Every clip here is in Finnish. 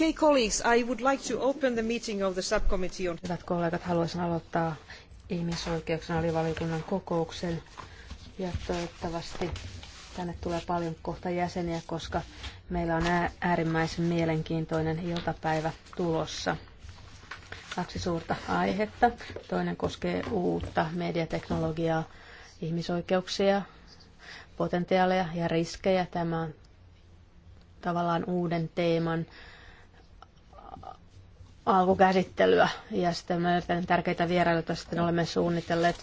I would like to open the meeting of the subcommittee on... Hyvät kollegat, haluaisin aloittaa ihmisoikeuksien alivaliokunnan kokouksen. Ja toivottavasti tänne tulee paljon kohta jäseniä, koska meillä on äärimmäisen mielenkiintoinen iltapäivä tulossa. Kaksi suurta aihetta. Toinen koskee uutta mediateknologiaa, ihmisoikeuksia, potentiaaleja ja riskejä. Tämä on tavallaan uuden teeman alkukäsittelyä ja sitten me erittäin tärkeitä vierailuita sitten olemme suunnitelleet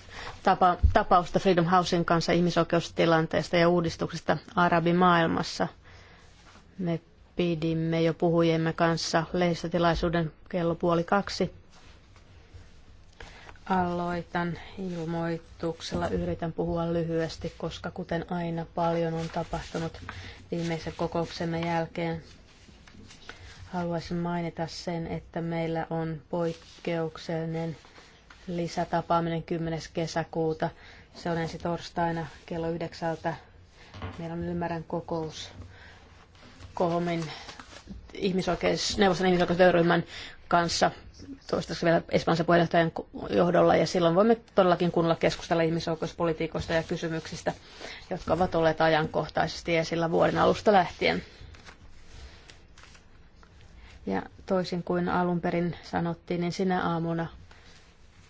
tapa, tapausta Freedom Housein kanssa ihmisoikeustilanteesta ja uudistuksesta arabimaailmassa. Me pidimme jo puhujiemme kanssa lehdistötilaisuuden kello puoli kaksi. Aloitan ilmoituksella. Yritän puhua lyhyesti, koska kuten aina paljon on tapahtunut viimeisen kokouksemme jälkeen. Haluaisin mainita sen, että meillä on poikkeuksellinen lisätapaaminen 10. kesäkuuta. Se on ensi torstaina kello yhdeksältä. Meillä on ymmärrän kokous Kohomin ihmisoikeus, neuvoston ihmisoikeustyöryhmän kanssa toistaiseksi vielä Espanjan puheenjohtajan johdolla, ja silloin voimme todellakin kunnolla keskustella ihmisoikeuspolitiikoista ja kysymyksistä, jotka ovat olleet ajankohtaisesti esillä vuoden alusta lähtien. Ja toisin kuin alun perin sanottiin, niin sinä aamuna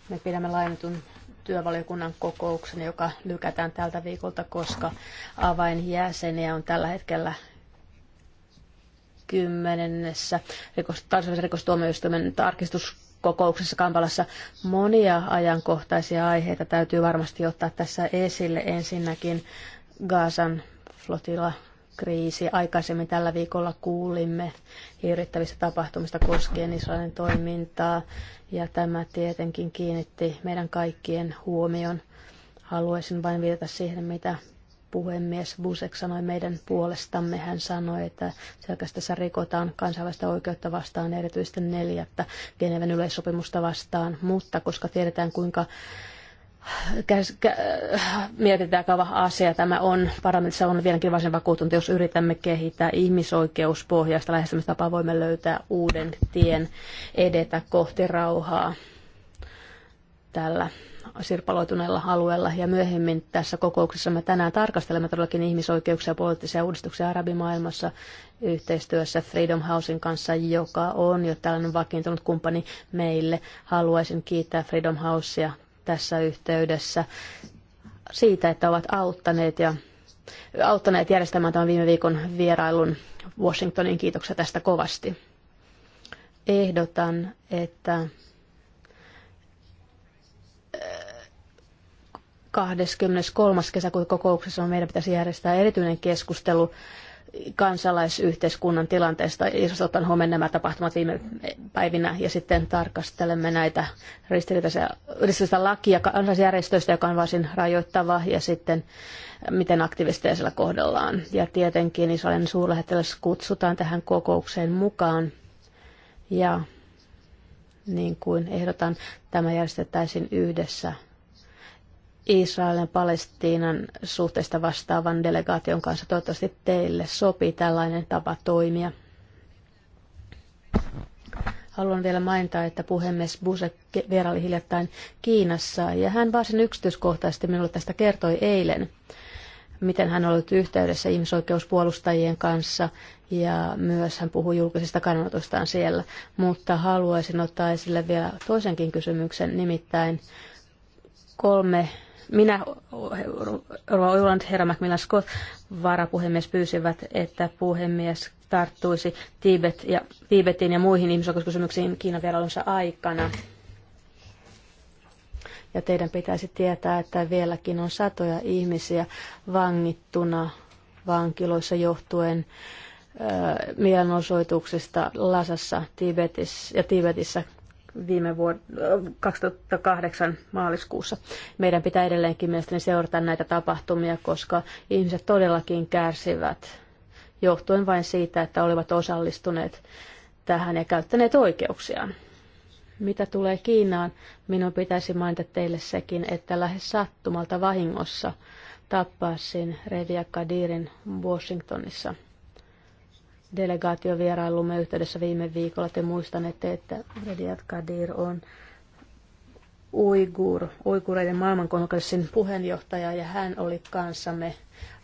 me pidämme lainatun työvaliokunnan kokouksen, joka lykätään tältä viikolta, koska avainjäseniä on tällä hetkellä kymmenennessä rikos, rikostuomioistuimen tarkistuskokouksessa Kampalassa. Monia ajankohtaisia aiheita täytyy varmasti ottaa tässä esille. Ensinnäkin Gaasan flotilla kriisi. Aikaisemmin tällä viikolla kuulimme hirvittävistä tapahtumista koskien Israelin toimintaa ja tämä tietenkin kiinnitti meidän kaikkien huomion. Haluaisin vain viitata siihen, mitä puhemies Busek sanoi meidän puolestamme. Hän sanoi, että selkeästi tässä rikotaan kansainvälistä oikeutta vastaan, erityisesti neljättä Geneven yleissopimusta vastaan, mutta koska tiedetään kuinka käs, kä, mietitään kauan asia. Tämä on parlamentissa on vieläkin varsin vakuutunut, jos yritämme kehittää ihmisoikeuspohjaista lähestymistapaa, voimme löytää uuden tien edetä kohti rauhaa tällä sirpaloituneella alueella. Ja myöhemmin tässä kokouksessa me tänään tarkastelemme todellakin ihmisoikeuksia ja poliittisia uudistuksia arabimaailmassa yhteistyössä Freedom Housein kanssa, joka on jo tällainen vakiintunut kumppani meille. Haluaisin kiittää Freedom Housea tässä yhteydessä siitä, että ovat auttaneet ja auttaneet järjestämään tämän viime viikon vierailun Washingtonin. Kiitoksia tästä kovasti. Ehdotan, että 23. Eh, kesäkuun kokouksessa meidän pitäisi järjestää erityinen keskustelu kansalaisyhteiskunnan tilanteesta, jos otan huomenna nämä tapahtumat viime päivinä, ja sitten tarkastelemme näitä ristiriitaista lakia kansalaisjärjestöistä, joka on varsin rajoittava, ja sitten miten aktivisteja siellä kohdellaan. Ja tietenkin Israelin suurlähettiläs kutsutaan tähän kokoukseen mukaan, ja niin kuin ehdotan, tämä järjestettäisiin yhdessä Israelin Palestiinan suhteesta vastaavan delegaation kanssa. Toivottavasti teille sopii tällainen tapa toimia. Haluan vielä mainita, että puhemies Buse vieraili hiljattain Kiinassa ja hän varsin yksityiskohtaisesti minulle tästä kertoi eilen, miten hän oli yhteydessä ihmisoikeuspuolustajien kanssa ja myös hän puhui julkisesta kannatustaan siellä. Mutta haluaisin ottaa esille vielä toisenkin kysymyksen, nimittäin kolme minä, Roland Herra Macmillan Scott, varapuhemies pyysivät, että puhemies tarttuisi Tibet ja, Tibetin ja muihin ihmisoikeuskysymyksiin Kiinan vierailunsa aikana. Ja teidän pitäisi tietää, että vieläkin on satoja ihmisiä vangittuna vankiloissa johtuen mielenosoituksista Lasassa Tibetissä ja Tibetissä viime vuod- 2008 maaliskuussa. Meidän pitää edelleenkin mielestäni seurata näitä tapahtumia, koska ihmiset todellakin kärsivät johtuen vain siitä, että olivat osallistuneet tähän ja käyttäneet oikeuksiaan. Mitä tulee Kiinaan, minun pitäisi mainita teille sekin, että lähes sattumalta vahingossa tappaisin Revia Kadirin Washingtonissa – delegaatiovierailumme yhteydessä viime viikolla. Te muistanette, että Rediat Kadir on Uigur, Uigureiden maailmankongressin puheenjohtaja ja hän oli kanssamme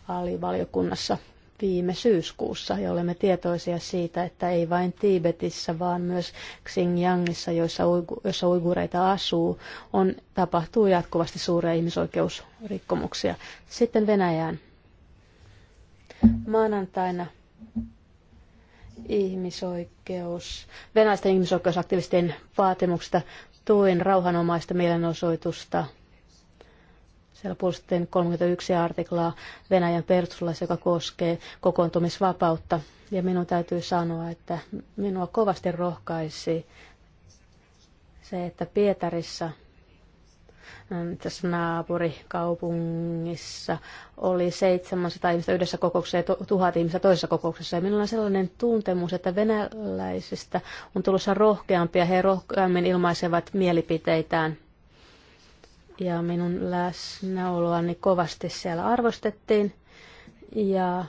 alivaliokunnassa viime syyskuussa ja olemme tietoisia siitä, että ei vain Tiibetissä, vaan myös Xinjiangissa, joissa, uigu, jossa uigureita asuu, on, tapahtuu jatkuvasti suuria ihmisoikeusrikkomuksia. Sitten Venäjään. Maanantaina ihmisoikeus, venäläisten ihmisoikeusaktivistien vaatimuksesta tuin rauhanomaista mielenosoitusta. Siellä puolustettiin 31 artiklaa Venäjän perustuslaissa, joka koskee kokoontumisvapautta. Ja minun täytyy sanoa, että minua kovasti rohkaisi se, että Pietarissa – tässä naapurikaupungissa oli 700 ihmistä yhdessä kokouksessa ja tuhat ihmistä toisessa kokouksessa. Ja minulla on sellainen tuntemus, että venäläisistä on tulossa rohkeampia, he rohkeammin ilmaisevat mielipiteitään. Ja minun läsnäoloani kovasti siellä arvostettiin. Ja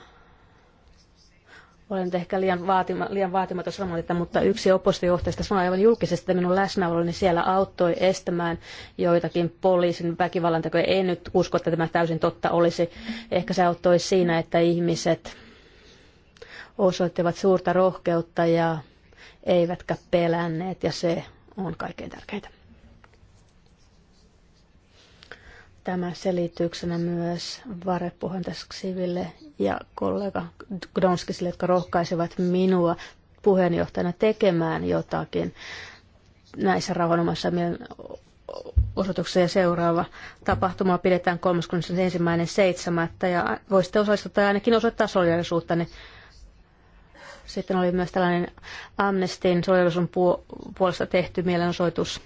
olen ehkä liian, vaatima, liian vaatimaton sanomaan, mutta yksi oppositiojohtajista sanoi aivan julkisesti, että minun läsnäoloni siellä auttoi estämään joitakin poliisin väkivallan tekoja. En nyt usko, että tämä täysin totta olisi. Ehkä se auttoi siinä, että ihmiset osoittivat suurta rohkeutta ja eivätkä pelänneet ja se on kaikkein tärkeintä. Tämä selityksenä myös varepuheentasksiville ja kollega Gdonskisille, jotka rohkaisevat minua puheenjohtajana tekemään jotakin näissä rauhanomaisissa Ja seuraava tapahtuma pidetään 31.7. ja voisitte osallistua tai ainakin osoittaa solidarisuutta. Niin sitten oli myös tällainen Amnestin solidarisuuden puolesta tehty mielenosoitus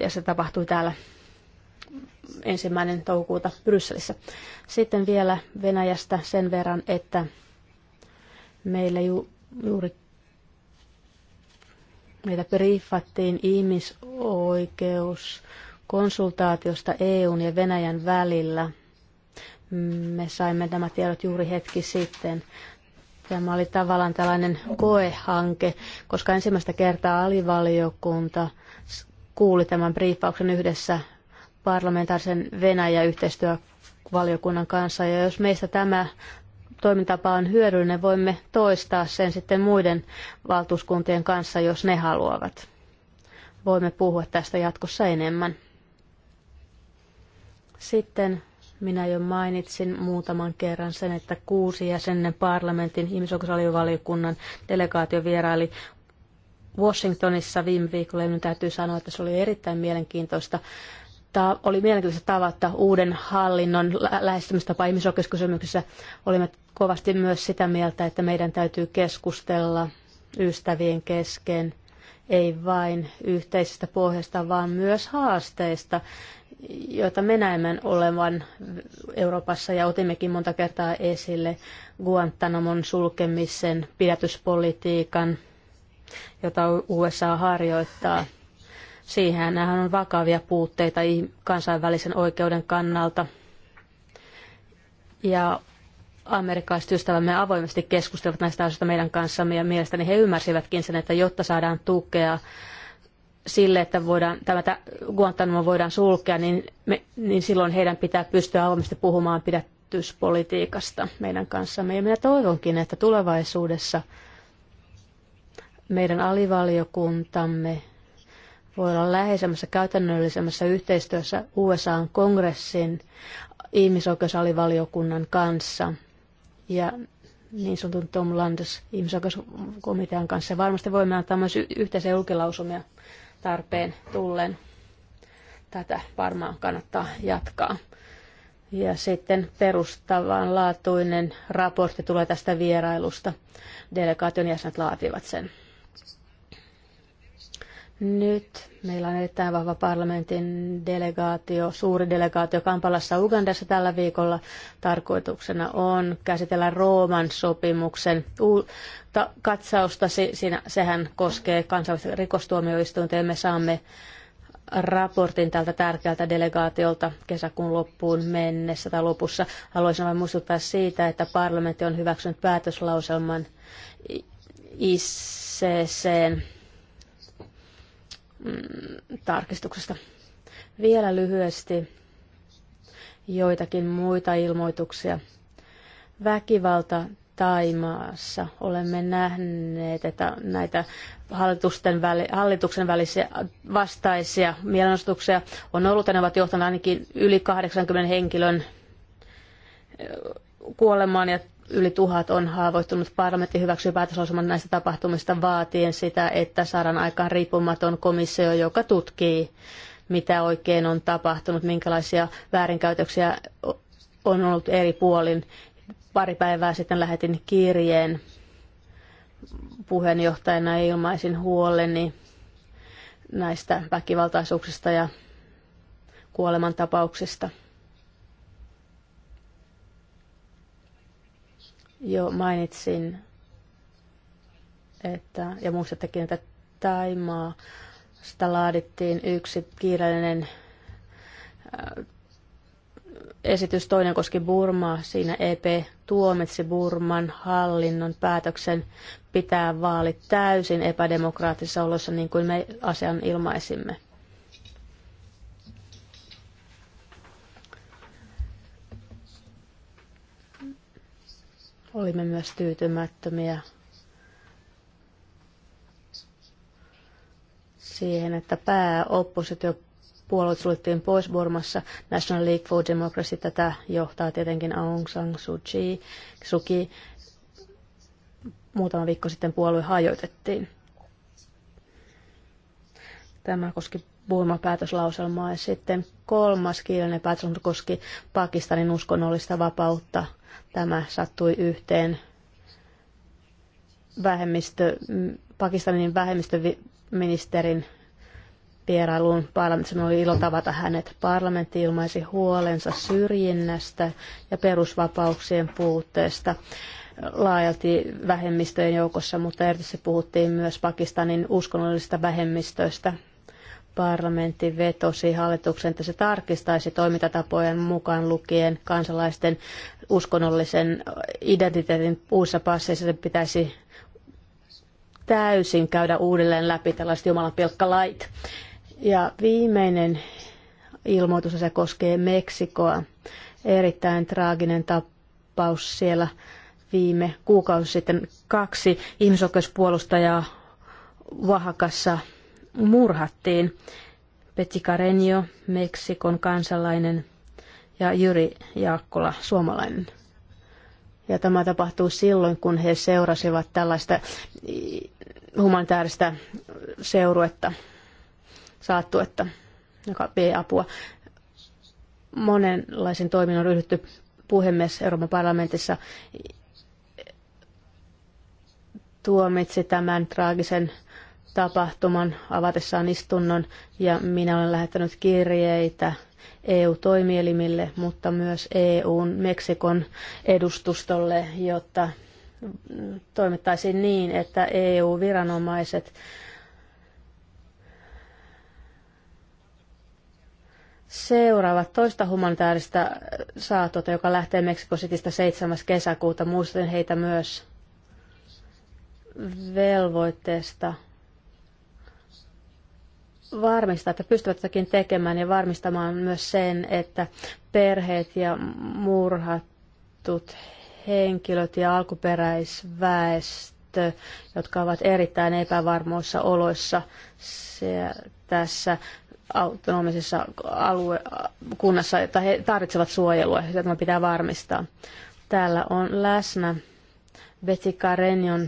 ja se tapahtui täällä ensimmäinen toukokuuta Brysselissä. Sitten vielä Venäjästä sen verran, että meillä ju, juuri meitä briefattiin ihmisoikeus konsultaatiosta EUn ja Venäjän välillä. Me saimme nämä tiedot juuri hetki sitten. Tämä oli tavallaan tällainen koehanke, koska ensimmäistä kertaa alivaliokunta kuuli tämän briefauksen yhdessä parlamentaarisen Venäjä-yhteistyövaliokunnan kanssa. Ja jos meistä tämä toimintapa on hyödyllinen, voimme toistaa sen sitten muiden valtuuskuntien kanssa, jos ne haluavat. Voimme puhua tästä jatkossa enemmän. Sitten minä jo mainitsin muutaman kerran sen, että kuusi jäsenen parlamentin ihmisoikeusvaliokunnan delegaatio vieraili Washingtonissa viime viikolla ja minun täytyy sanoa, että se oli erittäin mielenkiintoista mutta oli mielenkiintoista tavata uuden hallinnon lähestymistapa ihmisoikeuskysymyksissä. Olimme kovasti myös sitä mieltä, että meidän täytyy keskustella ystävien kesken, ei vain yhteisestä pohjasta, vaan myös haasteista, joita me näemme olevan Euroopassa ja otimmekin monta kertaa esille Guantanamon sulkemisen, pidätyspolitiikan, jota USA harjoittaa – Siihen on vakavia puutteita kansainvälisen oikeuden kannalta. Ja amerikkalaiset ystävämme avoimesti keskustelivat näistä asioista meidän kanssamme ja mielestäni he ymmärsivätkin sen, että jotta saadaan tukea sille, että voidaan, tämä Guantanamo voidaan sulkea, niin, me, niin silloin heidän pitää pystyä avoimesti puhumaan pidätyspolitiikasta meidän kanssamme. Ja minä toivonkin, että tulevaisuudessa meidän alivaliokuntamme voi olla läheisemmässä käytännöllisemmässä yhteistyössä USAn kongressin ihmisoikeusalivaliokunnan kanssa ja niin sanotun Tom Landes ihmisoikeuskomitean kanssa. Varmasti voimme antaa myös yhteisiä julkilausumia tarpeen tullen. Tätä varmaan kannattaa jatkaa. Ja sitten perustavanlaatuinen raportti tulee tästä vierailusta. Delegaation jäsenet laativat sen. Nyt meillä on erittäin vahva parlamentin delegaatio, suuri delegaatio Kampalassa Ugandassa tällä viikolla. Tarkoituksena on käsitellä Rooman sopimuksen katsausta. Siinä, sehän koskee kansainvälistä rikostuomioistuinta ja me saamme raportin tältä tärkeältä delegaatiolta kesäkuun loppuun mennessä tai lopussa. Haluaisin vain muistuttaa siitä, että parlamentti on hyväksynyt päätöslauselman ICCn Mm, tarkistuksesta. Vielä lyhyesti joitakin muita ilmoituksia. Väkivalta Taimaassa olemme nähneet, että näitä hallitusten väli, hallituksen välisiä vastaisia mielenosoituksia on ollut ja ne ovat johtaneet ainakin yli 80 henkilön kuolemaan ja yli tuhat on haavoittunut. Parlamentti hyväksyi päätöslausuman näistä tapahtumista vaatien sitä, että saadaan aikaan riippumaton komissio, joka tutkii, mitä oikein on tapahtunut, minkälaisia väärinkäytöksiä on ollut eri puolin. Pari päivää sitten lähetin kirjeen puheenjohtajana ilmaisin huoleni näistä väkivaltaisuuksista ja kuolemantapauksista. jo mainitsin, että, ja muistattekin, että Taimaa, sitä laadittiin yksi kiireellinen äh, esitys, toinen koski Burmaa. Siinä EP tuomitsi Burman hallinnon päätöksen pitää vaalit täysin epädemokraattisissa oloissa, niin kuin me asian ilmaisimme. Olimme myös tyytymättömiä siihen, että pääoppositio puolueet suljettiin pois Burmassa. National League for Democracy tätä johtaa tietenkin Aung San Suu Kyi. Suki. Muutama viikko sitten puolue hajoitettiin. Tämä koski Burma-päätöslauselmaa. Ja sitten kolmas kielinen päätöslauselma koski Pakistanin uskonnollista vapautta. Tämä sattui yhteen vähemmistö, mm, Pakistanin vähemmistöministerin vierailuun parlamentissa. oli ilo tavata hänet. Parlamentti ilmaisi huolensa syrjinnästä ja perusvapauksien puutteesta laajalti vähemmistöjen joukossa, mutta erityisesti puhuttiin myös Pakistanin uskonnollisista vähemmistöistä parlamentti vetosi hallituksen, että se tarkistaisi toimintatapojen mukaan lukien kansalaisten uskonnollisen identiteetin uusissa passeissa. Se pitäisi täysin käydä uudelleen läpi tällaiset Jumalan pilkkalait. Ja viimeinen ilmoitus, se koskee Meksikoa. Erittäin traaginen tapaus siellä viime kuukausi sitten. Kaksi ihmisoikeuspuolustajaa Oaxacassa murhattiin. Petsi Carreño, Meksikon kansalainen, ja Jyri Jaakkola, suomalainen. Ja tämä tapahtuu silloin, kun he seurasivat tällaista humanitaarista seuruetta, saattuetta, joka vie apua. Monenlaisen toiminnan on ryhdytty puhemies Euroopan parlamentissa tuomitsi tämän traagisen tapahtuman avatessaan istunnon ja minä olen lähettänyt kirjeitä EU-toimielimille, mutta myös EUn Meksikon edustustolle, jotta toimittaisiin niin, että EU-viranomaiset seuraavat toista humanitaarista saatota, joka lähtee Meksikositistä 7. kesäkuuta. Muistan heitä myös velvoitteesta varmistaa, että pystyvät jotakin tekemään ja varmistamaan myös sen, että perheet ja murhatut henkilöt ja alkuperäisväestö, jotka ovat erittäin epävarmoissa oloissa se, tässä autonomisessa alue, kunnassa, että he tarvitsevat suojelua ja tämä pitää varmistaa. Täällä on läsnä Betsy Renjon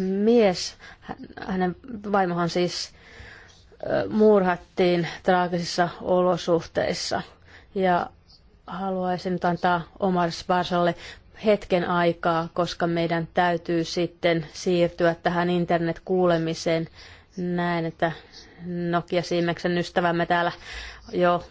mies, hänen vaimohan siis murhattiin traagisissa olosuhteissa. Ja haluaisin nyt antaa Omar Sparsalle hetken aikaa, koska meidän täytyy sitten siirtyä tähän internetkuulemiseen. Näen, että Nokia Siimeksen ystävämme täällä jo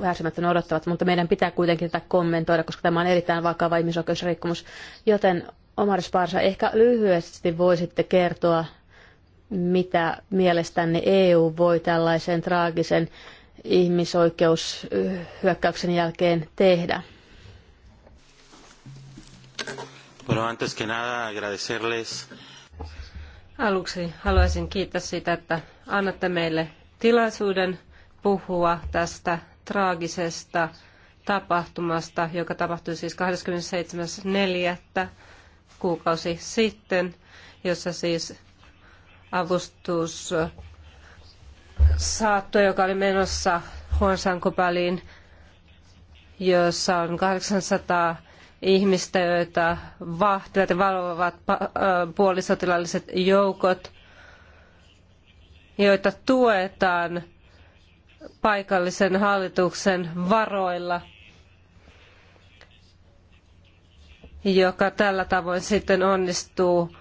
väärimättä odottavat, mutta meidän pitää kuitenkin tätä kommentoida, koska tämä on erittäin vakava ihmisoikeusrikkomus. Joten Omar Sparsa, ehkä lyhyesti voisitte kertoa mitä mielestänne EU voi tällaisen traagisen ihmisoikeushyökkäyksen jälkeen tehdä? Bueno, antes que nada agradecerles. Aluksi haluaisin kiittää siitä, että annatte meille tilaisuuden puhua tästä traagisesta tapahtumasta, joka tapahtui siis 27.4. kuukausi sitten, jossa siis avustussaatto, joka oli menossa Huonsankopaliin, jossa on 800 ihmistä, joita vahtivat ja valvovat puolisotilaalliset joukot, joita tuetaan paikallisen hallituksen varoilla, joka tällä tavoin sitten onnistuu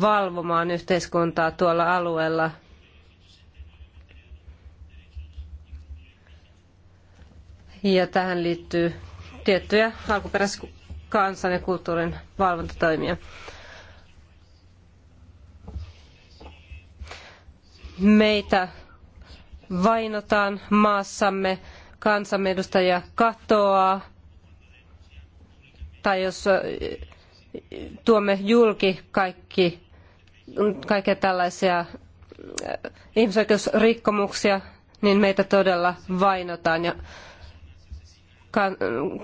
valvomaan yhteiskuntaa tuolla alueella. Ja tähän liittyy tiettyjä alkuperäiskansan ja kulttuurin valvontatoimia. Meitä vainotaan maassamme, kansanedustajia katoaa, tai jos tuomme julki kaikki, kaikkia tällaisia äh, ihmisoikeusrikkomuksia, niin meitä todella vainotaan. Ja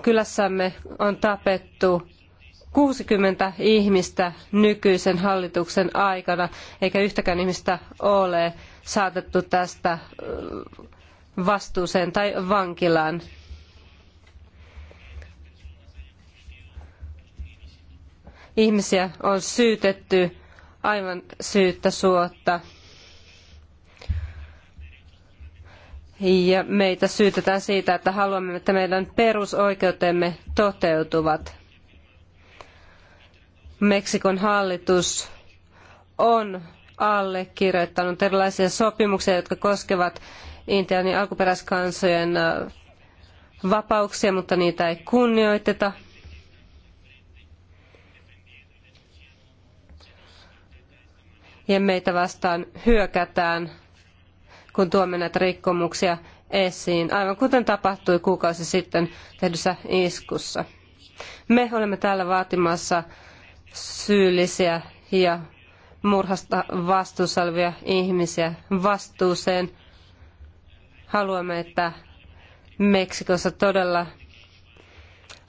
kylässämme on tapettu 60 ihmistä nykyisen hallituksen aikana, eikä yhtäkään ihmistä ole saatettu tästä äh, vastuuseen tai vankilaan. ihmisiä on syytetty aivan syyttä suotta. Ja meitä syytetään siitä, että haluamme, että meidän perusoikeutemme toteutuvat. Meksikon hallitus on allekirjoittanut erilaisia sopimuksia, jotka koskevat Intian alkuperäiskansojen äh, vapauksia, mutta niitä ei kunnioiteta. ja meitä vastaan hyökätään, kun tuomme näitä rikkomuksia esiin, aivan kuten tapahtui kuukausi sitten tehdyssä iskussa. Me olemme täällä vaatimassa syyllisiä ja murhasta vastuussa olevia ihmisiä vastuuseen. Haluamme, että Meksikossa todella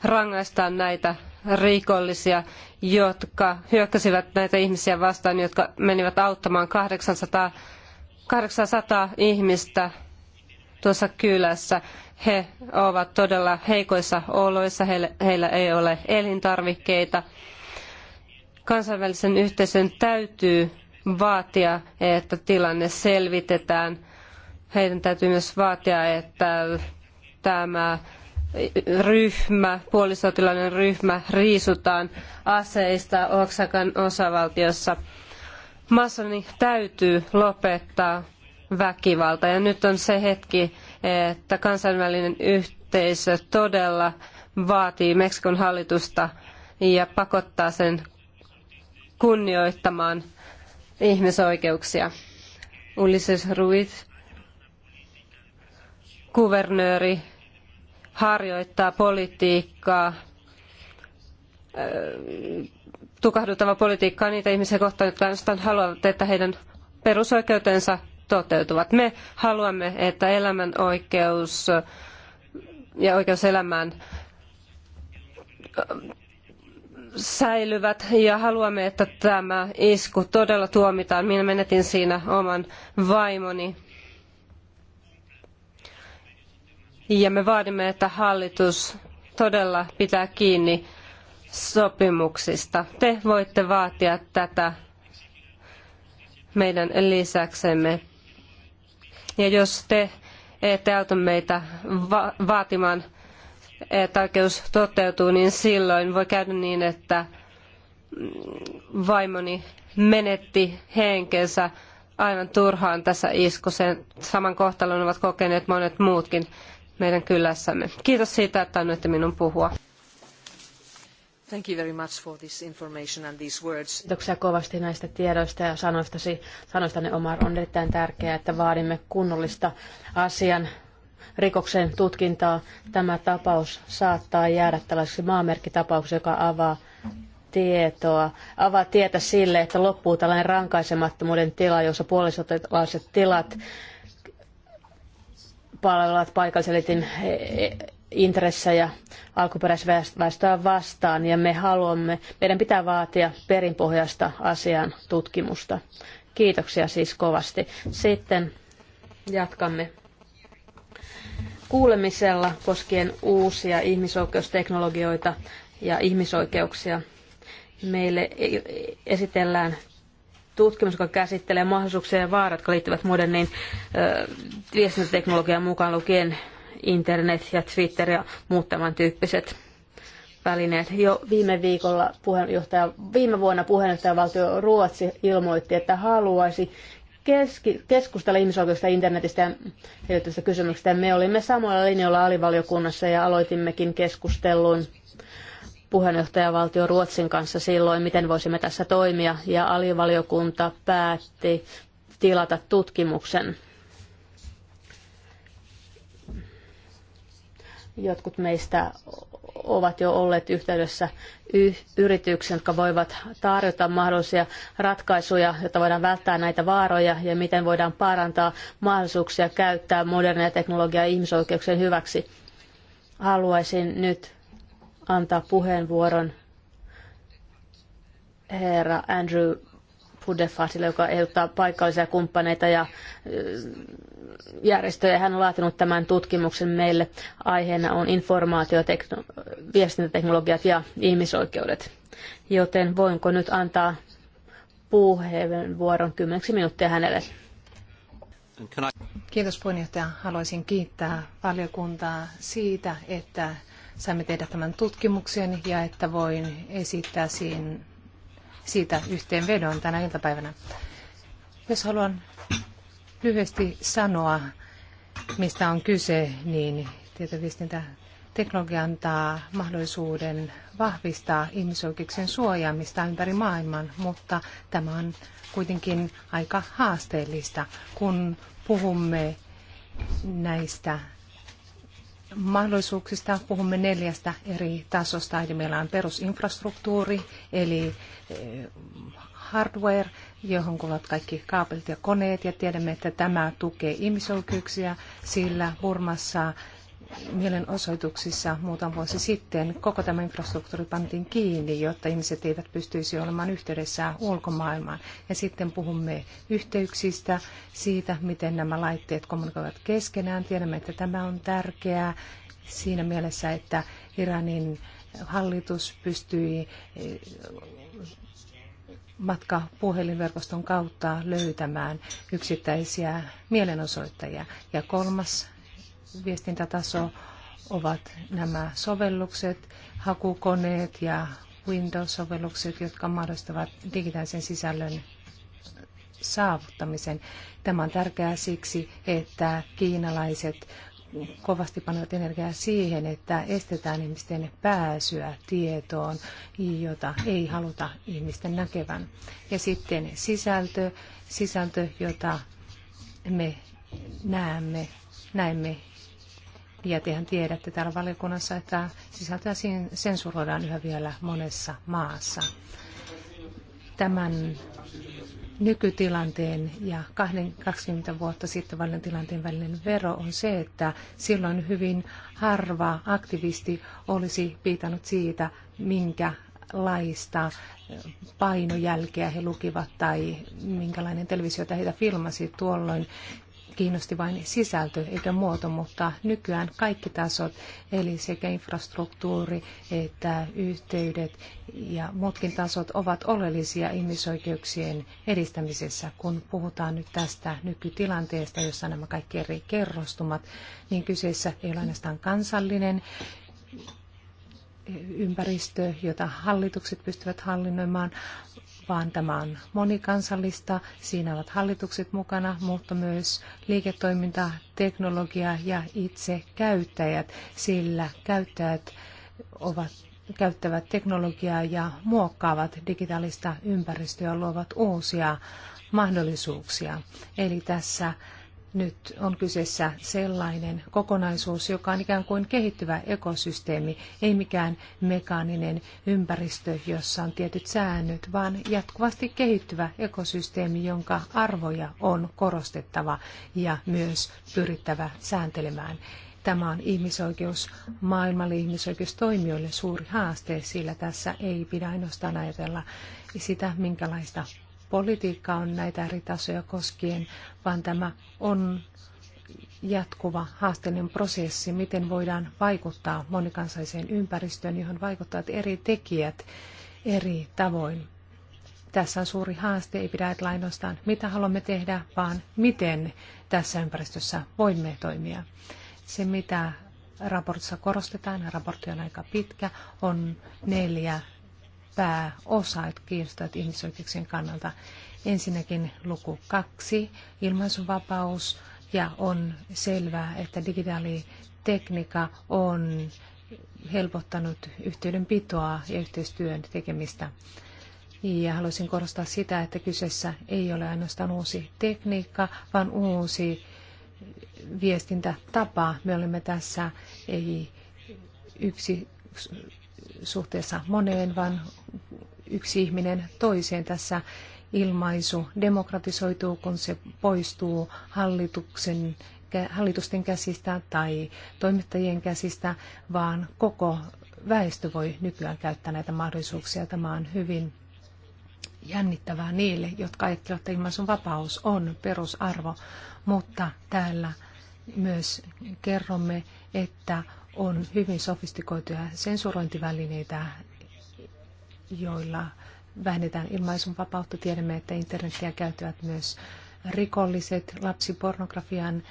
rangaistaan näitä rikollisia, jotka hyökkäsivät näitä ihmisiä vastaan, jotka menivät auttamaan 800, 800 ihmistä tuossa kylässä. He ovat todella heikoissa oloissa, heillä ei ole elintarvikkeita. Kansainvälisen yhteisön täytyy vaatia, että tilanne selvitetään. Heidän täytyy myös vaatia, että tämä ryhmä, puolisotilainen ryhmä riisutaan aseista Oksakan osavaltiossa. Massoni täytyy lopettaa väkivalta ja nyt on se hetki, että kansainvälinen yhteisö todella vaatii Meksikon hallitusta ja pakottaa sen kunnioittamaan ihmisoikeuksia. Ulises Ruiz, kuvernööri harjoittaa politiikkaa, äh, tukahduttava politiikkaa niitä ihmisiä kohtaan, jotka ainoastaan haluavat, että heidän perusoikeutensa toteutuvat. Me haluamme, että elämän oikeus ja oikeus elämään äh, säilyvät ja haluamme, että tämä isku todella tuomitaan. Minä menetin siinä oman vaimoni ja me vaadimme, että hallitus todella pitää kiinni sopimuksista. Te voitte vaatia tätä meidän lisäksemme. Ja jos te ette auta meitä va vaatimaan, että oikeus toteutuu, niin silloin voi käydä niin, että vaimoni menetti henkensä aivan turhaan tässä iskussa. Saman kohtalon ovat kokeneet monet muutkin meidän kylässämme. Kiitos siitä, että annoitte minun puhua. Thank you very much for this information and these words. Kiitoksia kovasti näistä tiedoista ja sanoistasi. Sanoistanne Omar, on erittäin tärkeää, että vaadimme kunnollista asian rikoksen tutkintaa. Tämä tapaus saattaa jäädä tällaiseksi maamerkkitapauksessa, joka avaa tietoa, avaa tietä sille, että loppuu tällainen rankaisemattomuuden tila, jossa puolisotilaiset tilat mm palvelevat paikallisen e, e, intressejä alkuperäisväestöä vastaan ja me haluamme, meidän pitää vaatia perinpohjaista asian tutkimusta. Kiitoksia siis kovasti. Sitten jatkamme kuulemisella koskien uusia ihmisoikeusteknologioita ja ihmisoikeuksia. Meille e, esitellään tutkimus, joka käsittelee mahdollisuuksia ja vaarat, jotka liittyvät moderniin viestintäteknologian mukaan lukien internet ja Twitter ja muut tämän tyyppiset välineet. Jo viime viikolla puheenjohtaja, viime vuonna puheenjohtajavaltio Ruotsi ilmoitti, että haluaisi keski, keskustella ihmisoikeuksista internetistä ja erityisistä kysymyksistä. Me olimme samoilla linjoilla alivaliokunnassa ja aloitimmekin keskustelun puheenjohtajavaltio Ruotsin kanssa silloin, miten voisimme tässä toimia, ja alivaliokunta päätti tilata tutkimuksen. Jotkut meistä ovat jo olleet yhteydessä yrityksiin, jotka voivat tarjota mahdollisia ratkaisuja, jotta voidaan välttää näitä vaaroja ja miten voidaan parantaa mahdollisuuksia käyttää modernia teknologiaa ihmisoikeuksien hyväksi. Haluaisin nyt antaa puheenvuoron herra Andrew Pudefatille, joka edustaa paikallisia kumppaneita ja äh, järjestöjä. Hän on laatinut tämän tutkimuksen meille. Aiheena on informaatio, viestintäteknologiat ja ihmisoikeudet. Joten voinko nyt antaa puheenvuoron 10 minuuttia hänelle? Kiitos puheenjohtaja. Haluaisin kiittää valiokuntaa siitä, että saimme tehdä tämän tutkimuksen ja että voin esittää siihen, siitä yhteenvedon tänä iltapäivänä. Jos haluan lyhyesti sanoa, mistä on kyse, niin tämä teknologia antaa mahdollisuuden vahvistaa ihmisoikeuksien suojaamista ympäri maailman, mutta tämä on kuitenkin aika haasteellista, kun puhumme näistä mahdollisuuksista puhumme neljästä eri tasosta. Eli meillä on perusinfrastruktuuri, eli eh, hardware, johon kuuluvat kaikki kaapelit ja koneet, ja tiedämme, että tämä tukee ihmisoikeuksia, sillä Burmassa mielenosoituksissa muutama vuosi sitten koko tämä infrastruktuuri pantiin kiinni, jotta ihmiset eivät pystyisi olemaan yhteydessä ulkomaailmaan. Ja sitten puhumme yhteyksistä, siitä, miten nämä laitteet kommunikoivat keskenään. Tiedämme, että tämä on tärkeää siinä mielessä, että Iranin hallitus pystyi eh, matka puhelinverkoston kautta löytämään yksittäisiä mielenosoittajia. Ja kolmas viestintätaso ovat nämä sovellukset, hakukoneet ja Windows-sovellukset, jotka mahdollistavat digitaalisen sisällön saavuttamisen. Tämä on tärkeää siksi, että kiinalaiset kovasti panevat energiaa siihen, että estetään ihmisten pääsyä tietoon, jota ei haluta ihmisten näkevän. Ja sitten sisältö, sisältö jota me näemme, näemme ja tehän tiedätte täällä valiokunnassa, että sisältöä sensuroidaan yhä vielä monessa maassa. Tämän nykytilanteen ja 20 vuotta sitten valinnan tilanteen välinen vero on se, että silloin hyvin harva aktivisti olisi piitannut siitä, minkälaista painojälkeä he lukivat tai minkälainen televisiota heitä filmasi. Tuolloin kiinnosti vain sisältö eikä muoto, mutta nykyään kaikki tasot, eli sekä infrastruktuuri että yhteydet ja muutkin tasot ovat oleellisia ihmisoikeuksien edistämisessä. Kun puhutaan nyt tästä nykytilanteesta, jossa nämä kaikki eri kerrostumat, niin kyseessä ei ole ainoastaan kansallinen ympäristö, jota hallitukset pystyvät hallinnoimaan, vaan tämä on monikansallista. Siinä ovat hallitukset mukana, mutta myös liiketoiminta, teknologia ja itse käyttäjät, sillä käyttäjät ovat käyttävät teknologiaa ja muokkaavat digitaalista ympäristöä, luovat uusia mahdollisuuksia. Eli tässä nyt on kyseessä sellainen kokonaisuus, joka on ikään kuin kehittyvä ekosysteemi, ei mikään mekaaninen ympäristö, jossa on tietyt säännöt, vaan jatkuvasti kehittyvä ekosysteemi, jonka arvoja on korostettava ja myös pyrittävä sääntelemään. Tämä on ihmisoikeus maailmalle ihmisoikeustoimijoille suuri haaste, sillä tässä ei pidä ainoastaan ajatella sitä, minkälaista politiikka on näitä eri tasoja koskien, vaan tämä on jatkuva haasteellinen prosessi, miten voidaan vaikuttaa monikansalliseen ympäristöön, johon vaikuttavat eri tekijät eri tavoin. Tässä on suuri haaste, ei pidä ajatella ainoastaan mitä haluamme tehdä, vaan miten tässä ympäristössä voimme toimia. Se, mitä raportissa korostetaan, raportti on aika pitkä, on neljä pääosat kiinnostavat ihmisoikeuksien kannalta. Ensinnäkin luku kaksi, ilmaisuvapaus, ja on selvää, että digitaalitekniikka on helpottanut yhteydenpitoa ja yhteistyön tekemistä. Ja haluaisin korostaa sitä, että kyseessä ei ole ainoastaan uusi tekniikka, vaan uusi viestintätapa. Me olemme tässä ei yksi suhteessa moneen, vaan yksi ihminen toiseen tässä ilmaisu demokratisoituu, kun se poistuu hallituksen, hallitusten käsistä tai toimittajien käsistä, vaan koko väestö voi nykyään käyttää näitä mahdollisuuksia. Tämä on hyvin jännittävää niille, jotka ajattelevat, että ilmaisun vapaus on perusarvo, mutta täällä myös kerromme, että on hyvin sofistikoituja sensurointivälineitä, joilla vähennetään ilmaisun vapautta. Tiedämme, että internetiä käyttävät myös rikolliset, lapsipornografian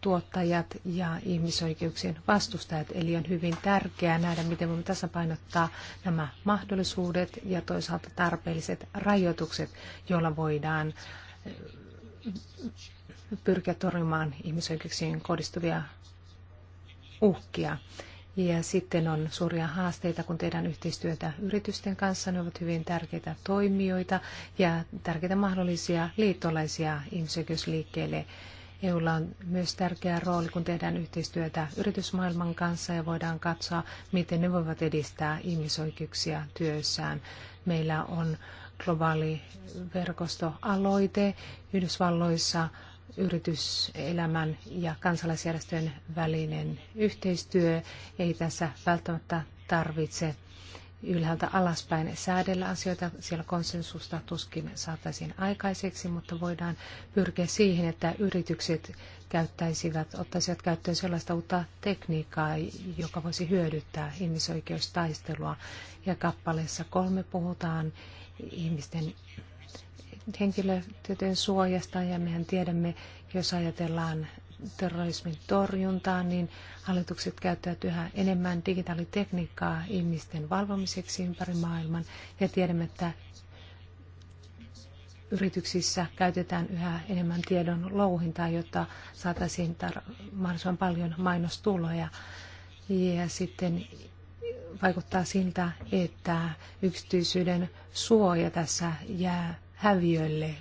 tuottajat ja ihmisoikeuksien vastustajat. Eli on hyvin tärkeää nähdä, miten voimme tasapainottaa nämä mahdollisuudet ja toisaalta tarpeelliset rajoitukset, joilla voidaan pyrkiä torjumaan ihmisoikeuksiin kohdistuvia uhkia. Ja sitten on suuria haasteita, kun tehdään yhteistyötä yritysten kanssa. Ne ovat hyvin tärkeitä toimijoita ja tärkeitä mahdollisia liittolaisia ihmisoikeusliikkeelle. EUlla on myös tärkeä rooli, kun tehdään yhteistyötä yritysmaailman kanssa ja voidaan katsoa, miten ne voivat edistää ihmisoikeuksia työssään. Meillä on globaali verkostoaloite Yhdysvalloissa yrityselämän ja kansalaisjärjestöjen välinen yhteistyö. Ei tässä välttämättä tarvitse ylhäältä alaspäin säädellä asioita. Siellä konsensusta tuskin saataisiin aikaiseksi, mutta voidaan pyrkiä siihen, että yritykset käyttäisivät, ottaisivat käyttöön sellaista uutta tekniikkaa, joka voisi hyödyttää ihmisoikeustaistelua. Ja kappaleessa kolme puhutaan ihmisten henkilötietojen suojasta ja mehän tiedämme, jos ajatellaan terrorismin torjuntaa, niin hallitukset käyttävät yhä enemmän digitaalitekniikkaa ihmisten valvomiseksi ympäri maailman ja tiedämme, että yrityksissä käytetään yhä enemmän tiedon louhintaa, jotta saataisiin tar- mahdollisimman paljon mainostuloja. Ja sitten vaikuttaa siltä, että yksityisyyden suoja tässä jää häviöille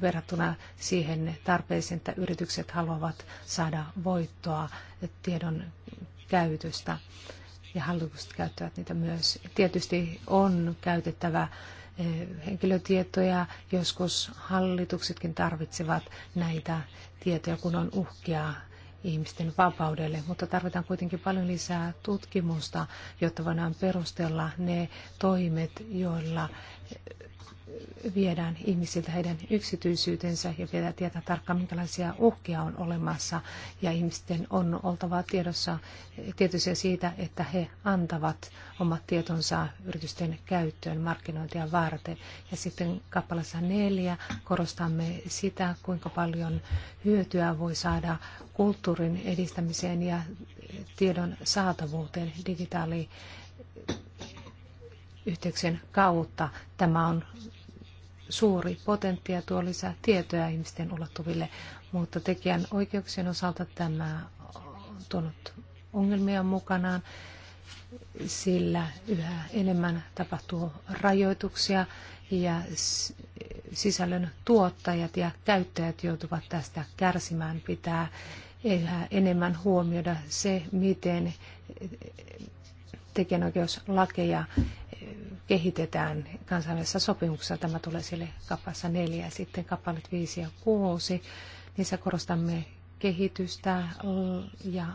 verrattuna siihen tarpeeseen, että yritykset haluavat saada voittoa tiedon käytöstä ja hallitukset käyttävät niitä myös. Tietysti on käytettävä eh, henkilötietoja, joskus hallituksetkin tarvitsevat näitä tietoja, kun on uhkia ihmisten vapaudelle, mutta tarvitaan kuitenkin paljon lisää tutkimusta, jotta voidaan perustella ne toimet, joilla viedään ihmisiltä heidän yksityisyytensä ja pitää tietää tarkkaan, minkälaisia uhkia on olemassa. Ja ihmisten on oltava tiedossa tietoisia siitä, että he antavat omat tietonsa yritysten käyttöön markkinointia varten. Ja sitten kappaleessa neljä korostamme sitä, kuinka paljon hyötyä voi saada kulttuurin edistämiseen ja tiedon saatavuuteen digitaali yhteyksien kautta. Tämä on suuri potentia tuo lisää tietoja ihmisten ulottuville, mutta tekijän oikeuksien osalta tämä on tuonut ongelmia mukanaan, sillä yhä enemmän tapahtuu rajoituksia ja sisällön tuottajat ja käyttäjät joutuvat tästä kärsimään. Pitää yhä enemmän huomioida se, miten tekijänoikeuslakeja kehitetään kansainvälisessä sopimuksessa. Tämä tulee sille kappassa neljä ja sitten kappalet viisi ja kuusi. Niissä korostamme kehitystä ja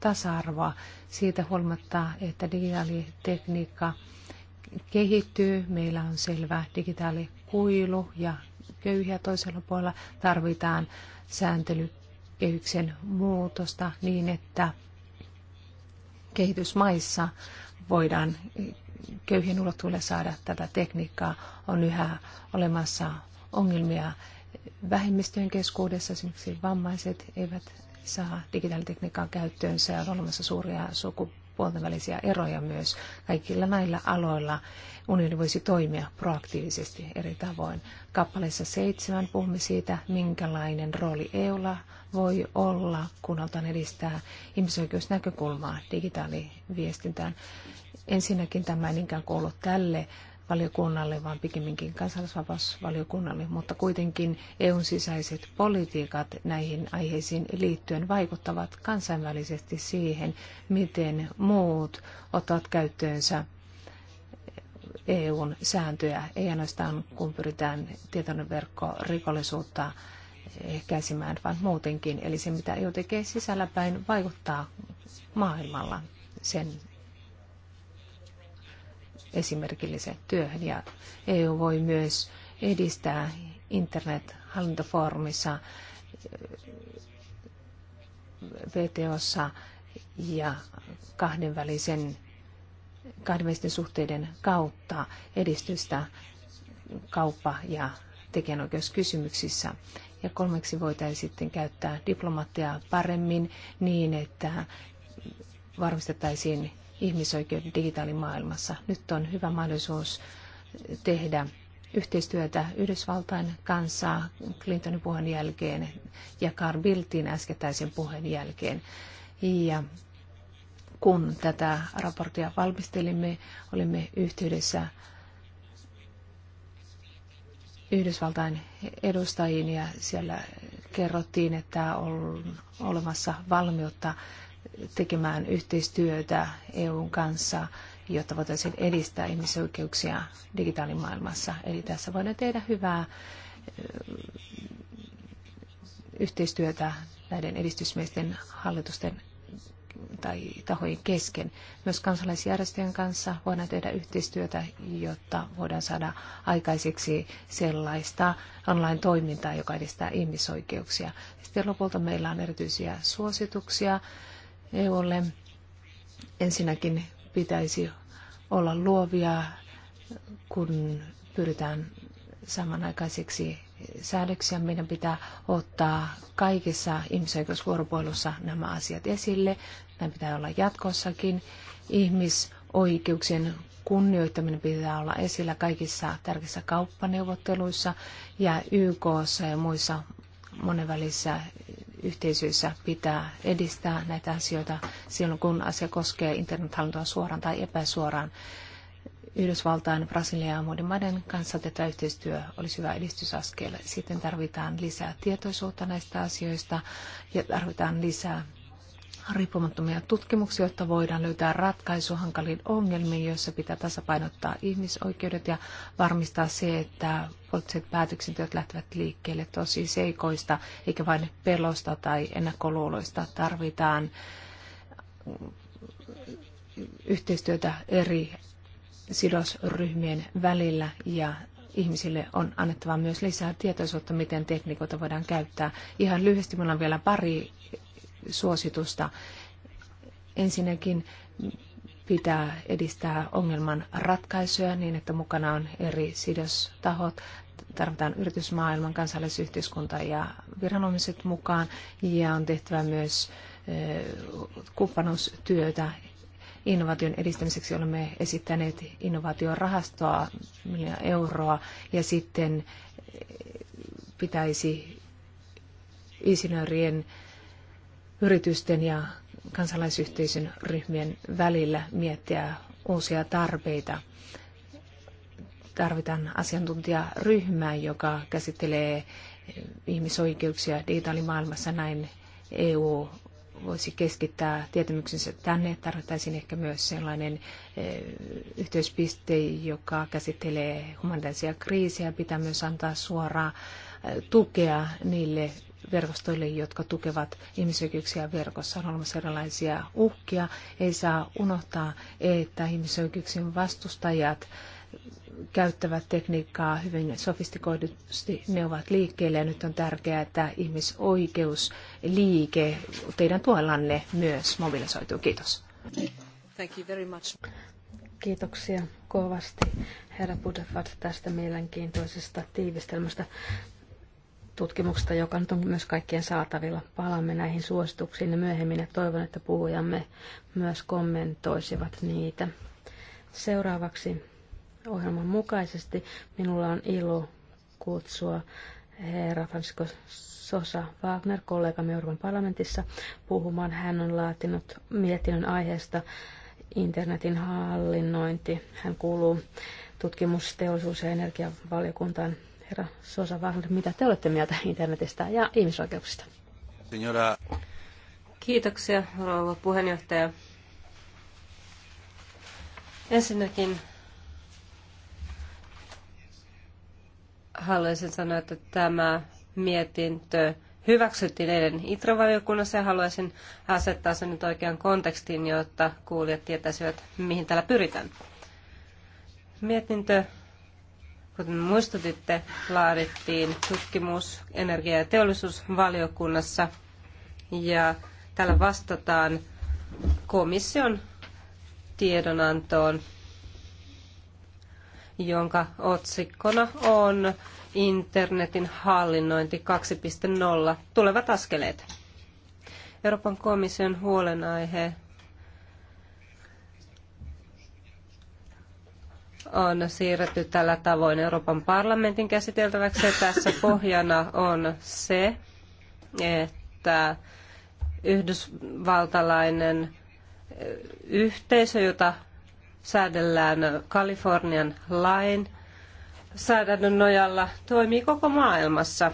tasa-arvoa siitä huolimatta, että digitaalitekniikka kehittyy. Meillä on selvä digitaalikuilu ja köyhiä toisella puolella. Tarvitaan sääntelykehyksen muutosta niin, että kehitysmaissa voidaan köyhien ulottuville saada tätä tekniikkaa. On yhä olemassa ongelmia vähemmistöjen keskuudessa, esimerkiksi vammaiset eivät saa digitaalitekniikkaa käyttöönsä ja on olemassa suuria sukupuolten välisiä eroja myös. Kaikilla näillä aloilla unioni voisi toimia proaktiivisesti eri tavoin. Kappaleessa seitsemän puhumme siitä, minkälainen rooli EUlla voi olla, kun otan edistää ihmisoikeusnäkökulmaa digitaaliviestintään. Ensinnäkin tämä ei niinkään kuulu tälle valiokunnalle, vaan pikemminkin kansalaisvapausvaliokunnalle, mutta kuitenkin EUn sisäiset politiikat näihin aiheisiin liittyen vaikuttavat kansainvälisesti siihen, miten muut ottavat käyttöönsä EUn sääntöjä, ei ainoastaan kun pyritään tietoverkkorikollisuutta ehkäisemään, vaan muutenkin. Eli se, mitä EU tekee sisällä päin, vaikuttaa maailmalla sen esimerkilliseen työhön. Ja EU voi myös edistää internet-hallintofoorumissa, VTOssa ja kahdenvälisen kahdenvälisten suhteiden kautta edistystä kauppa- ja tekijänoikeuskysymyksissä. Ja kolmeksi voitaisiin sitten käyttää diplomaattia paremmin niin, että varmistettaisiin ihmisoikeudet digitaalimaailmassa. Nyt on hyvä mahdollisuus tehdä yhteistyötä Yhdysvaltain kanssa Clintonin puheen jälkeen ja Carl Bildtin äskettäisen puheen jälkeen. Ja kun tätä raporttia valmistelimme, olimme yhteydessä Yhdysvaltain edustajiin ja siellä kerrottiin, että on olemassa valmiutta tekemään yhteistyötä EUn kanssa, jotta voitaisiin edistää ihmisoikeuksia digitaalimaailmassa. Eli tässä voidaan tehdä hyvää yhteistyötä näiden edistysmiesten hallitusten tai tahojen kesken. Myös kansalaisjärjestöjen kanssa voidaan tehdä yhteistyötä, jotta voidaan saada aikaiseksi sellaista online-toimintaa, joka edistää ihmisoikeuksia. Sitten lopulta meillä on erityisiä suosituksia EUlle. Ensinnäkin pitäisi olla luovia, kun pyritään samanaikaiseksi säädöksiä. Meidän pitää ottaa kaikessa ihmisoikeusvuoropuhelussa nämä asiat esille. Näin pitää olla jatkossakin. Ihmisoikeuksien kunnioittaminen pitää olla esillä kaikissa tärkeissä kauppaneuvotteluissa ja YKssa ja muissa monenvälisissä yhteisöissä pitää edistää näitä asioita silloin, kun asia koskee internethallintoa suoraan tai epäsuoraan. Yhdysvaltain, Brasilian ja muiden maiden kanssa tätä yhteistyö olisi hyvä edistysaskel. Sitten tarvitaan lisää tietoisuutta näistä asioista ja tarvitaan lisää riippumattomia tutkimuksia, jotta voidaan löytää ratkaisu hankaliin ongelmiin, joissa pitää tasapainottaa ihmisoikeudet ja varmistaa se, että poliittiset päätöksenteot lähtevät liikkeelle tosi seikoista, eikä vain pelosta tai ennakkoluuloista. Tarvitaan yhteistyötä eri sidosryhmien välillä ja ihmisille on annettava myös lisää tietoisuutta, miten tekniikoita voidaan käyttää. Ihan lyhyesti meillä on vielä pari suositusta. Ensinnäkin pitää edistää ongelman ratkaisuja niin, että mukana on eri sidostahot. Tarvitaan yritysmaailman, kansallisyhteiskunta ja viranomaiset mukaan. Ja on tehtävä myös eh, kumppanuustyötä innovaation edistämiseksi. Olemme esittäneet innovaatiorahastoa miljoonaa euroa ja sitten eh, pitäisi insinöörien yritysten ja kansalaisyhteisön ryhmien välillä miettiä uusia tarpeita. Tarvitaan asiantuntijaryhmää, joka käsittelee ihmisoikeuksia digitaalimaailmassa. Näin EU voisi keskittää tietämyksensä tänne. Tarvittaisiin ehkä myös sellainen e, yhteyspiste, joka käsittelee humanitaarisia kriisejä. Pitää myös antaa suoraa e, tukea niille verkostoille, jotka tukevat ihmisoikeuksia verkossa. On olemassa erilaisia uhkia. Ei saa unohtaa, että ihmisoikeuksien vastustajat käyttävät tekniikkaa hyvin sofistikoidusti, ne ovat liikkeelle ja nyt on tärkeää, että ihmisoikeusliike teidän tuollanne myös mobilisoituu. Kiitos. Thank you very much. Kiitoksia kovasti herra Budefat tästä mielenkiintoisesta tiivistelmästä tutkimuksesta, joka nyt on myös kaikkien saatavilla. Palaamme näihin suosituksiin ja myöhemmin ja toivon, että puhujamme myös kommentoisivat niitä. Seuraavaksi ohjelman mukaisesti minulla on ilo kutsua herra Francisco Sosa Wagner, kollegamme Euroopan parlamentissa, puhumaan. Hän on laatinut mietinnön aiheesta internetin hallinnointi. Hän kuuluu tutkimus-, teollisuus- ja energiavaliokuntaan herra Sosa Wagner, mitä te olette mieltä internetistä ja ihmisoikeuksista? Signora. Kiitoksia, rouva puheenjohtaja. Ensinnäkin haluaisin sanoa, että tämä mietintö hyväksyttiin eilen ITRO-valiokunnassa ja haluaisin asettaa sen nyt oikean kontekstiin, jotta kuulijat tietäisivät, mihin täällä pyritään. Mietintö kuten muistutitte, laadittiin tutkimus energia- ja teollisuusvaliokunnassa ja tällä vastataan komission tiedonantoon, jonka otsikkona on internetin hallinnointi 2.0 tulevat askeleet. Euroopan komission huolenaihe on siirretty tällä tavoin Euroopan parlamentin käsiteltäväksi. Tässä pohjana on se, että yhdysvaltalainen eh, yhteisö, jota säädellään Kalifornian lain säädännön nojalla, toimii koko maailmassa,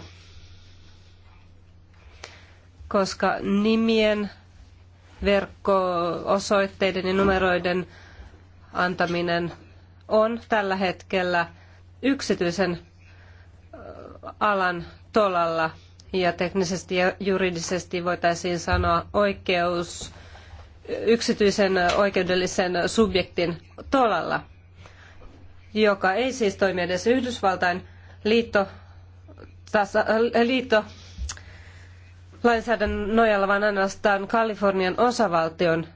koska nimien, verkko-osoitteiden ja numeroiden antaminen on tällä hetkellä yksityisen alan tolalla ja teknisesti ja juridisesti voitaisiin sanoa oikeus yksityisen oikeudellisen subjektin tolalla, joka ei siis toimi edes Yhdysvaltain liitto, tasa, liitto lainsäädännön nojalla, vaan ainoastaan Kalifornian osavaltion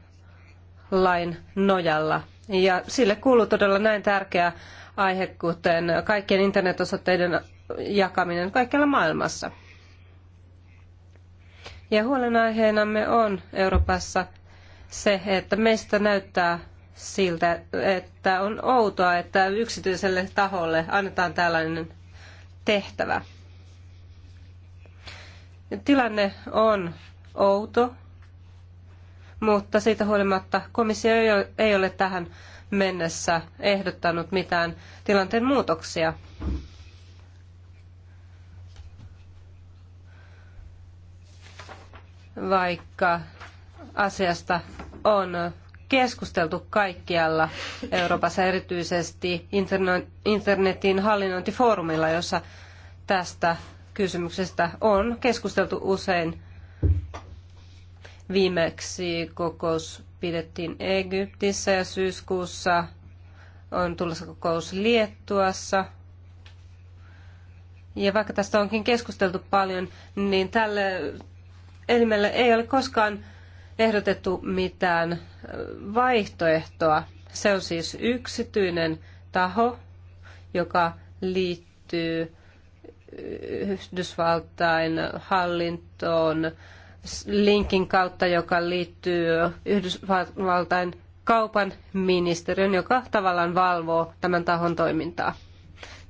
lain nojalla. Ja sille kuuluu todella näin tärkeä aihe, kuten kaikkien internetosoitteiden jakaminen kaikkialla maailmassa. Ja huolenaiheenamme on Euroopassa se, että meistä näyttää siltä, että on outoa, että yksityiselle taholle annetaan tällainen tehtävä. Tilanne on outo mutta siitä huolimatta komissio ei ole tähän mennessä ehdottanut mitään tilanteen muutoksia. Vaikka asiasta on keskusteltu kaikkialla Euroopassa, erityisesti internetin hallinnointifoorumilla, jossa tästä kysymyksestä on keskusteltu usein Viimeksi kokous pidettiin Egyptissä ja syyskuussa on tulossa kokous Liettuassa. Ja vaikka tästä onkin keskusteltu paljon, niin tälle elimelle ei ole koskaan ehdotettu mitään vaihtoehtoa. Se on siis yksityinen taho, joka liittyy Yhdysvaltain hallintoon, linkin kautta, joka liittyy Yhdysvaltain kaupan ministeriön, joka tavallaan valvoo tämän tahon toimintaa.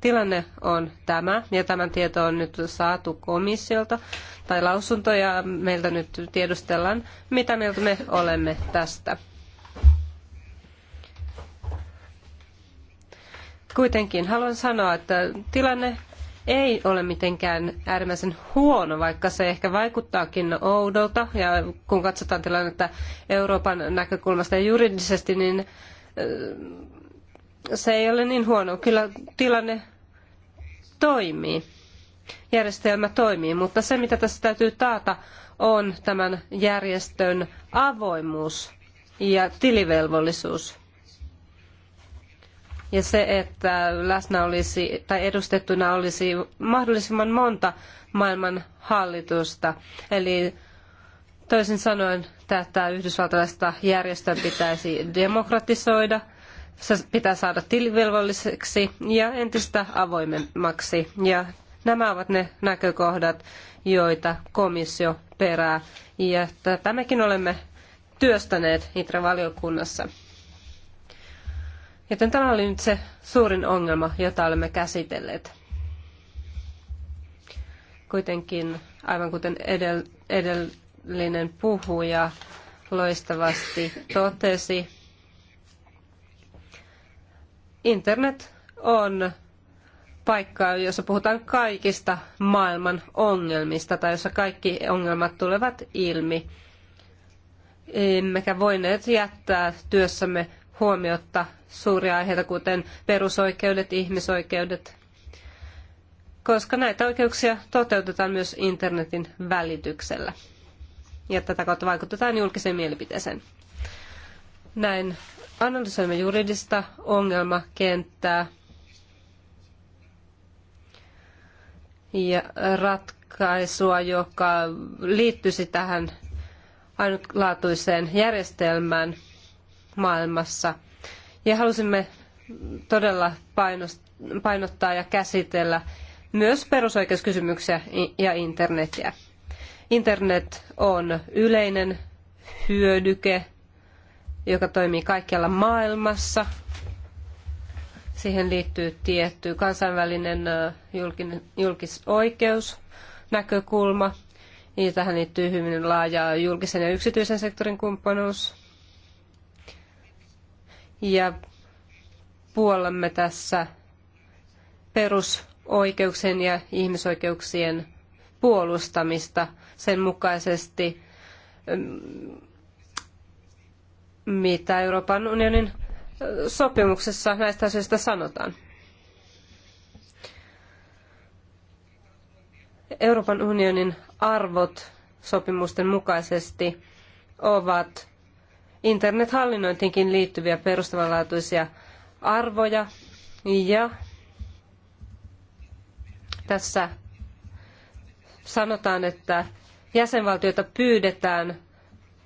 Tilanne on tämä, ja tämän tieto on nyt saatu komissiolta tai lausuntoja. Meiltä nyt tiedustellaan, mitä mieltä me olemme tästä. Kuitenkin haluan sanoa, että tilanne ei ole mitenkään äärimmäisen huono, vaikka se ehkä vaikuttaakin oudolta. Ja kun katsotaan tilannetta Euroopan näkökulmasta ja juridisesti, niin äh, se ei ole niin huono. Kyllä tilanne toimii, järjestelmä toimii, mutta se mitä tässä täytyy taata on tämän järjestön avoimuus ja tilivelvollisuus ja se, että läsnä olisi tai edustettuna olisi mahdollisimman monta maailman hallitusta. Eli toisin sanoen tätä yhdysvaltalaista järjestöä pitäisi demokratisoida, se pitää saada tilivelvolliseksi ja entistä avoimemmaksi. Ja nämä ovat ne näkökohdat, joita komissio perää. Ja tätä mekin olemme työstäneet itre valiokunnassa Joten tämä oli nyt se suurin ongelma, jota olemme käsitelleet. Kuitenkin, aivan kuten edel, edellinen puhuja loistavasti totesi, internet on paikka, jossa puhutaan kaikista maailman ongelmista tai jossa kaikki ongelmat tulevat ilmi. Emmekä voineet jättää työssämme huomiotta suuria aiheita, kuten perusoikeudet, ihmisoikeudet, koska näitä oikeuksia toteutetaan myös internetin välityksellä. Ja tätä kautta vaikutetaan julkiseen mielipiteeseen. Näin analysoimme juridista ongelmakenttää ja ratkaisua, joka liittyisi tähän ainutlaatuiseen järjestelmään – maailmassa. Ja halusimme todella painottaa ja käsitellä myös perusoikeuskysymyksiä ja internetiä. Internet on yleinen hyödyke, joka toimii kaikkialla maailmassa. Siihen liittyy tietty kansainvälinen julkisoikeusnäkökulma. näkökulma. Niin ja tähän liittyy hyvin laaja julkisen ja yksityisen sektorin kumppanuus ja puolemme tässä perusoikeuksien ja ihmisoikeuksien puolustamista sen mukaisesti, mm, mitä Euroopan unionin sopimuksessa näistä asioista sanotaan. Euroopan unionin arvot sopimusten mukaisesti ovat internethallinnointiinkin liittyviä perustavanlaatuisia arvoja. Ja tässä sanotaan, että jäsenvaltioita pyydetään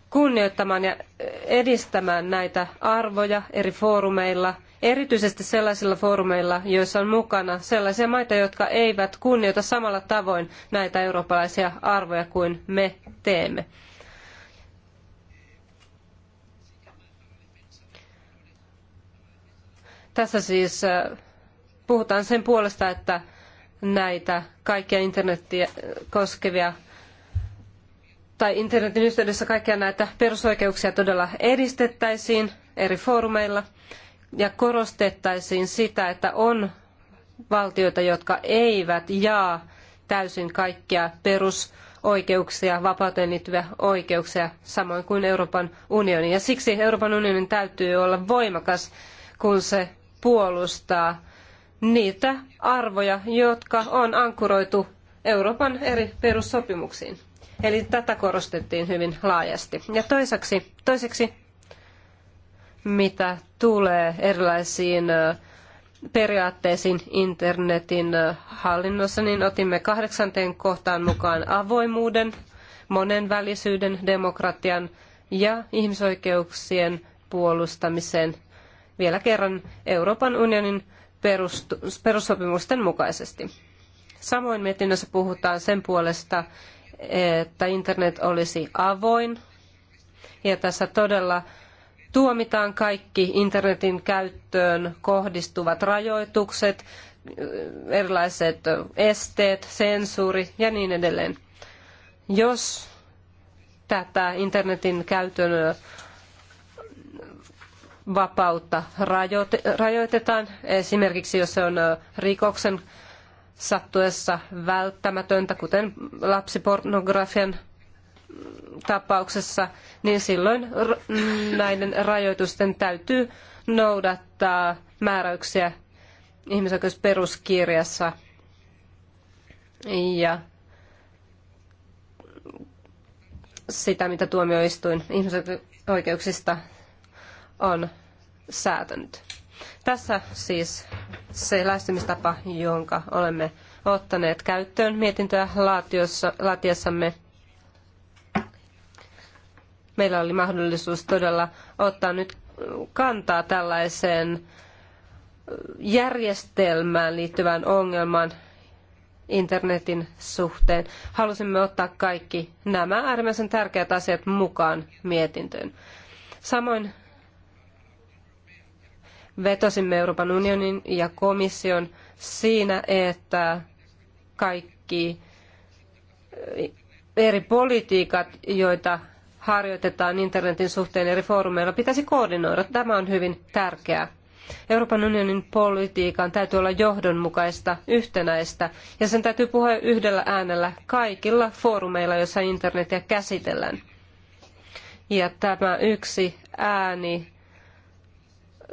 kunnioittamaan ja edistämään näitä arvoja eri foorumeilla, erityisesti sellaisilla foorumeilla, joissa on mukana sellaisia maita, jotka eivät kunnioita samalla tavoin näitä eurooppalaisia arvoja kuin me teemme. Tässä siis äh, puhutaan sen puolesta, että näitä kaikkia internetiä koskevia tai internetin yhteydessä kaikkia näitä perusoikeuksia todella edistettäisiin eri foorumeilla ja korostettaisiin sitä, että on valtioita, jotka eivät jaa täysin kaikkia perusoikeuksia, vapauteen liittyviä oikeuksia, samoin kuin Euroopan unioni. Ja siksi Euroopan unionin täytyy olla voimakas, kun se puolustaa niitä arvoja, jotka on ankuroitu Euroopan eri perussopimuksiin. Eli tätä korostettiin hyvin laajasti. Ja toiseksi, toiseksi mitä tulee erilaisiin periaatteisiin internetin hallinnossa, niin otimme kahdeksanteen kohtaan mukaan avoimuuden, monenvälisyyden, demokratian ja ihmisoikeuksien puolustamisen vielä kerran Euroopan unionin perussopimusten mukaisesti. Samoin mietinnössä puhutaan sen puolesta, että internet olisi avoin. Ja tässä todella tuomitaan kaikki internetin käyttöön kohdistuvat rajoitukset, erilaiset esteet, sensuuri ja niin edelleen. Jos tätä internetin käytön vapautta rajoitetaan, esimerkiksi jos se on rikoksen sattuessa välttämätöntä, kuten lapsipornografian mm, tapauksessa, niin silloin näiden rajoitusten täytyy noudattaa määräyksiä ihmisoikeusperuskirjassa. Ja sitä, mitä tuomioistuin ihmisoikeuksista on säätänyt. Tässä siis se lähestymistapa, jonka olemme ottaneet käyttöön mietintöä laatiossa, laatiessamme. Meillä oli mahdollisuus todella ottaa nyt kantaa tällaiseen järjestelmään liittyvään ongelmaan internetin suhteen. Halusimme ottaa kaikki nämä äärimmäisen tärkeät asiat mukaan mietintöön. Samoin vetosimme Euroopan unionin ja komission siinä, että kaikki eh, eri politiikat, joita harjoitetaan internetin suhteen eri foorumeilla, pitäisi koordinoida. Tämä on hyvin tärkeää. Euroopan unionin politiikan täytyy olla johdonmukaista, yhtenäistä ja sen täytyy puhua yhdellä äänellä kaikilla foorumeilla, joissa internetiä käsitellään. Ja tämä yksi ääni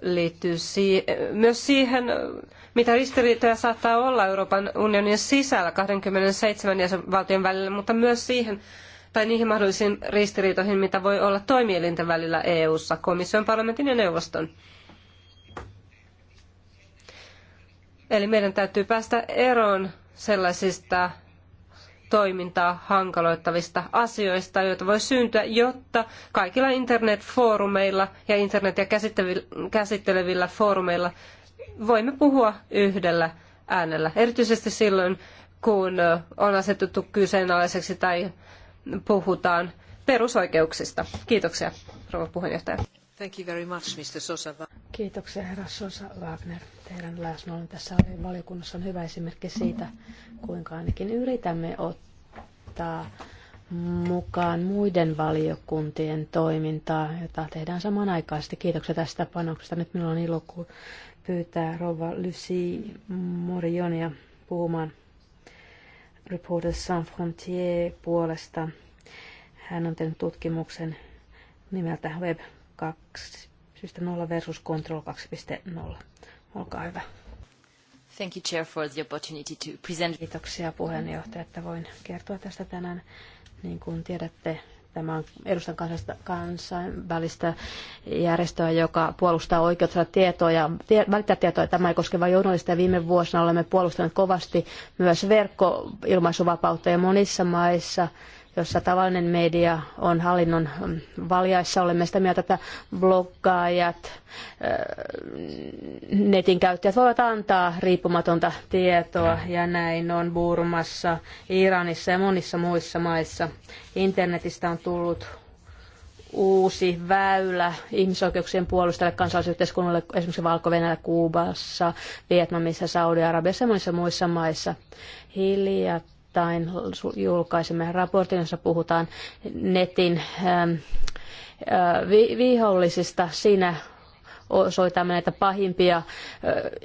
liittyy myös siihen, mitä ristiriitoja saattaa olla Euroopan unionin sisällä 27 jäsenvaltion välillä, mutta myös siihen, tai niihin mahdollisiin ristiriitoihin, mitä voi olla toimielinten välillä EU-ssa, komission, parlamentin ja neuvoston. Eli meidän täytyy päästä eroon sellaisista toimintaa hankaloittavista asioista, joita voi syntyä, jotta kaikilla internetfoorumeilla ja internetiä käsittelevillä foorumeilla voimme puhua yhdellä äänellä. Erityisesti silloin, kun on asetettu kyseenalaiseksi tai puhutaan perusoikeuksista. Kiitoksia, rouva puheenjohtaja. Thank you very much, Mr. Sosa. Kiitoksia, herra Sosa Wagner. Teidän läsnäolon tässä valiokunnassa on hyvä esimerkki siitä, kuinka ainakin yritämme ottaa ottaa mukaan muiden valiokuntien toimintaa, jota tehdään samanaikaisesti. Kiitoksia tästä panoksesta. Nyt minulla on ilo pyytää rouva Lucy Morionia puhumaan Reporters Sans Frontier puolesta. Hän on tehnyt tutkimuksen nimeltä Web 2.0 versus Control 2.0. Olkaa hyvä. Thank you, Chair, for the opportunity to present. Kiitoksia puheenjohtaja, että voin kertoa tästä tänään. Niin kuin tiedätte, tämä on edustan kansainvälistä järjestöä, joka puolustaa oikeutta tietoa ja tie, välittää tietoa. Tämä ei koske vain journalisteja. Viime vuosina olemme puolustaneet kovasti myös verkkoilmaisuvapautta ja monissa maissa jossa tavallinen media on hallinnon valjaissa. Olemme sitä mieltä, että bloggaajat, äh, netin käyttäjät voivat antaa riippumatonta tietoa ja näin on Burmassa, Iranissa ja monissa muissa maissa. Internetistä on tullut uusi väylä ihmisoikeuksien puolustajille kansalaisyhteiskunnalle, esimerkiksi valko Kuubassa, Vietnamissa, Saudi-Arabiassa ja monissa muissa maissa. Hiljat hiljattain julkaisemme raportin, jossa puhutaan netin ähm, äh, vi- vihollisista. Siinä osoitamme näitä pahimpia äh,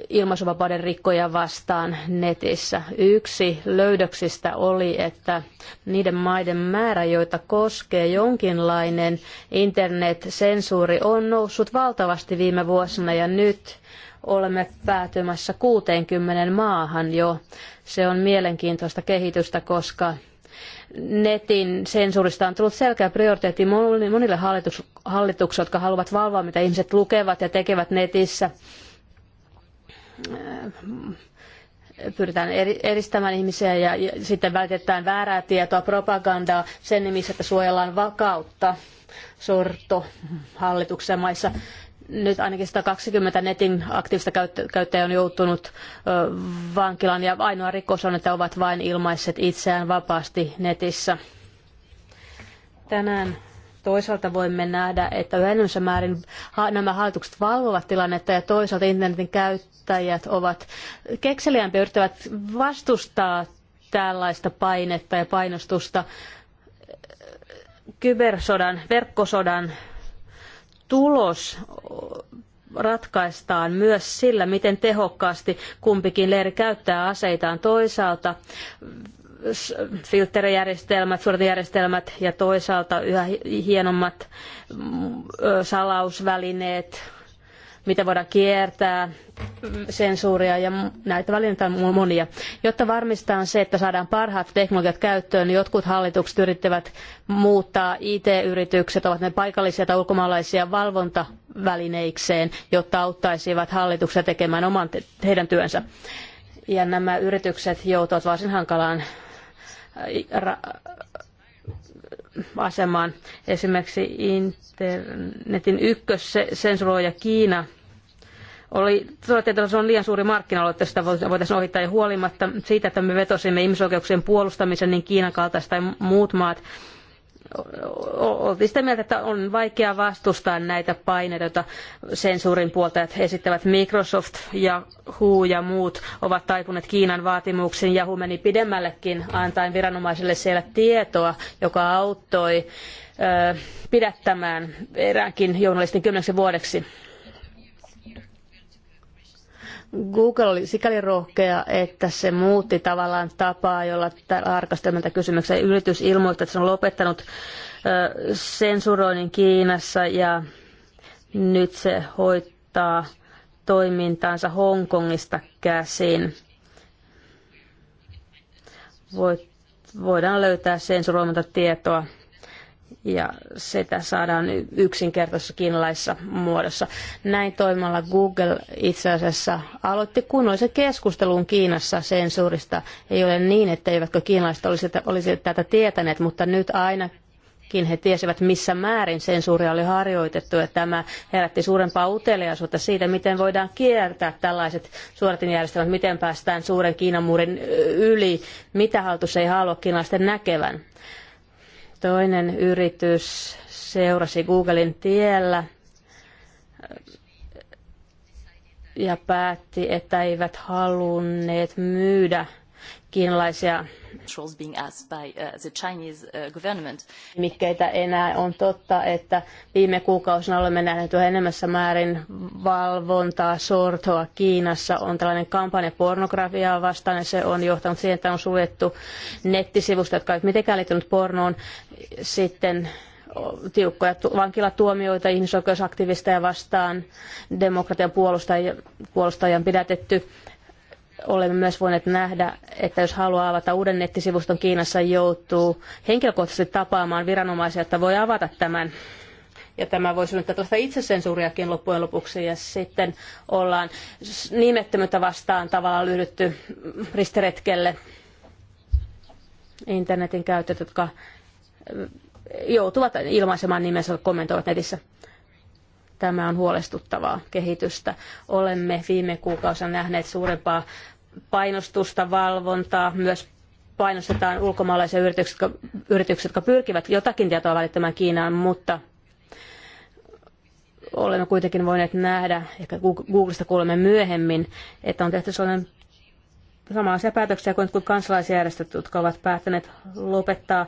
ilmaisuvapauden rikkoja vastaan netissä. Yksi löydöksistä oli, että niiden maiden määrä, joita koskee jonkinlainen internetsensuuri, on noussut valtavasti viime vuosina ja nyt olemme päätymässä 60 maahan jo. Se on mielenkiintoista kehitystä, koska netin sensuurista on tullut selkeä prioriteetti monille hallituksille, jotka haluavat valvoa, mitä ihmiset lukevat ja tekevät netissä. Pyritään eristämään ihmisiä ja sitten välitetään väärää tietoa, propagandaa sen nimissä, että suojellaan vakautta sorto hallituksen maissa nyt ainakin 120 netin aktiivista käyttäjää on joutunut vankilaan ja ainoa rikos on, että ovat vain ilmaisset itseään vapaasti netissä. Tänään toisaalta voimme nähdä, että yhdessä määrin nämä hallitukset valvovat tilannetta ja toisaalta internetin käyttäjät ovat kekseliämpiä yrittävät vastustaa tällaista painetta ja painostusta kybersodan, verkkosodan tulos ratkaistaan myös sillä, miten tehokkaasti kumpikin leiri käyttää aseitaan toisaalta filterijärjestelmät, suodatejärjestelmät ja toisaalta yhä hienommat mm, salausvälineet, mitä voidaan kiertää sensuuria ja näitä välineitä on monia. Jotta varmistetaan se, että saadaan parhaat teknologiat käyttöön, niin jotkut hallitukset yrittävät muuttaa IT-yritykset, ovat ne paikallisia tai ulkomaalaisia valvontavälineikseen, jotta auttaisivat hallituksia tekemään oman heidän työnsä. Ja nämä yritykset joutuvat varsin hankalaan äh, asemaan. Esimerkiksi internetin ykkössensuroija Kiina oli, että se on liian suuri markkina että sitä voitaisiin ohittaa ja huolimatta siitä, että me vetosimme ihmisoikeuksien puolustamisen, niin Kiinan kaltaiset tai muut maat oltiin sitä mieltä, että on vaikea vastustaa näitä paineita, joita sensuurin puoltajat esittävät. Microsoft, ja Yahoo ja muut ovat taipuneet Kiinan vaatimuksiin. Yahoo meni pidemmällekin antaen viranomaisille siellä tietoa, joka auttoi pidättämään eräänkin journalistin kymmeneksi vuodeksi Google oli sikäli rohkea, että se muutti tavallaan tapaa, jolla tarkastelemme tätä kysymyksiä. Yritys ilmoittaa, että se on lopettanut sensuroinnin Kiinassa ja nyt se hoitaa toimintaansa Hongkongista käsin. Voit, voidaan löytää sensuroimatta tietoa ja sitä saadaan yksinkertaisessa kiinalaisessa muodossa. Näin toimimalla Google itse asiassa aloitti kunnollisen keskustelun Kiinassa sensuurista. Ei ole niin, että eivätkö kiinalaiset olisi, olisi tätä tietäneet, mutta nyt aina he tiesivät, missä määrin sensuuria oli harjoitettu, ja tämä herätti suurempaa uteliaisuutta siitä, miten voidaan kiertää tällaiset suoratinjärjestelmät, miten päästään suuren Kiinan muurin yli, mitä hallitus ei halua kiinalaisten näkevän Toinen yritys seurasi Googlen tiellä ja päätti, että eivät halunneet myydä kiinalaisia Uh, uh, Mikkeitä enää on totta, että viime kuukausina olemme nähneet yhä enemmässä määrin valvontaa, sortoa. Kiinassa on tällainen kampanja pornografiaa vastaan ja se on johtanut siihen, että on suljettu nettisivusta, jotka eivät mitenkään liittynyt pornoon. Sitten tiukkoja vankilatuomioita ihmisoikeusaktivisteja vastaan, demokratian puolustajia, on pidätetty olemme myös voineet nähdä, että jos haluaa avata uuden nettisivuston Kiinassa, joutuu henkilökohtaisesti tapaamaan viranomaisia, että voi avata tämän. Ja tämä voi synnyttää tuosta itsesensuuriakin loppujen lopuksi. Ja sitten ollaan nimettömyyttä vastaan tavallaan lyhdytty ristiretkelle internetin käyttäjät, jotka joutuvat ilmaisemaan nimensä, kommentoivat netissä tämä on huolestuttavaa kehitystä. Olemme viime kuukausina nähneet suurempaa painostusta, valvontaa, myös painostetaan ulkomaalaisia yrityksiä, yritykset, jotka pyrkivät jotakin tietoa välittämään Kiinaan, mutta olemme kuitenkin voineet nähdä, ehkä Googlesta kuulemme myöhemmin, että on tehty sellainen samanlaisia päätöksiä kuin, kuin kansalaisjärjestöt, jotka ovat päättäneet lopettaa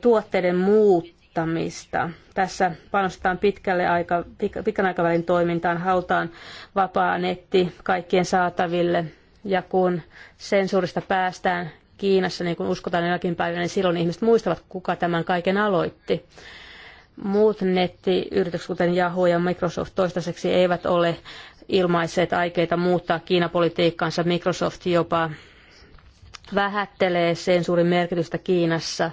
tuotteiden muuttamista. Tässä panostetaan pitkälle aika, pitkän aikavälin toimintaan, hautaan vapaa netti kaikkien saataville ja kun sensuurista päästään Kiinassa, niin kuin uskotaan jonakin päivänä, niin silloin ihmiset muistavat, kuka tämän kaiken aloitti. Muut nettiyritykset, kuten Yahoo ja Microsoft, toistaiseksi eivät ole ilmaiseet aikeita muuttaa Kiinapolitiikkaansa. Microsoft jopa vähättelee sensuurin merkitystä Kiinassa.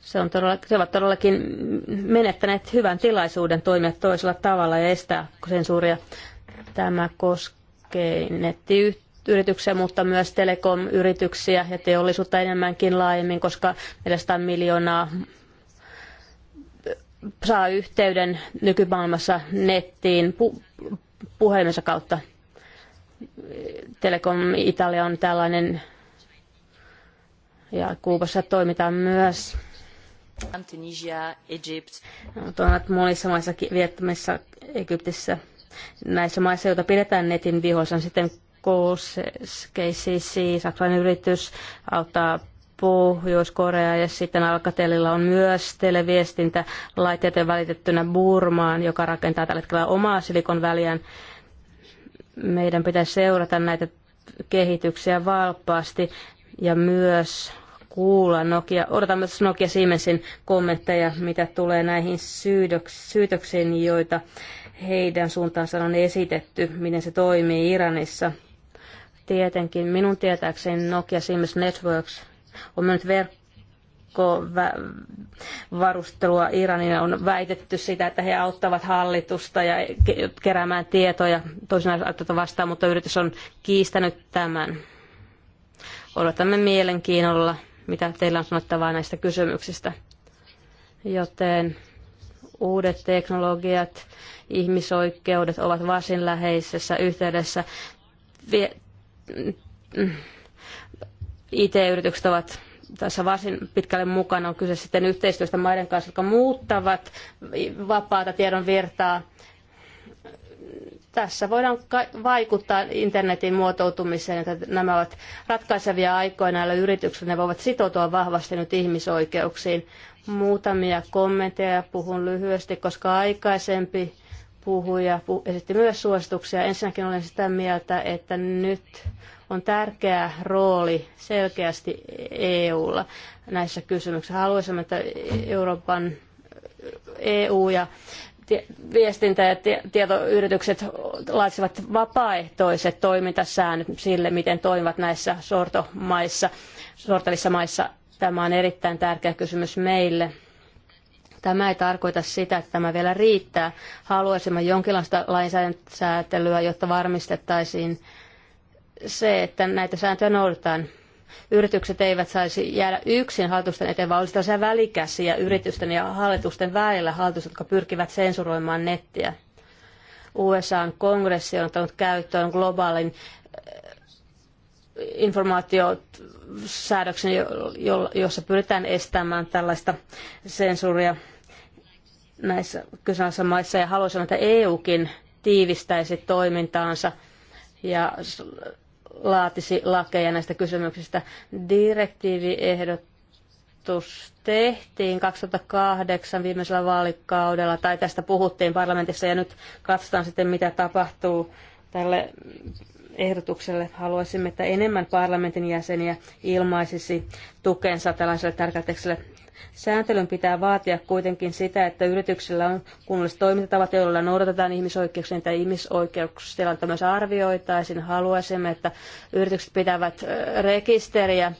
Se on todella, se ovat todellakin menettäneet hyvän tilaisuuden toimia toisella tavalla ja estää sensuuria. Tämä koskee nettiyhtiöitä yrityksiä, mutta myös telekom-yrityksiä ja teollisuutta enemmänkin laajemmin, koska 400 miljoonaa saa yhteyden nykymaailmassa nettiin pu- puhelimensa kautta. Telekom Italia on tällainen ja Kuubassa toimitaan myös. Tunisia, Egypt. No, Tuonat monissa maissa, Vietnamissa, Egyptissä, näissä maissa, joita pidetään netin vihoissa, niin sitten KCC, saksalainen yritys, auttaa Pohjois-Korea ja sitten Alcatelilla on myös laitteiden välitettynä Burmaan, joka rakentaa tällä hetkellä omaa silikon väliään. Meidän pitäisi seurata näitä kehityksiä valppaasti ja myös kuulla Nokia, odotamme Nokia Siemensin kommentteja, mitä tulee näihin syytöksiin, joita heidän suuntaansa on esitetty, miten se toimii Iranissa – Tietenkin minun tietääkseni Nokia Siemens Networks on mennyt verkkovarustelua Iranin On väitetty sitä, että he auttavat hallitusta ja keräämään tietoja toisinaan vastaan, mutta yritys on kiistänyt tämän. Odotamme mielenkiinnolla, mitä teillä on sanottavaa näistä kysymyksistä. Joten uudet teknologiat, ihmisoikeudet ovat varsin läheisessä yhteydessä IT-yritykset ovat tässä varsin pitkälle mukana. On kyse sitten yhteistyöstä maiden kanssa, jotka muuttavat vapaata tiedon virtaa. Tässä voidaan vaikuttaa internetin muotoutumiseen, että nämä ovat ratkaisevia aikoja näillä yrityksillä. Ne voivat sitoutua vahvasti nyt ihmisoikeuksiin. Muutamia kommentteja puhun lyhyesti, koska aikaisempi puh- esitti myös suosituksia. Ensinnäkin olen sitä mieltä, että nyt on tärkeä rooli selkeästi EUlla näissä kysymyksissä. Haluaisimme, että Euroopan EU ja viestintä- ja tietoyritykset laativat vapaaehtoiset toimintasäännöt sille, miten toimivat näissä sortomaissa, sortavissa maissa. Tämä on erittäin tärkeä kysymys meille Tämä ei tarkoita sitä, että tämä vielä riittää. Haluaisimme jonkinlaista lainsäätelyä, jotta varmistettaisiin se, että näitä sääntöjä noudatetaan. Yritykset eivät saisi jäädä yksin hallitusten eteen, vaan olisi tällaisia välikäsiä yritysten ja hallitusten välillä hallitukset, jotka pyrkivät sensuroimaan nettiä. USAn kongressi on ottanut käyttöön globaalin informaatiosäädöksen, jossa pyritään estämään tällaista sensuuria näissä kyseisissä maissa. Ja haluaisin, että EUkin tiivistäisi toimintaansa ja laatisi lakeja näistä kysymyksistä. Direktiiviehdotus tehtiin 2008 viimeisellä vaalikaudella, tai tästä puhuttiin parlamentissa, ja nyt katsotaan sitten, mitä tapahtuu tälle ehdotukselle. Haluaisimme, että enemmän parlamentin jäseniä ilmaisisi tukensa tällaiselle tärkeälle Sääntelyn pitää vaatia kuitenkin sitä, että yrityksillä on kunnolliset toimintatavat, joilla noudatetaan ihmisoikeuksia, niitä ihmisoikeustilannetta myös arvioitaisiin. Haluaisimme, että yritykset pitävät rekisteriä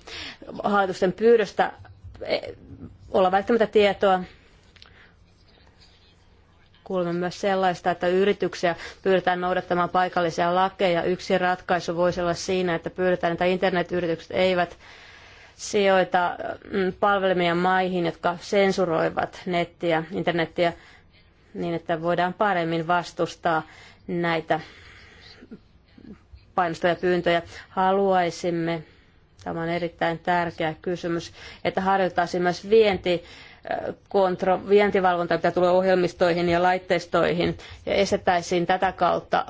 hallitusten pyydöstä e, olla välttämättä tietoa Kuulemme myös sellaista, että yrityksiä pyydetään noudattamaan paikallisia lakeja. Yksi ratkaisu voisi olla siinä, että pyydetään, että internetyritykset eivät sijoita mm, palvelimia maihin, jotka sensuroivat nettiä, internettiä niin, että voidaan paremmin vastustaa näitä painostajapyyntöjä. Haluaisimme, tämä on erittäin tärkeä kysymys, että harjoittaisiin myös vienti kontro, vientivalvonta, mitä tulee ohjelmistoihin ja laitteistoihin, ja estettäisiin tätä kautta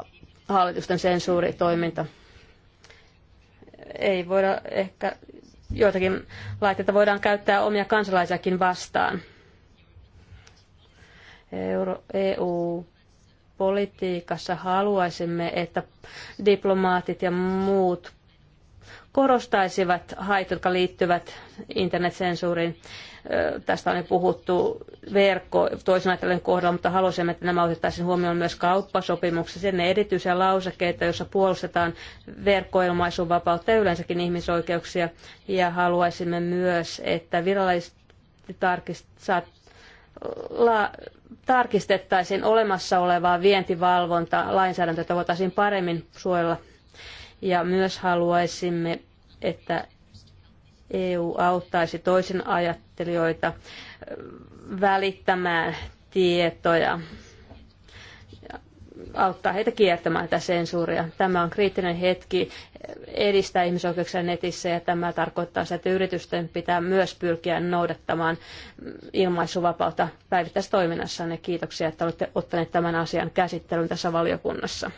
hallitusten sensuuritoiminta. Ei voida ehkä joitakin laitteita voidaan käyttää omia kansalaisiakin vastaan. Euro, EU politiikassa haluaisimme, että diplomaatit ja muut korostaisivat haitat, jotka liittyvät internetsensuuriin. Tästä on jo puhuttu verkko toisen ajattelun kohdalla, mutta haluaisimme, että nämä otettaisiin huomioon myös kauppasopimuksessa. Sen erityisiä lausekkeita, joissa puolustetaan verkkoilmaisun vapautta ja yleensäkin ihmisoikeuksia. Ja haluaisimme myös, että virallisesti tarkistat, la, tarkistettaisiin olemassa olevaa vientivalvonta lainsäädäntöä, jota voitaisiin paremmin suojella. Ja myös haluaisimme, että EU auttaisi toisen ajattelijoita välittämään tietoja auttaa heitä kiertämään tätä sensuuria. Tämä on kriittinen hetki edistää ihmisoikeuksia netissä ja tämä tarkoittaa sitä, että yritysten pitää myös pyrkiä noudattamaan ilmaisuvapautta päivittäisessä toiminnassanne. Kiitoksia, että olette ottaneet tämän asian käsittelyyn tässä valiokunnassa.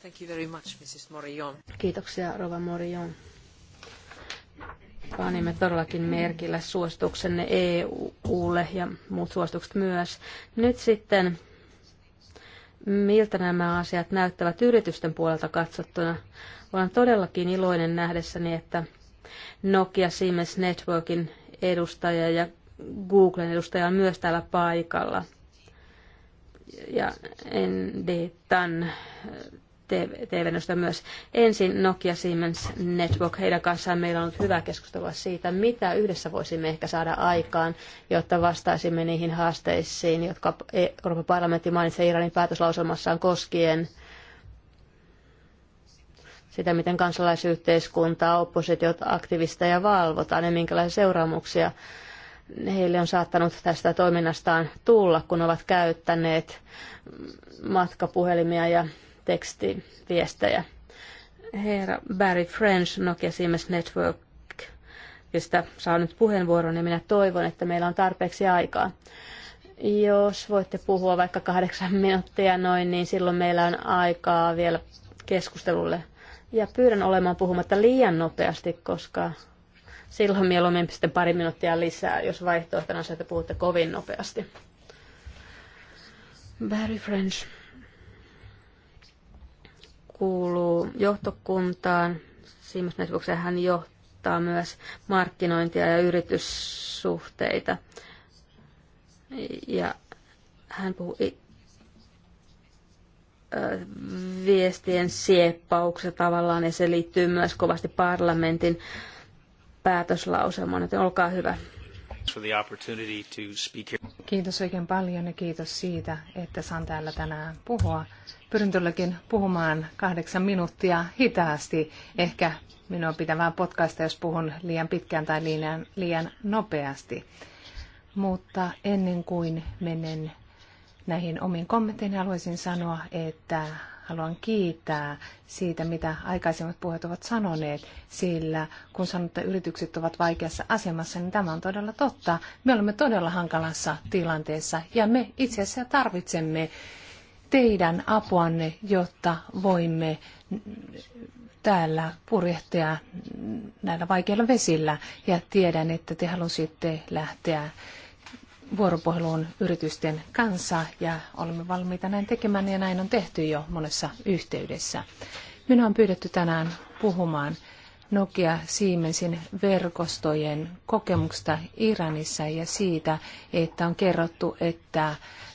Thank you very much, Mrs. Kiitoksia, Rova Morillon panimme todellakin merkille suosituksenne EUlle ja muut suositukset myös. Nyt sitten, miltä nämä asiat näyttävät yritysten puolelta katsottuna? Olen todellakin iloinen nähdessäni, että Nokia Siemens Networkin edustaja ja Googlen edustaja on myös täällä paikalla. Ja tämän TV-nosta myös. Ensin Nokia Siemens Network. Heidän kanssaan meillä on ollut hyvä keskustelua siitä, mitä yhdessä voisimme ehkä saada aikaan, jotta vastaisimme niihin haasteisiin, jotka Euroopan parlamentti mainitsee Iranin päätöslauselmassaan koskien sitä, miten kansalaisyhteiskuntaa, oppositiot, aktivisteja valvotaan ja minkälaisia seuraamuksia heille on saattanut tästä toiminnastaan tulla, kun ovat käyttäneet matkapuhelimia ja tekstiviestejä. Herra Barry French Nokia Siemens Network josta saa nyt puheenvuoron, ja minä toivon, että meillä on tarpeeksi aikaa. Jos voitte puhua vaikka kahdeksan minuuttia noin, niin silloin meillä on aikaa vielä keskustelulle. Ja pyydän olemaan puhumatta liian nopeasti, koska silloin mieluummin sitten pari minuuttia lisää, jos vaihtoehtona on se, että puhutte kovin nopeasti. Barry French kuuluu johtokuntaan. Siemens Networksen hän johtaa myös markkinointia ja yrityssuhteita. Ja hän puhuu viestien sieppauksessa tavallaan, ja se liittyy myös kovasti parlamentin päätöslauselmaan, joten olkaa hyvä. Kiitos oikein paljon ja kiitos siitä, että saan täällä tänään puhua. Pyrin todellakin puhumaan kahdeksan minuuttia hitaasti. Ehkä minua pitää vähän potkaista, jos puhun liian pitkään tai liian, liian nopeasti. Mutta ennen kuin menen näihin omiin kommentteihin, haluaisin sanoa, että haluan kiittää siitä, mitä aikaisemmat puheet ovat sanoneet, sillä kun sanotte, että yritykset ovat vaikeassa asemassa, niin tämä on todella totta. Me olemme todella hankalassa tilanteessa ja me itse asiassa tarvitsemme teidän apuanne, jotta voimme täällä purjehtia näillä vaikeilla vesillä. Ja tiedän, että te halusitte lähteä vuoropuheluun yritysten kanssa ja olemme valmiita näin tekemään ja näin on tehty jo monessa yhteydessä. Minua on pyydetty tänään puhumaan Nokia Siemensin verkostojen kokemuksesta Iranissa ja siitä, että on kerrottu, että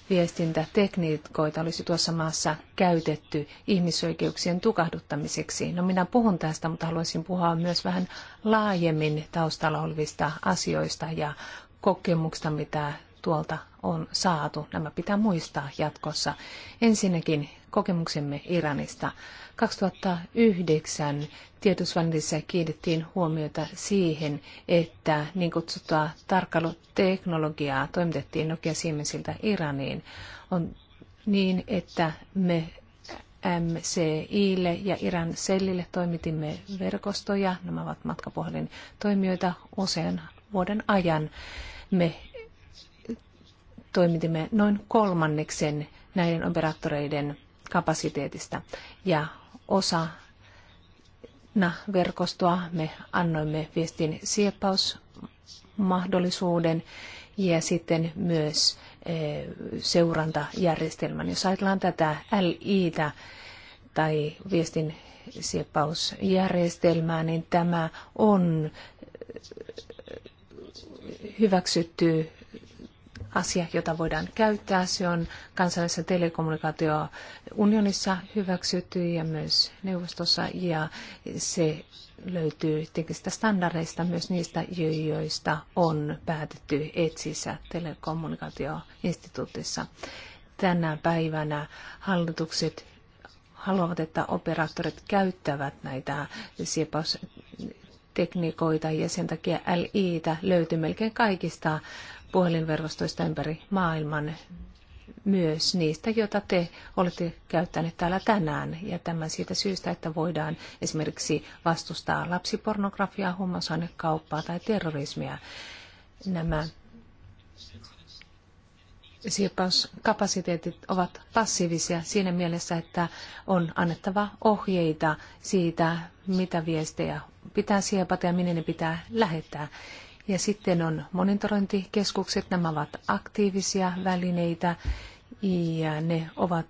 viestintätekniikoita olisi tuossa maassa käytetty ihmisoikeuksien tukahduttamiseksi. No minä puhun tästä, mutta haluaisin puhua myös vähän laajemmin taustalla olevista asioista ja kokemuksista, mitä tuolta on saatu. Nämä pitää muistaa jatkossa. Ensinnäkin kokemuksemme Iranista. 2009 tiedotusvälineissä kiinnittiin huomiota siihen, että niin kutsuttua tarkkailuteknologiaa toimitettiin Nokia Siemensiltä Iraniin. On niin, että me MCIlle ja Iran Sellille toimitimme verkostoja. Nämä ovat matkapuhelin toimijoita usean vuoden ajan. Me toimitimme noin kolmanneksen näiden operaattoreiden kapasiteetista ja osa verkostoa me annoimme viestin sieppausmahdollisuuden ja sitten myös e, seurantajärjestelmän. Jos ajatellaan tätä LItä tai viestin sieppausjärjestelmää, niin tämä on e, hyväksytty asia, jota voidaan käyttää. Se on kansallisessa telekommunikaatiounionissa hyväksytty ja myös neuvostossa ja se löytyy teknisistä standardeista, myös niistä, joista on päätetty etsissä telekommunikaatioinstituutissa. Tänä päivänä hallitukset haluavat, että operaattorit käyttävät näitä siepaustekniikoita ja sen takia LItä löytyy melkein kaikista puhelinverkostoista ympäri maailman, myös niistä, joita te olette käyttäneet täällä tänään. Ja tämän siitä syystä, että voidaan esimerkiksi vastustaa lapsipornografiaa, huumausainekauppaa tai terrorismia. Nämä siirpauskapasiteetit ovat passiivisia siinä mielessä, että on annettava ohjeita siitä, mitä viestejä pitää siepata ja minne ne pitää lähettää. Ja sitten on monitorointikeskukset, nämä ovat aktiivisia välineitä ja ne ovat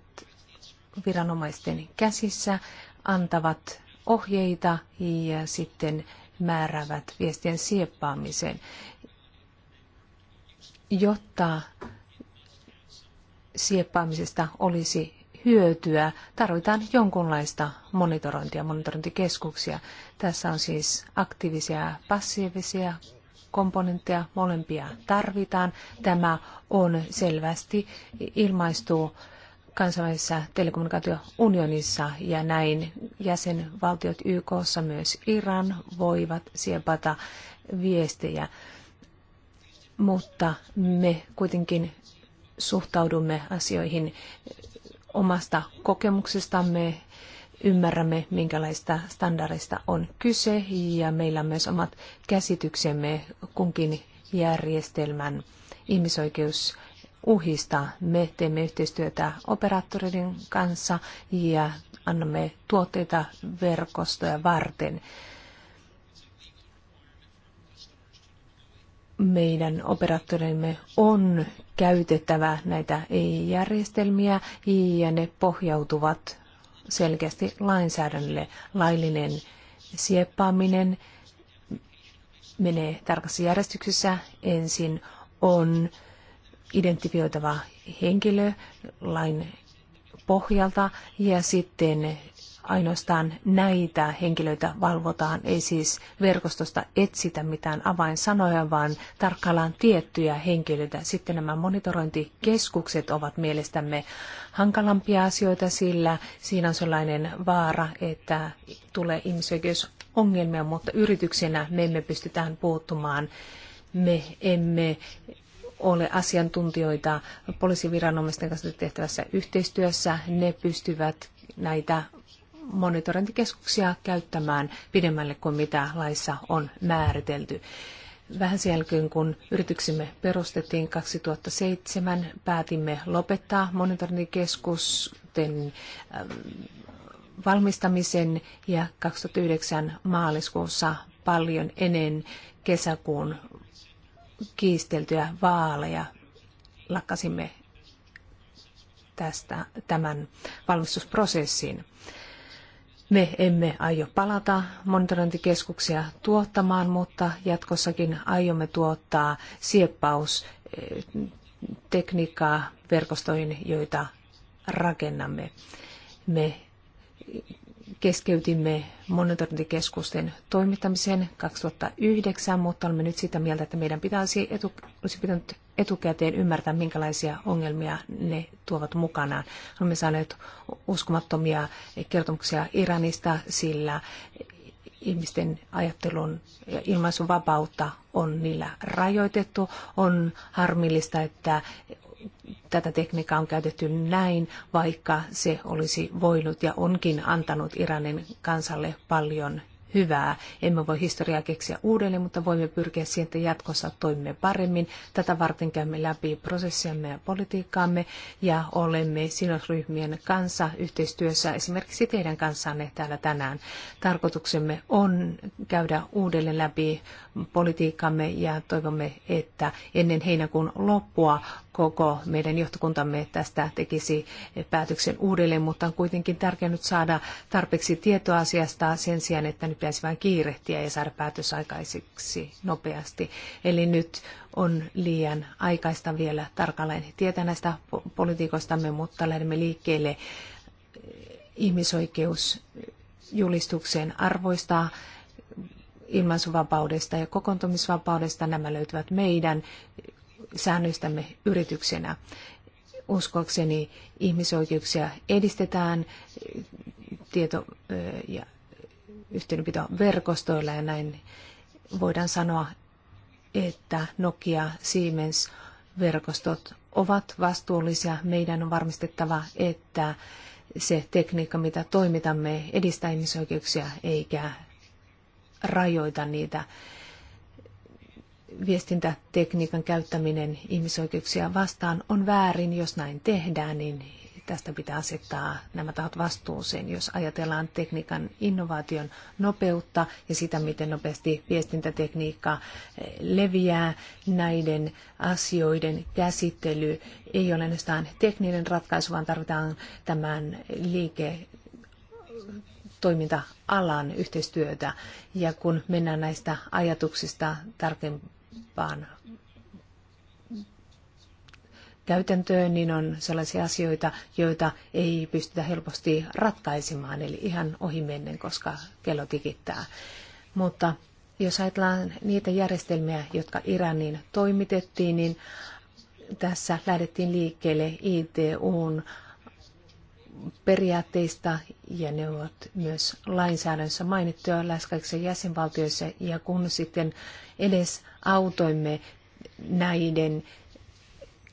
viranomaisten käsissä, antavat ohjeita ja sitten määräävät viestien sieppaamisen, jotta sieppaamisesta olisi hyötyä, tarvitaan jonkunlaista monitorointia, monitorointikeskuksia. Tässä on siis aktiivisia ja passiivisia komponentteja, molempia tarvitaan. Tämä on selvästi ilmaistu kansainvälisessä telekommunikaatiounionissa ja näin jäsenvaltiot YKssa myös Iran voivat siepata viestejä. Mutta me kuitenkin suhtaudumme asioihin omasta kokemuksestamme ymmärrämme, minkälaista standardista on kyse ja meillä on myös omat käsityksemme kunkin järjestelmän ihmisoikeus uhista. Me teemme yhteistyötä operaattoreiden kanssa ja annamme tuotteita verkostoja varten. Meidän operaattoreimme on käytettävä näitä järjestelmiä ja ne pohjautuvat selkeästi lainsäädännölle. Laillinen sieppaaminen menee tarkassa järjestyksessä. Ensin on identifioitava henkilö lain pohjalta ja sitten ainoastaan näitä henkilöitä valvotaan, ei siis verkostosta etsitä mitään avainsanoja, vaan tarkkaillaan tiettyjä henkilöitä. Sitten nämä monitorointikeskukset ovat mielestämme hankalampia asioita, sillä siinä on sellainen vaara, että tulee ihmisoikeusongelmia, mutta yrityksenä me emme pysty tähän puuttumaan. Me emme ole asiantuntijoita poliisiviranomaisten kanssa tehtävässä yhteistyössä. Ne pystyvät näitä monitorointikeskuksia käyttämään pidemmälle kuin mitä laissa on määritelty. Vähän sen jälkeen, kun yrityksemme perustettiin 2007, päätimme lopettaa monitorointikeskusten ähm, valmistamisen ja 2009 maaliskuussa paljon ennen kesäkuun kiisteltyjä vaaleja lakkasimme tästä, tämän valmistusprosessin. Me emme aio palata monitorointikeskuksia tuottamaan, mutta jatkossakin aiomme tuottaa sieppaustekniikkaa eh, verkostoihin, joita rakennamme. Me keskeytimme monitorointikeskusten toimittamisen 2009, mutta olemme nyt sitä mieltä, että meidän pitäisi etu, olisi pitänyt etukäteen ymmärtää, minkälaisia ongelmia ne tuovat mukanaan. Olemme saaneet uskomattomia kertomuksia Iranista, sillä ihmisten ajattelun ja ilmaisun vapautta on niillä rajoitettu. On harmillista, että tätä tekniikkaa on käytetty näin, vaikka se olisi voinut ja onkin antanut Iranin kansalle paljon hyvää. Emme voi historiaa keksiä uudelleen, mutta voimme pyrkiä siihen, että jatkossa toimimme paremmin. Tätä varten käymme läpi prosessiamme ja politiikkaamme ja olemme sidosryhmien kanssa yhteistyössä esimerkiksi teidän kanssanne täällä tänään. Tarkoituksemme on käydä uudelleen läpi politiikkamme ja toivomme, että ennen heinäkuun loppua koko meidän johtokuntamme tästä tekisi päätöksen uudelleen, mutta on kuitenkin tärkeää nyt saada tarpeeksi tietoa asiasta sen sijaan, että nyt pitäisi vain kiirehtiä ja saada päätös aikaiseksi nopeasti. Eli nyt on liian aikaista vielä tarkalleen tietää näistä politiikoistamme, mutta lähdemme liikkeelle ihmisoikeusjulistuksen arvoista, ilmaisuvapaudesta ja kokoontumisvapaudesta. Nämä löytyvät meidän säännöistämme yrityksenä. Uskoakseni ihmisoikeuksia edistetään tieto- ja yhteydenpitoverkostoilla ja näin voidaan sanoa, että Nokia, Siemens verkostot ovat vastuullisia. Meidän on varmistettava, että se tekniikka, mitä toimitamme, edistää ihmisoikeuksia eikä rajoita niitä viestintätekniikan käyttäminen ihmisoikeuksia vastaan on väärin. Jos näin tehdään, niin tästä pitää asettaa nämä tahot vastuuseen. Jos ajatellaan tekniikan innovaation nopeutta ja sitä, miten nopeasti viestintätekniikka eh, leviää, näiden asioiden käsittely ei ole ainoastaan tekninen ratkaisu, vaan tarvitaan tämän liike toiminta-alan yhteistyötä. Ja kun mennään näistä ajatuksista tarkemmin vaan käytäntöön, niin on sellaisia asioita, joita ei pystytä helposti ratkaisemaan, eli ihan ohimennen, koska kello tikittää. Mutta jos ajatellaan niitä järjestelmiä, jotka Iranin toimitettiin, niin tässä lähdettiin liikkeelle ITUn periaatteista ja ne ovat myös lainsäädännössä mainittuja lähes kaikissa jäsenvaltioissa ja kun sitten edes autoimme näiden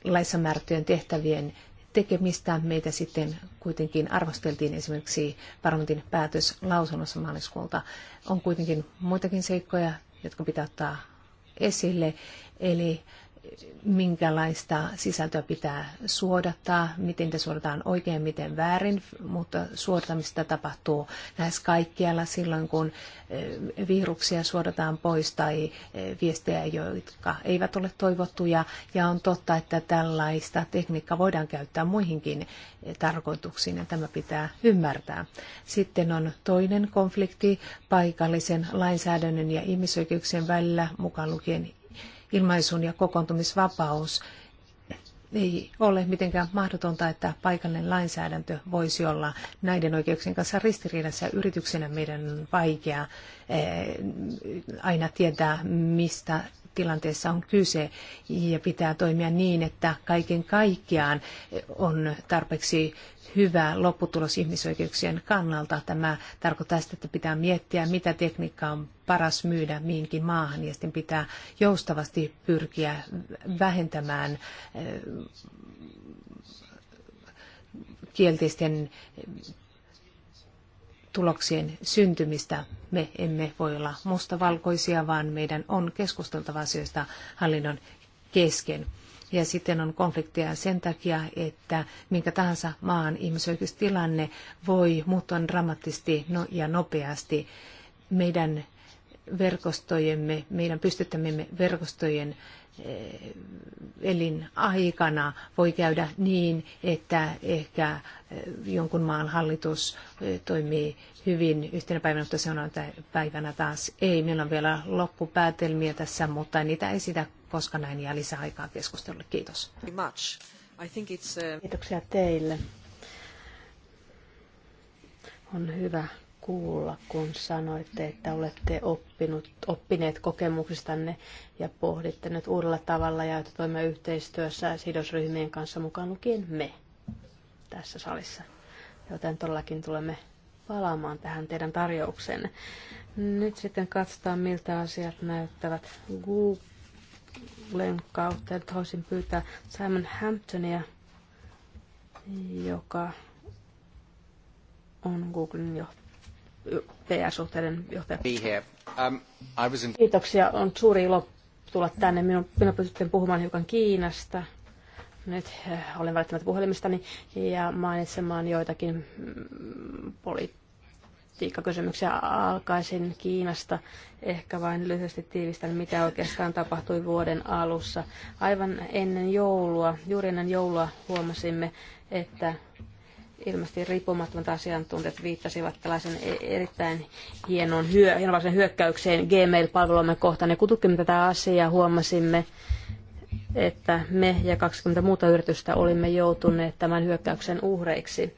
laissa määrättyjen tehtävien tekemistä. Meitä sitten kuitenkin arvosteltiin esimerkiksi parlamentin päätös lausunnossa maaliskuulta. On kuitenkin muitakin seikkoja, jotka pitää ottaa esille. Eli minkälaista sisältöä pitää suodattaa, miten te suodataan oikein, miten väärin, mutta suodattamista tapahtuu lähes kaikkialla silloin, kun eh, viruksia suodataan pois tai eh, viestejä, jotka eivät ole toivottuja. Ja on totta, että tällaista tekniikkaa voidaan käyttää muihinkin eh, tarkoituksiin ja tämä pitää ymmärtää. Sitten on toinen konflikti paikallisen lainsäädännön ja ihmisoikeuksien välillä, mukaan lukien ilmaisun ja kokoontumisvapaus. Ei ole mitenkään mahdotonta, että paikallinen lainsäädäntö voisi olla näiden oikeuksien kanssa ristiriidassa ja yrityksenä meidän on vaikea eh, aina tietää, mistä tilanteessa on kyse ja pitää toimia niin, että kaiken kaikkiaan on tarpeeksi hyvä lopputulos ihmisoikeuksien kannalta. Tämä tarkoittaa sitä, että pitää miettiä, mitä tekniikkaa on paras myydä mihinkin maahan ja sitten pitää joustavasti pyrkiä vähentämään eh, kielteisten tuloksien syntymistä. Me emme voi olla mustavalkoisia, vaan meidän on keskusteltava asioista hallinnon kesken. Ja sitten on konflikteja sen takia, että minkä tahansa maan ihmisoikeustilanne voi muuttua dramaattisesti no, ja nopeasti. Meidän verkostojemme, meidän pystyttämiemme verkostojen Eh, elinaikana voi käydä niin, että ehkä eh, jonkun maan hallitus eh, toimii hyvin yhtenä päivänä, mutta se on päivänä taas ei. Meillä on vielä loppupäätelmiä tässä, mutta niitä ei sitä koska näin jää lisää aikaa keskustelulle. Kiitos. Kiitoksia teille. On hyvä kuulla, kun sanoitte, että olette oppinut, oppineet kokemuksistanne ja pohditte nyt uudella tavalla ja toimia yhteistyössä sidosryhmien kanssa mukaan lukien me tässä salissa. Joten todellakin tulemme palaamaan tähän teidän tarjoukseenne. Nyt sitten katsotaan, miltä asiat näyttävät Googlen kautta. Nyt haluaisin pyytää Simon Hamptonia, joka on Googlen johtaja PR-suhteiden johtaja. Um, Kiitoksia. On suuri ilo tulla tänne. Minun, minä pystyttiin puhumaan hiukan Kiinasta. Nyt eh, olen välttämättä puhelimistani ja mainitsemaan joitakin mm, politiikkakysymyksiä. Alkaisin Kiinasta. Ehkä vain lyhyesti tiivistän, mitä oikeastaan tapahtui vuoden alussa. Aivan ennen joulua, juuri ennen joulua huomasimme, että ilmeisesti riippumattomat asiantuntijat viittasivat tällaisen e- erittäin hienon hyö, hienovaisen hyökkäykseen Gmail-palvelumme kohtaan. Ja kun tutkimme tätä asiaa, huomasimme, että me ja 20 muuta yritystä olimme joutuneet tämän hyökkäyksen uhreiksi.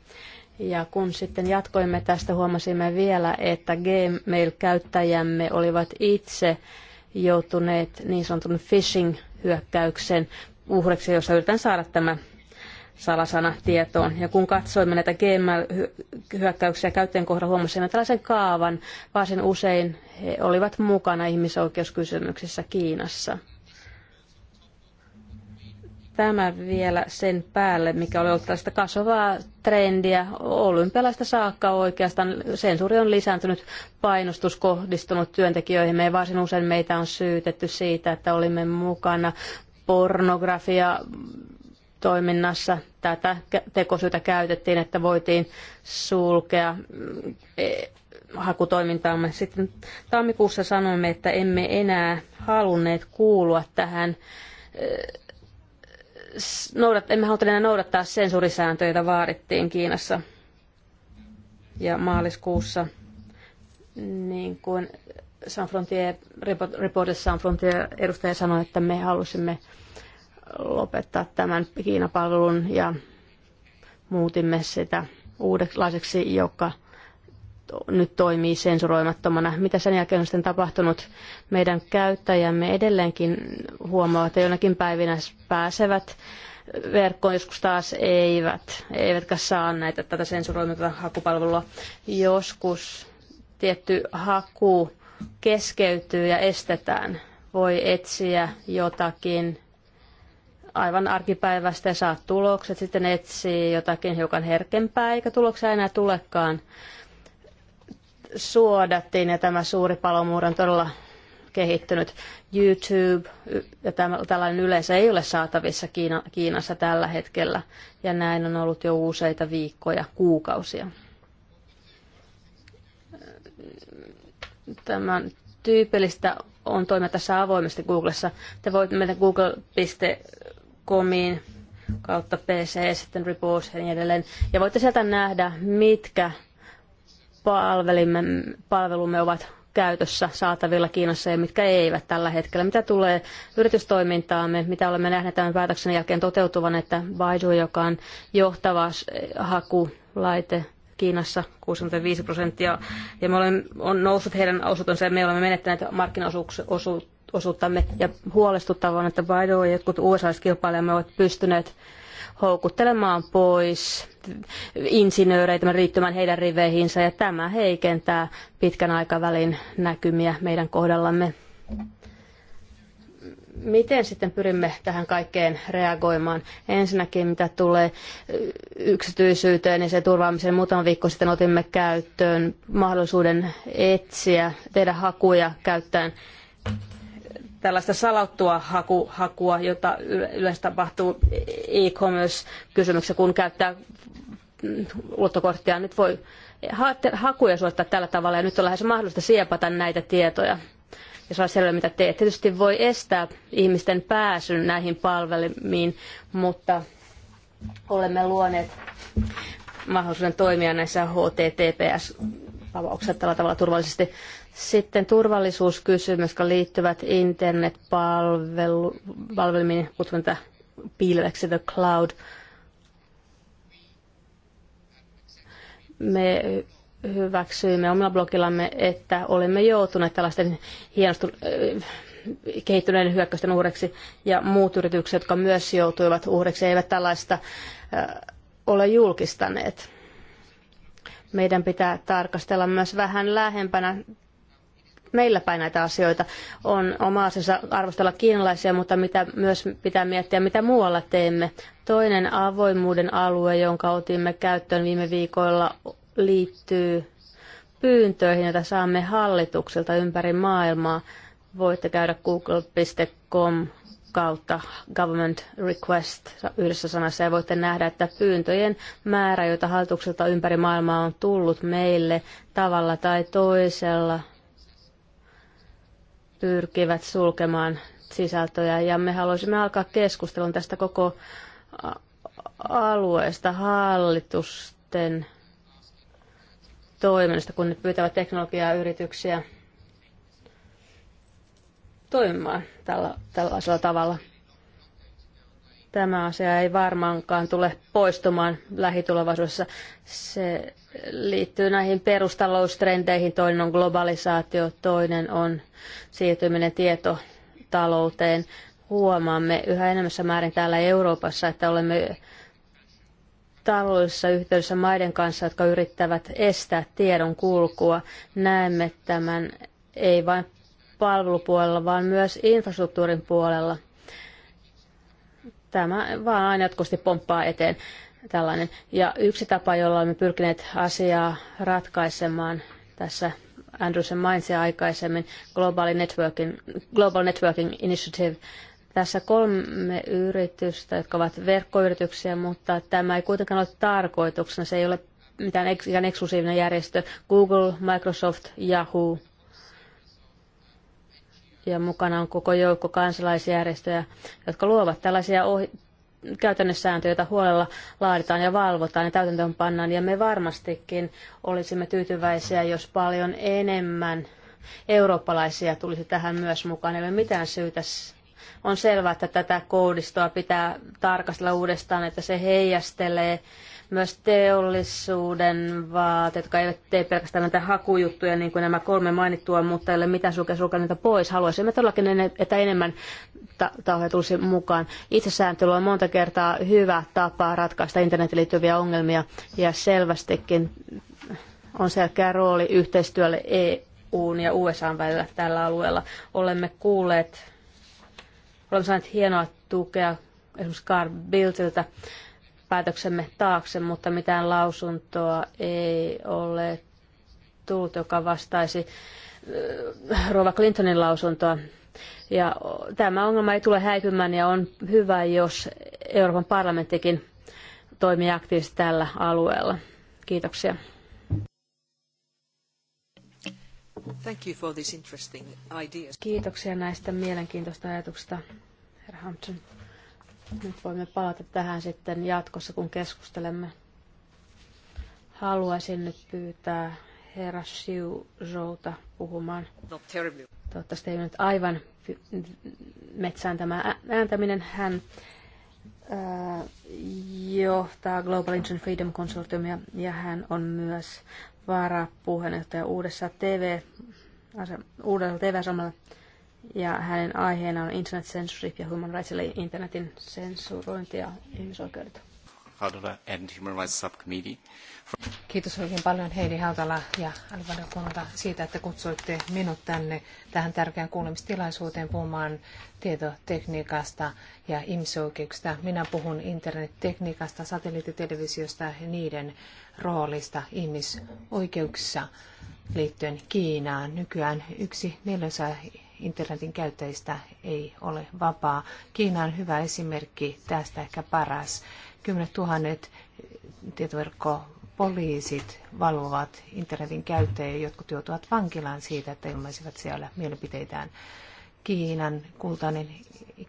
Ja kun sitten jatkoimme tästä, huomasimme vielä, että Gmail-käyttäjämme olivat itse joutuneet niin sanotun phishing-hyökkäyksen uhreksi, jossa yritän saada tämä salasanatietoon. Ja kun katsoimme näitä GML-hyökkäyksiä käyttäjän kohdalla, huomasimme tällaisen kaavan. Varsin usein he olivat mukana ihmisoikeuskysymyksissä Kiinassa. Tämä vielä sen päälle, mikä oli ollut tällaista kasvavaa trendiä olympialaista saakka oikeastaan. Sensuuri on lisääntynyt, painostus kohdistunut työntekijöihin. Me varsin usein meitä on syytetty siitä, että olimme mukana pornografia toiminnassa tätä tekosyytä käytettiin, että voitiin sulkea mm, e, hakutoimintaamme. Sitten tammikuussa sanoimme, että emme enää halunneet kuulua tähän e, noudat, emme halunneet enää noudattaa sensuurisääntöjä, joita vaadittiin Kiinassa. Ja maaliskuussa, niin kuin San Frontier, Reportissa San Frontier edustaja sanoi, että me halusimme lopettaa tämän Kiinapalvelun ja muutimme sitä uudenlaiseksi, joka nyt toimii sensuroimattomana. Mitä sen jälkeen on sitten tapahtunut? Meidän käyttäjämme edelleenkin huomaavat, että jonakin päivinä pääsevät verkkoon, joskus taas eivät, eivätkä saa näitä tätä sensuroimatonta hakupalvelua. Joskus tietty haku keskeytyy ja estetään. Voi etsiä jotakin aivan arkipäivästä ja saa tulokset, sitten etsii jotakin hiukan herkempää, eikä tuloksia enää tulekaan. Suodattiin ja tämä suuri palomuuri on todella kehittynyt. YouTube ja tämä, tällainen yleensä ei ole saatavissa Kiina, Kiinassa tällä hetkellä, ja näin on ollut jo useita viikkoja, kuukausia. Tämä tyypillistä on toimia tässä avoimesti Googlessa. Te voitte mennä google.com comiin kautta PC, sitten Report ja niin edelleen. Ja voitte sieltä nähdä, mitkä palvelumme ovat käytössä saatavilla Kiinassa ja mitkä eivät tällä hetkellä. Mitä tulee yritystoimintaamme, mitä olemme nähneet tämän päätöksen jälkeen toteutuvan, että Baidu, joka on johtava hakulaite Kiinassa 65 prosenttia, ja me olemme, on noussut heidän osuutensa ja me olemme menettäneet markkinaosuutta osuuttamme. Ja huolestuttavaa on, että the way, jotkut USA-kilpailijamme ovat pystyneet houkuttelemaan pois insinööreitä riittymään heidän riveihinsä ja tämä heikentää pitkän aikavälin näkymiä meidän kohdallamme. Miten sitten pyrimme tähän kaikkeen reagoimaan? Ensinnäkin mitä tulee yksityisyyteen ja sen turvaamiseen, muutama viikko sitten otimme käyttöön mahdollisuuden etsiä, tehdä hakuja käyttäen tällaista salattua haku, hakua, jota yleensä tapahtuu e-commerce-kysymyksessä, kun käyttää luottokorttia. Nyt voi hakuja suorittaa tällä tavalla ja nyt on lähes mahdollista siepata näitä tietoja ja saa selvä, mitä teet. Tietysti voi estää ihmisten pääsyn näihin palvelimiin, mutta olemme luoneet mahdollisuuden toimia näissä HTTPS-avauksissa tällä tavalla turvallisesti. Sitten turvallisuuskysymys, jotka liittyvät internetpalvelimiin, kutsun tätä pilveksi, the cloud. Me hyväksyimme omilla blogillamme, että olemme joutuneet tällaisten hienostun, äh, kehittyneiden hyökkäysten uhreksi ja muut yritykset, jotka myös joutuivat uhreiksi, eivät tällaista äh, ole julkistaneet. Meidän pitää tarkastella myös vähän lähempänä meillä päin näitä asioita. On oma asiansa arvostella kiinalaisia, mutta mitä myös pitää miettiä, mitä muualla teemme. Toinen avoimuuden alue, jonka otimme käyttöön viime viikoilla, liittyy pyyntöihin, joita saamme hallitukselta ympäri maailmaa. Voitte käydä google.com kautta government request yhdessä sanassa ja voitte nähdä, että pyyntöjen määrä, joita hallitukselta ympäri maailmaa on tullut meille tavalla tai toisella – pyrkivät sulkemaan sisältöjä ja me haluaisimme alkaa keskustelun tästä koko alueesta hallitusten toiminnasta, kun ne pyytävät teknologiaa yrityksiä toimimaan tällä, tällaisella tavalla. Tämä asia ei varmaankaan tule poistumaan lähitulevaisuudessa. Se liittyy näihin perustaloustrendeihin. Toinen on globalisaatio, toinen on siirtyminen tietotalouteen. Huomaamme yhä enemmässä määrin täällä Euroopassa, että olemme taloudellisessa yhteydessä maiden kanssa, jotka yrittävät estää tiedon kulkua. Näemme tämän ei vain palvelupuolella, vaan myös infrastruktuurin puolella. Tämä vaan aina jatkuvasti pomppaa eteen tällainen. Ja yksi tapa, jolla olemme pyrkineet asiaa ratkaisemaan tässä Andrewsen mainitsi aikaisemmin, Global Networking, Global Networking Initiative. Tässä kolme yritystä, jotka ovat verkkoyrityksiä, mutta tämä ei kuitenkaan ole tarkoituksena. Se ei ole mitään ihan eksklusiivinen järjestö. Google, Microsoft, Yahoo – ja mukana on koko joukko kansalaisjärjestöjä, jotka luovat tällaisia ohi- käytännössääntöjä, joita huolella laaditaan ja valvotaan ja täytäntöön pannaan. Ja me varmastikin olisimme tyytyväisiä, jos paljon enemmän eurooppalaisia tulisi tähän myös mukaan. Ei ole mitään syytä on selvää, että tätä koodistoa pitää tarkastella uudestaan, että se heijastelee myös teollisuuden vaat, jotka eivät tee pelkästään näitä hakujuttuja, niin kuin nämä kolme mainittua, mutta ei ole mitään sulkea sulkea niitä pois. Haluaisimme todellakin, että enemmän tahoja tulisi mukaan. Itsesääntely on monta kertaa hyvä tapa ratkaista internetin liittyviä ongelmia ja selvästikin on selkeä rooli yhteistyölle EUn ja USAn välillä tällä alueella. Olemme kuulleet, olemme saaneet hienoa tukea esimerkiksi Carl Biltiltä päätöksemme taakse, mutta mitään lausuntoa ei ole tullut, joka vastaisi äh, Rova Clintonin lausuntoa. Ja tämä ongelma ei tule häikymään ja on hyvä, jos Euroopan parlamenttikin toimii aktiivisesti tällä alueella. Kiitoksia. Thank you for these interesting ideas. Kiitoksia näistä mielenkiintoista ajatuksista, herra Hansen. Nyt voimme palata tähän sitten jatkossa, kun keskustelemme. Haluaisin nyt pyytää herra Siu Zouta puhumaan. Toivottavasti ei nyt aivan metsään tämä ääntäminen. Hän ää, johtaa Global Internet Freedom Consortiumia ja hän on myös varapuheenjohtaja uudessa TV, uudessa TV-asemalla ja hänen aiheena on Internet Censorship ja Human Rights, eli internetin sensurointi ja ihmisoikeudet. Hautala and Human Rights Subcommittee. Kiitos oikein paljon Heidi Hautala ja alivaliokunta siitä, että kutsuitte minut tänne tähän tärkeään kuulemistilaisuuteen puhumaan tietotekniikasta ja ihmisoikeuksista. Minä puhun internettekniikasta, satelliittitelevisiosta ja niiden roolista ihmisoikeuksissa liittyen Kiinaan. Nykyään yksi neljäsää internetin käyttäjistä ei ole vapaa. Kiina on hyvä esimerkki, tästä ehkä paras. Kymmenet tuhannet tietoverkkopoliisit valvovat internetin käyttäjiä, jotkut joutuvat vankilaan siitä, että ilmaisivat siellä mielipiteitään. Kiinan kultainen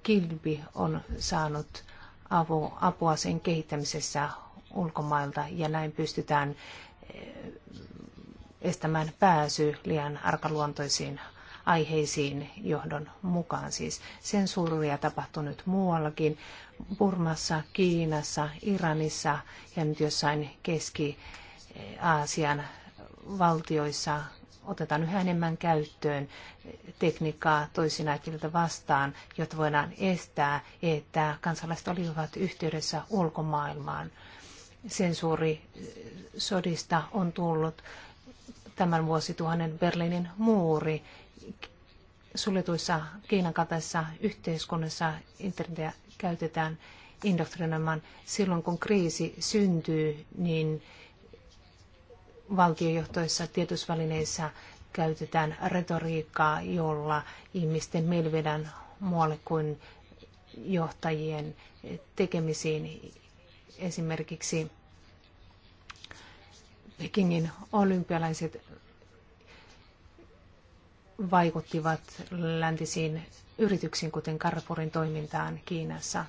kilpi on saanut apua sen kehittämisessä ulkomailta ja näin pystytään eh, estämään pääsy liian arkaluontoisiin aiheisiin johdon mukaan. Siis sensuuria tapahtuu nyt muuallakin, Burmassa, Kiinassa, Iranissa ja nyt jossain Keski-Aasian valtioissa otetaan yhä enemmän käyttöön tekniikkaa toisinaisilta vastaan, jotta voidaan estää, että kansalaiset olivat yhteydessä ulkomaailmaan. Sensuuri sodista on tullut tämän vuosituhannen Berliinin muuri suljetuissa Kiinan kaltaisissa yhteiskunnissa internetiä käytetään indoktrinoimaan. Silloin kun kriisi syntyy, niin valtiojohtoissa tietysvälineissä käytetään retoriikkaa, jolla ihmisten mielivedän muualle kuin johtajien tekemisiin. Esimerkiksi Pekingin olympialaiset vaikuttivat läntisiin yrityksiin, kuten Carrefourin toimintaan Kiinassa.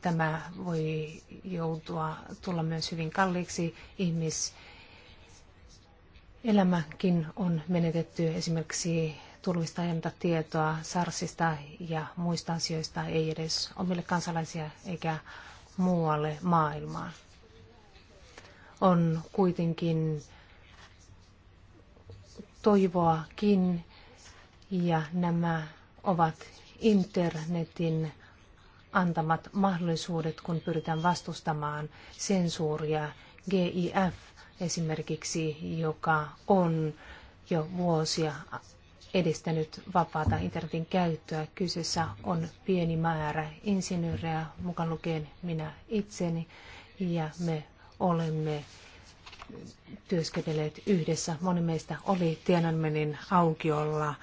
Tämä voi joutua tulla myös hyvin kalliiksi. Ihmiselämäkin on menetetty esimerkiksi tulvista ei tietoa SARSista ja muista asioista, ei edes omille kansalaisia eikä muualle maailmaan. On kuitenkin toivoakin. Ja nämä ovat internetin antamat mahdollisuudet, kun pyritään vastustamaan sensuuria. GIF esimerkiksi, joka on jo vuosia edistänyt vapaata internetin käyttöä. Kyseessä on pieni määrä insinöörejä, mukaan lukien minä itseni, ja me olemme työskennelleet yhdessä. Moni meistä oli Tiananmenin aukiolla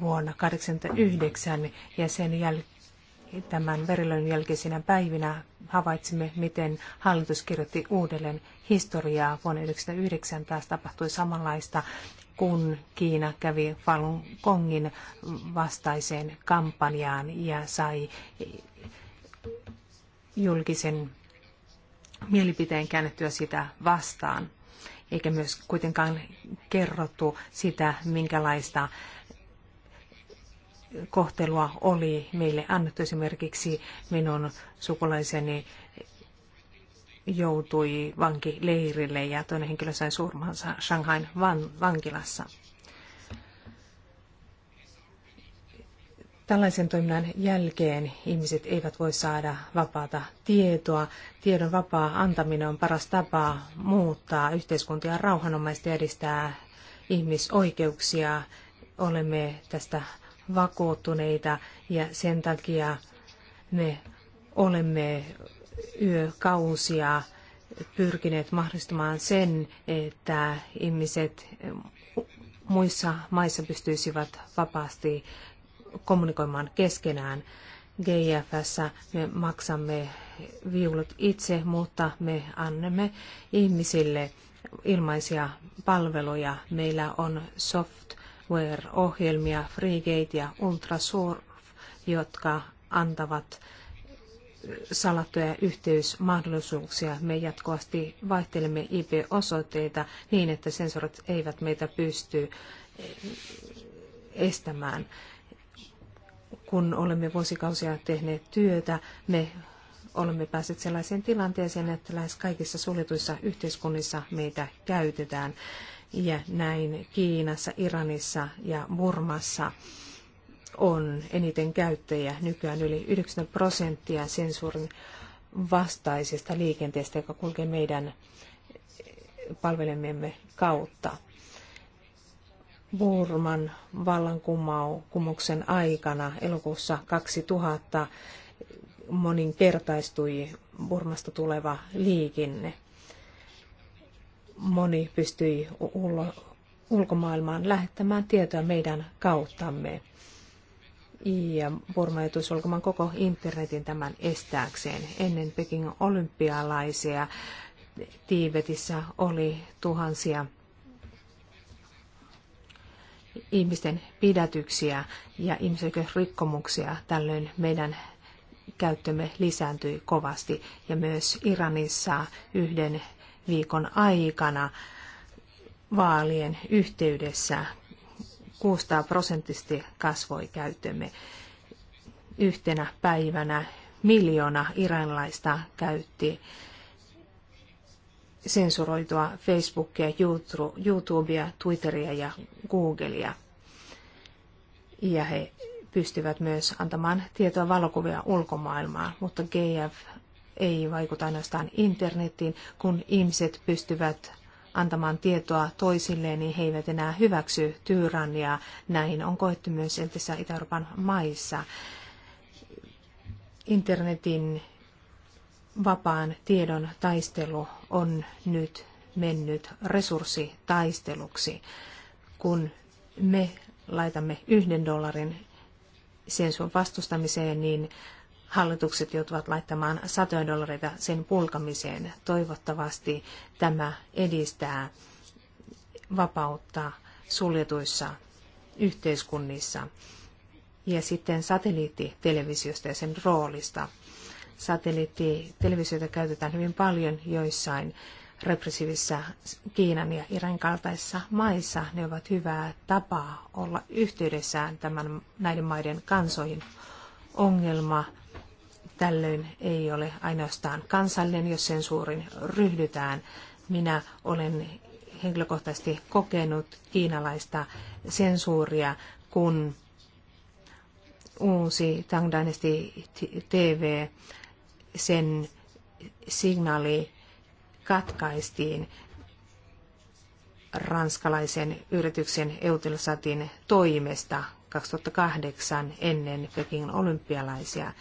vuonna 1989 ja sen jäl- tämän verilön jälkeisinä päivinä havaitsimme, miten hallitus kirjoitti uudelleen historiaa. Vuonna 1999 taas tapahtui samanlaista, kun Kiina kävi Falun Gongin vastaiseen kampanjaan ja sai julkisen mielipiteen käännettyä sitä vastaan, eikä myös kuitenkaan kerrottu sitä, minkälaista kohtelua oli meille annettu. Esimerkiksi minun sukulaiseni joutui vankileirille ja toinen henkilö sai surmansa Shanghain vankilassa. Tällaisen toiminnan jälkeen ihmiset eivät voi saada vapaata tietoa. Tiedon vapaa antaminen on paras tapa muuttaa yhteiskuntia rauhanomaisesti ja edistää ihmisoikeuksia. Olemme tästä vakuuttuneita ja sen takia me olemme yökausia pyrkineet mahdollistamaan sen, että ihmiset muissa maissa pystyisivät vapaasti kommunikoimaan keskenään. GFS me maksamme viulut itse, mutta me annamme ihmisille ilmaisia palveluja. Meillä on software-ohjelmia, Freegate ja Ultrasurf, jotka antavat salattuja yhteysmahdollisuuksia. Me jatkuvasti vaihtelemme IP-osoitteita niin, että sensorit eivät meitä pysty estämään kun olemme vuosikausia tehneet työtä, me olemme päässeet sellaiseen tilanteeseen, että lähes kaikissa suljetuissa yhteiskunnissa meitä käytetään. Ja näin Kiinassa, Iranissa ja Burmassa on eniten käyttäjiä nykyään yli 90 prosenttia sensuurin vastaisesta liikenteestä, joka kulkee meidän palvelemiemme kautta. Burman vallankumouksen aikana elokuussa 2000 moninkertaistui Burmasta tuleva liikenne. Moni pystyi ulkomaailmaan lähettämään tietoa meidän kauttamme. Ja Burma joutui sulkemaan koko internetin tämän estääkseen. Ennen Pekingin olympialaisia Tiibetissä oli tuhansia ihmisten pidätyksiä ja ihmisoikeusrikkomuksia. Tällöin meidän käyttömme lisääntyi kovasti ja myös Iranissa yhden viikon aikana vaalien yhteydessä 600 prosenttisesti kasvoi käyttömme. Yhtenä päivänä miljoona iranlaista käytti sensuroitua Facebookia, YouTubea, Twitteria ja Googlea. Ja he pystyvät myös antamaan tietoa valokuvia ulkomaailmaan, mutta GF ei vaikuta ainoastaan internettiin, kun ihmiset pystyvät antamaan tietoa toisilleen, niin he eivät enää hyväksy tyranniaa. Näin on koettu myös entisissä Itä-Euroopan maissa. Internetin vapaan tiedon taistelu on nyt mennyt resurssitaisteluksi, kun me laitamme yhden dollarin sen sun vastustamiseen, niin hallitukset joutuvat laittamaan satoja dollareita sen pulkamiseen. Toivottavasti tämä edistää vapautta suljetuissa yhteiskunnissa. Ja sitten satelliittitelevisiosta ja sen roolista satelliittitelevisiota käytetään hyvin paljon joissain repressiivissä Kiinan ja Iranin kaltaisissa maissa. Ne ovat hyvää tapaa olla yhteydessään tämän, näiden maiden kansoihin. Ongelma tällöin ei ole ainoastaan kansallinen, jos sen suurin ryhdytään. Minä olen henkilökohtaisesti kokenut kiinalaista sensuuria, kun uusi Tang Dynasty TV sen signaali katkaistiin ranskalaisen yrityksen Eutelsatin toimesta 2008 ennen Pekingin olympialaisia.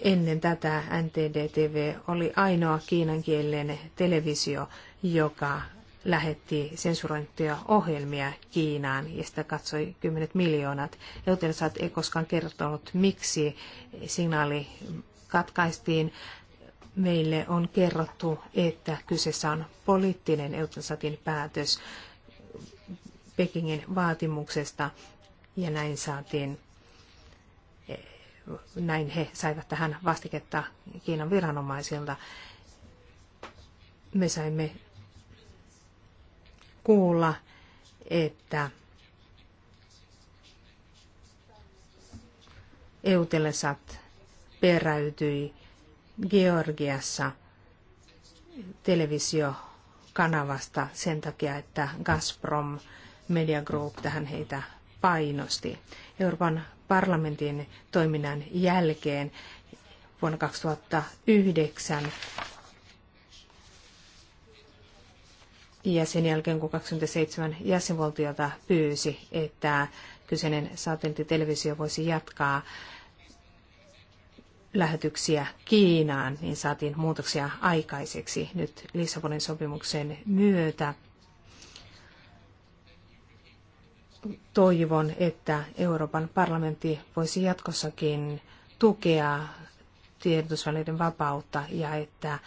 Ennen tätä NTDTV oli ainoa kiinankielinen televisio, joka lähetti sensurointia ohjelmia Kiinaan ja sitä katsoi kymmenet miljoonat. Eutelsat ei koskaan kertonut, miksi signaali katkaistiin. Meille on kerrottu, että kyseessä on poliittinen Eutasatin päätös Pekingin vaatimuksesta ja näin saatiin näin he saivat tähän vastiketta Kiinan viranomaisilta. Me saimme kuulla, että Eutelesat peräytyi Georgiassa televisiokanavasta sen takia, että Gazprom Media Group tähän heitä painosti. Euroopan parlamentin toiminnan jälkeen vuonna 2009 ja sen jälkeen kun 27 jäsenvaltiota pyysi, että kyseinen satelliittitelevisio voisi jatkaa lähetyksiä Kiinaan, niin saatiin muutoksia aikaiseksi nyt Lissabonin sopimuksen myötä. Toivon, että Euroopan parlamentti voisi jatkossakin tukea tiedotusvälineiden vapautta ja että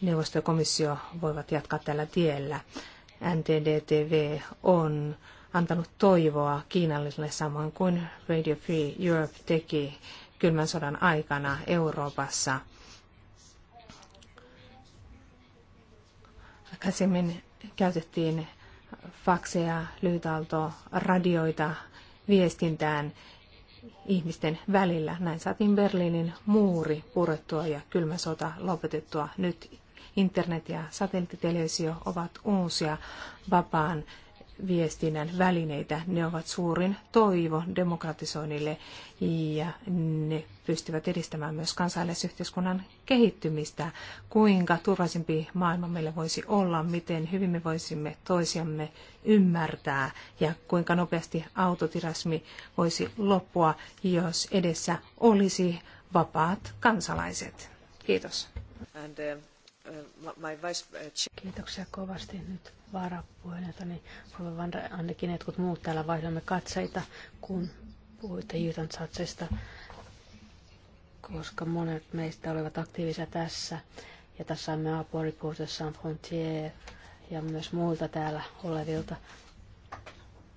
neuvosto ja komissio voivat jatkaa tällä tiellä. NTDTV on antanut toivoa Kiinallisille samoin kuin Radio Free Europe teki kylmän sodan aikana Euroopassa. Aikaisemmin käytettiin fakseja, radioita viestintään ihmisten välillä. Näin saatiin Berliinin muuri purettua ja kylmä sota lopetettua. Nyt internet ja satelliittitelevisio ovat uusia vapaan viestinnän välineitä. Ne ovat suurin toivo demokratisoinnille ja ne pystyvät edistämään myös kansalaisyhteiskunnan kehittymistä. Kuinka turvallisempi maailma meillä voisi olla, miten hyvin me voisimme toisiamme ymmärtää ja kuinka nopeasti autotirasmi voisi loppua, jos edessä olisi vapaat kansalaiset. Kiitos. And, uh... Uh, uh, Kiitoksia kovasti nyt varapuheenjohtani Rova Van että jotkut muut täällä vaihdamme katseita, kun puhuitte Jytän koska monet meistä olivat aktiivisia tässä. Ja tässä saimme apua Reporters Sans Frontier ja myös muilta täällä olevilta.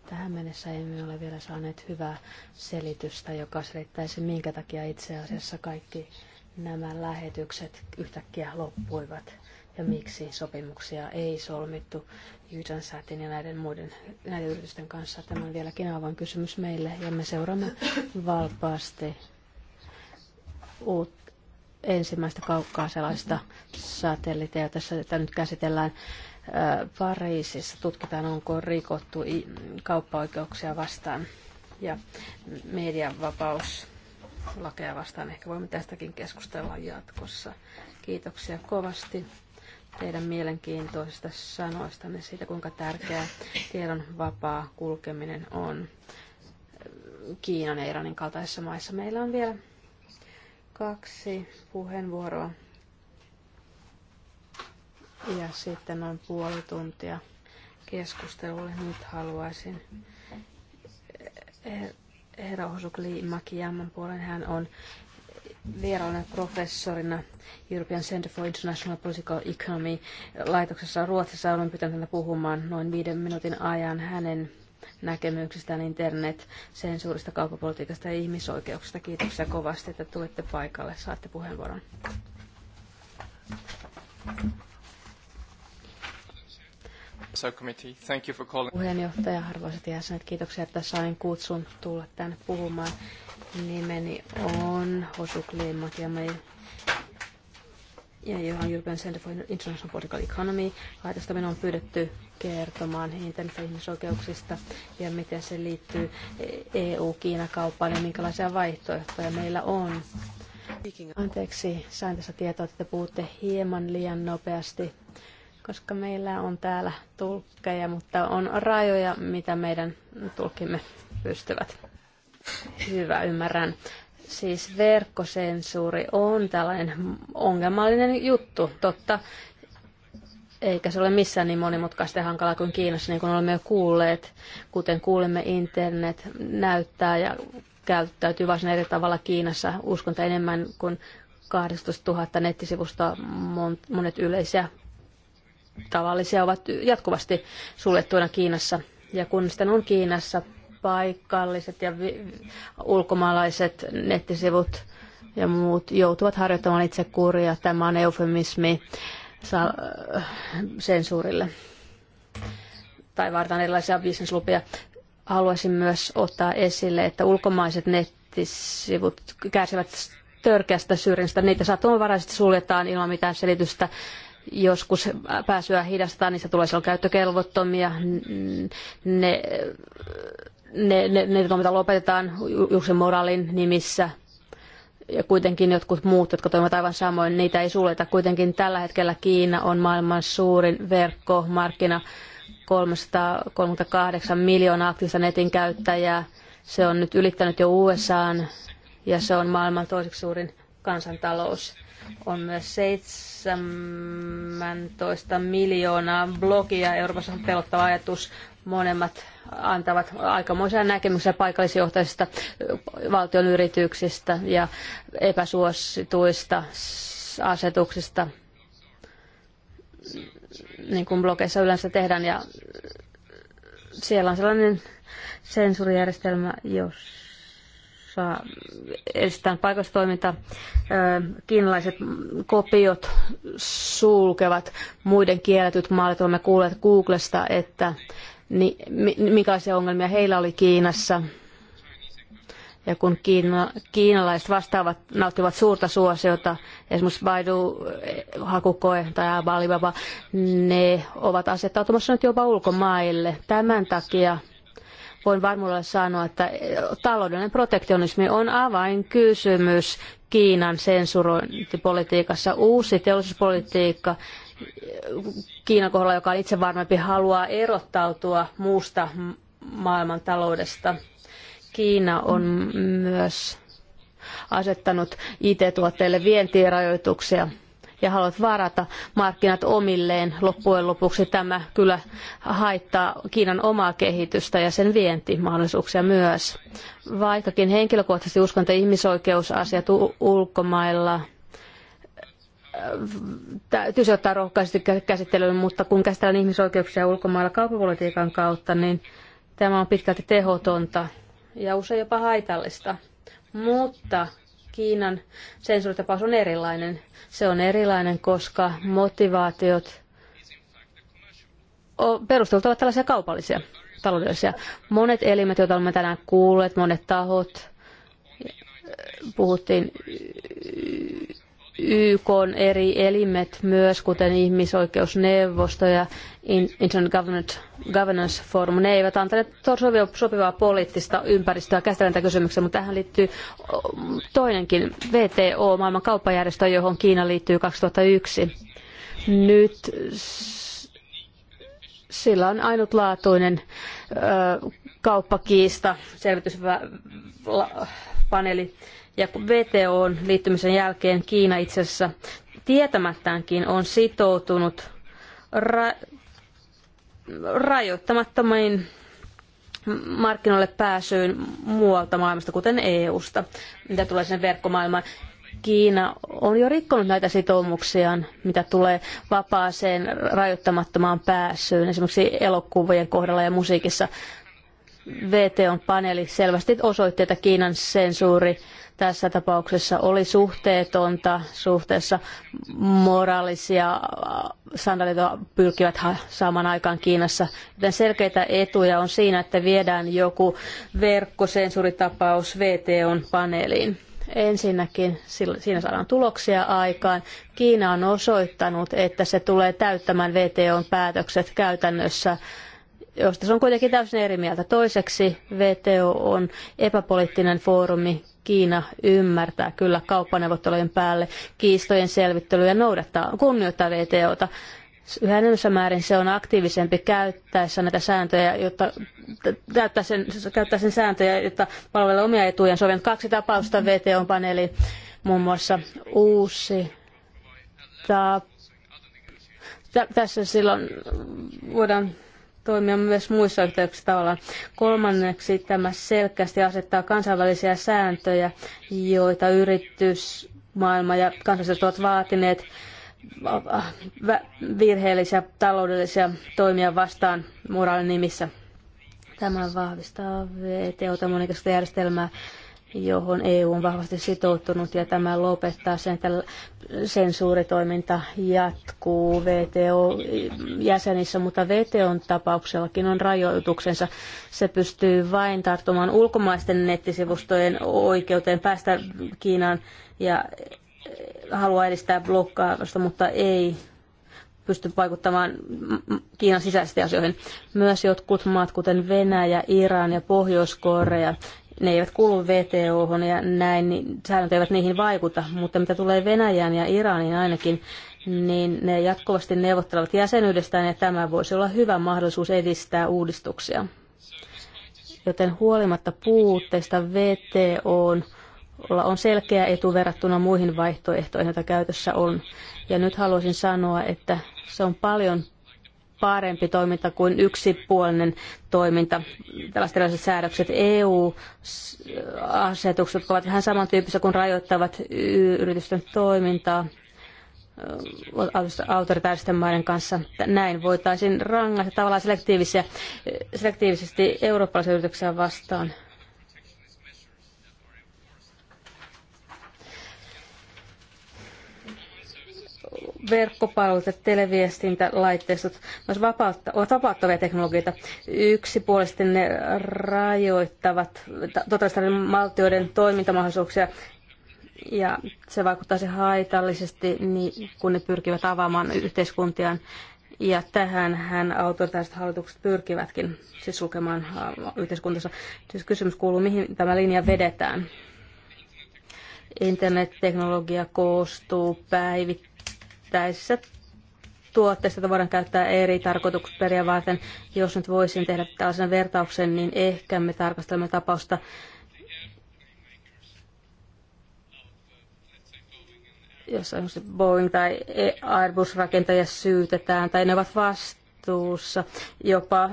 Tähän mennessä emme ole vielä saaneet hyvää selitystä, joka selittäisi minkä takia itse asiassa kaikki nämä lähetykset yhtäkkiä loppuivat ja miksi sopimuksia ei solmittu Jytänsätin ja näiden muiden näiden yritysten kanssa. Tämä on vieläkin avoin kysymys meille ja me seuraamme valpaasti uut, ensimmäistä sellaista satelliittia. Tässä tätä nyt käsitellään ää, Pariisissa. Tutkitaan, onko rikottu kauppaoikeuksia vastaan ja vapaus lakeja vastaan. Ehkä voimme tästäkin keskustella jatkossa. Kiitoksia kovasti teidän mielenkiintoisista sanoistanne siitä, kuinka tärkeää tiedon vapaa kulkeminen on Kiinan ja Iranin kaltaisissa maissa. Meillä on vielä kaksi puheenvuoroa ja sitten noin puoli tuntia keskustelulle. Nyt haluaisin herra Osukli Makiyaman puolen. Hän on vieraana professorina European Center for International Political Economy laitoksessa Ruotsissa. Olen pitänyt häntä puhumaan noin viiden minuutin ajan hänen näkemyksistään internet, sensuurista, kaupapolitiikasta ja ihmisoikeuksista. Kiitoksia kovasti, että tulitte paikalle. Saatte puheenvuoron. Puheenjohtaja, arvoisat jäsenet, kiitoksia, että sain kutsun tulla tänne puhumaan. Nimeni on Hosu Klimat ja me ja Johan European Center for International Political Economy laitosta minua on pyydetty kertomaan internet- ja ihmisoikeuksista ja miten se liittyy EU-Kiina-kauppaan ja minkälaisia vaihtoehtoja meillä on. Anteeksi, sain tässä tietoa, että puhutte hieman liian nopeasti koska meillä on täällä tulkkeja, mutta on rajoja, mitä meidän tulkimme pystyvät. Hyvä, ymmärrän. Siis verkkosensuuri on tällainen ongelmallinen juttu, totta. Eikä se ole missään niin monimutkaista ja hankalaa kuin Kiinassa, niin kuin olemme jo kuulleet. Kuten kuulemme, internet näyttää ja käyttäytyy varsin eri tavalla Kiinassa uskonta enemmän kuin 12 000 nettisivusta monet yleisiä tavallisia ovat jatkuvasti suljettuina Kiinassa. Ja kun sitten on Kiinassa paikalliset ja ulkomaalaiset nettisivut ja muut joutuvat harjoittamaan kuria, Tämä on eufemismi sensuurille tai varten erilaisia bisneslupia. Haluaisin myös ottaa esille, että ulkomaiset nettisivut kärsivät törkeästä syrjinnästä. Niitä sattumanvaraisesti suljetaan ilman mitään selitystä Joskus pääsyä niin se tulee silloin käyttökelvottomia. Ne, ne, ne, ne toiminta lopetetaan julkisen moraalin nimissä. Ja kuitenkin jotkut muut, jotka toimivat aivan samoin, niitä ei suljeta. Kuitenkin tällä hetkellä Kiina on maailman suurin verkkomarkkina. 338 miljoonaa aktiivista netin käyttäjää. Se on nyt ylittänyt jo USAan ja se on maailman toiseksi suurin kansantalous. On myös 17 miljoonaa blogia. Euroopassa on pelottava ajatus. Monemmat antavat aikamoisia näkemyksiä paikallisjohtaisista valtion yrityksistä ja epäsuosituista asetuksista, niin kuin blogeissa yleensä tehdään. Ja siellä on sellainen sensuurijärjestelmä, jos saa edistetään paikallista toimintaa. Kiinalaiset kopiot sulkevat muiden kielletyt maalit. Olemme kuulleet Googlesta, että minkälaisia ongelmia heillä oli Kiinassa. Ja kun kiina, kiinalaiset vastaavat nauttivat suurta suosiota, esimerkiksi Baidu, Hakukoe tai Alibaba, ne ovat asettautumassa nyt jopa ulkomaille. Tämän takia voin varmuudella sanoa, että taloudellinen protektionismi on avainkysymys Kiinan sensurointipolitiikassa. Uusi teollisuuspolitiikka Kiinan kohdalla, joka on itse varmempi, haluaa erottautua muusta maailman taloudesta. Kiina on myös asettanut IT-tuotteille vientirajoituksia ja haluavat varata markkinat omilleen. Loppujen lopuksi tämä kyllä haittaa Kiinan omaa kehitystä ja sen vientimahdollisuuksia myös. Vaikkakin henkilökohtaisesti uskon, että ihmisoikeusasiat ulkomailla äh, täytyisi ottaa rohkaisesti käsittelyyn, mutta kun käsitellään ihmisoikeuksia ulkomailla kauppapolitiikan kautta, niin tämä on pitkälti tehotonta ja usein jopa haitallista. Mutta Kiinan sensuuritapaus on erilainen. Se on erilainen, koska motivaatiot perustuvat ovat tällaisia kaupallisia, taloudellisia. Monet elimet, joita olemme tänään kuulleet, monet tahot, puhuttiin YK on eri elimet myös, kuten ihmisoikeusneuvosto ja International Governance Forum, ne eivät antaneet sopivaa poliittista ympäristöä käsitellä kysymyksiä, mutta tähän liittyy toinenkin VTO, maailman kauppajärjestö, johon Kiina liittyy 2001. Nyt sillä on ainutlaatuinen ö, kauppakiista selvityspaneeli ja VTOn liittymisen jälkeen Kiina itse asiassa tietämättäänkin on sitoutunut ra- rajoittamattomiin markkinoille pääsyyn muualta maailmasta, kuten EUsta, mitä tulee sen verkkomaailmaan. Kiina on jo rikkonut näitä sitoumuksiaan, mitä tulee vapaaseen rajoittamattomaan pääsyyn, esimerkiksi elokuvien kohdalla ja musiikissa. VTOn paneeli selvästi osoitti, että Kiinan sensuuri tässä tapauksessa oli suhteetonta suhteessa moraalisia äh, sandalit pyrkivät saamaan aikaan Kiinassa. Joten selkeitä etuja on siinä, että viedään joku verkkosensuuritapaus VTOn paneeliin. Ensinnäkin siinä saadaan tuloksia aikaan. Kiina on osoittanut, että se tulee täyttämään VTOn päätökset käytännössä josta se on kuitenkin täysin eri mieltä. Toiseksi VTO on epäpoliittinen foorumi. Kiina ymmärtää kyllä kauppaneuvottelujen päälle kiistojen selvittelyä ja noudattaa, kunnioittaa VTOta. Yhä enemmän määrin se on aktiivisempi käyttäessä näitä sääntöjä, jotta käyttää sen, käyttää sen sääntöjä, jotta palvelee omia etujaan. Sovin kaksi tapausta VTO-paneeliin, muun muassa uusi tap... Tässä silloin voidaan toimia myös muissa yhteyksissä tavallaan. Kolmanneksi tämä selkeästi asettaa kansainvälisiä sääntöjä, joita yritysmaailma ja kansalliset ovat vaatineet äh, virheellisiä taloudellisia toimia vastaan moraalin nimissä. Tämä vahvistaa VTOta monikasta järjestelmää johon EU on vahvasti sitoutunut ja tämä lopettaa sen, että sensuuritoiminta jatkuu VTO-jäsenissä, mutta VTOn tapauksellakin on rajoituksensa. Se pystyy vain tarttumaan ulkomaisten nettisivustojen oikeuteen päästä Kiinaan ja haluaa edistää blokkaavasta, mutta ei pysty vaikuttamaan Kiinan sisäisiin asioihin. Myös jotkut maat, kuten Venäjä, Iran ja Pohjois-Korea, ne eivät kuulu VTOhon ja näin, niin säännöt eivät niihin vaikuta. Mutta mitä tulee Venäjään ja Iraniin ainakin, niin ne jatkuvasti neuvottelevat jäsenyydestään ja tämä voisi olla hyvä mahdollisuus edistää uudistuksia. Joten huolimatta puutteista VTOn on selkeä etu verrattuna muihin vaihtoehtoihin, joita käytössä on. Ja nyt haluaisin sanoa, että se on paljon parempi toiminta kuin yksipuolinen toiminta. Tällaiset erilaiset säädökset EU-asetukset, jotka ovat vähän samantyyppisiä kuin rajoittavat yritysten toimintaa autoritääristen maiden kanssa. Näin voitaisiin rangaista tavallaan selektiivisesti eurooppalaisia yrityksiä vastaan. verkkopalvelut ja televiestintälaitteistot myös vapautta, ovat vapauttavia teknologioita. Yksipuolisesti ne rajoittavat totalitaaristen valtioiden toimintamahdollisuuksia ja se vaikuttaisi haitallisesti, niin kun ne pyrkivät avaamaan yhteiskuntiaan. Ja tähän hän autoritaariset hallitukset pyrkivätkin siis sulkemaan yhteiskuntansa. Siis kysymys kuuluu, mihin tämä linja vedetään internetteknologia koostuu päivittäin yksittäisissä tuotteissa joita voidaan käyttää eri tarkoituksia varten. Jos nyt voisin tehdä tällaisen vertauksen, niin ehkä me tarkastelemme tapausta jossa Boeing tai Airbus-rakentajia syytetään, tai ne ovat vast, vastuussa jopa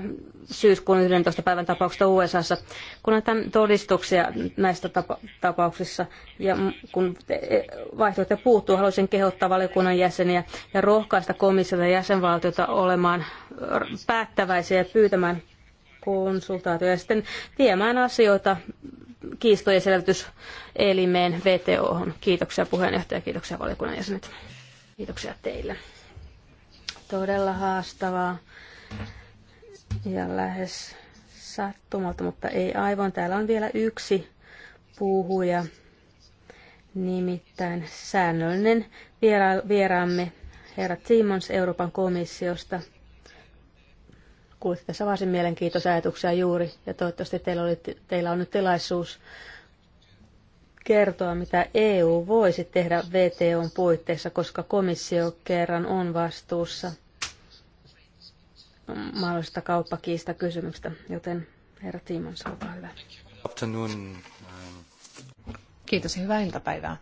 syyskuun 11. päivän tapauksesta USAssa. Kun näitä todistuksia näistä tapa- tapauksissa ja kun e- vaihtoehto puuttuu, haluaisin kehottaa valiokunnan jäseniä ja rohkaista komissiota ja jäsenvaltiota olemaan päättäväisiä ja pyytämään konsultaatioja ja sitten viemään asioita kiistojen selvityselimeen VTOhon. Kiitoksia puheenjohtaja, kiitoksia valiokunnan jäsenet. Kiitoksia teille todella haastavaa ja lähes sattumalta, mutta ei aivan. Täällä on vielä yksi puhuja, nimittäin säännöllinen viera- vieraamme herra Simons Euroopan komissiosta. Kuulitte tässä varsin mielenkiintoisia ajatuksia juuri ja toivottavasti teillä, oli, teillä on nyt tilaisuus kertoa, mitä EU voisi tehdä VTOn puitteissa, koska komissio kerran on vastuussa mahdollisesta kauppakiista kysymystä, joten herra Tiimons, olkaa hyvä. Um. Kiitos ja hyvää iltapäivää.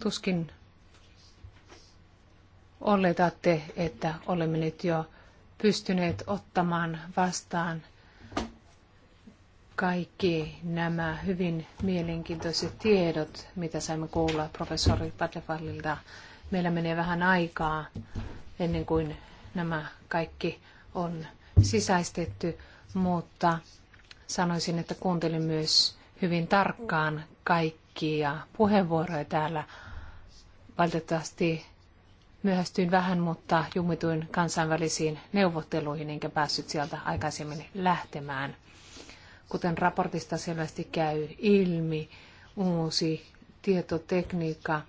Tuskin oletatte, että olemme nyt jo pystyneet ottamaan vastaan – kaikki nämä hyvin mielenkiintoiset tiedot, mitä saimme kuulla professori Padlefallilta. Meillä menee vähän aikaa ennen kuin nämä kaikki on sisäistetty, mutta sanoisin, että kuuntelin myös hyvin tarkkaan kaikkia puheenvuoroja täällä. Valitettavasti myöhästyin vähän, mutta jumituin kansainvälisiin neuvotteluihin enkä päässyt sieltä aikaisemmin lähtemään. Kuten raportista selvästi käy ilmi, uusi tietotekniikka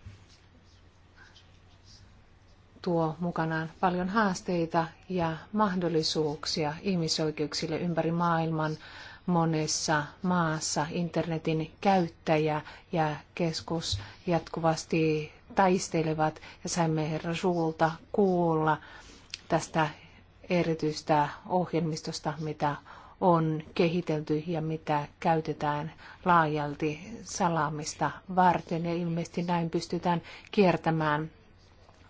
tuo mukanaan paljon haasteita ja mahdollisuuksia ihmisoikeuksille ympäri maailman monessa maassa. Internetin käyttäjä ja keskus jatkuvasti taistelevat ja saimme herra Suulta kuulla tästä erityistä ohjelmistosta, mitä on kehitelty ja mitä käytetään laajalti salaamista varten. Ja ilmeisesti näin pystytään kiertämään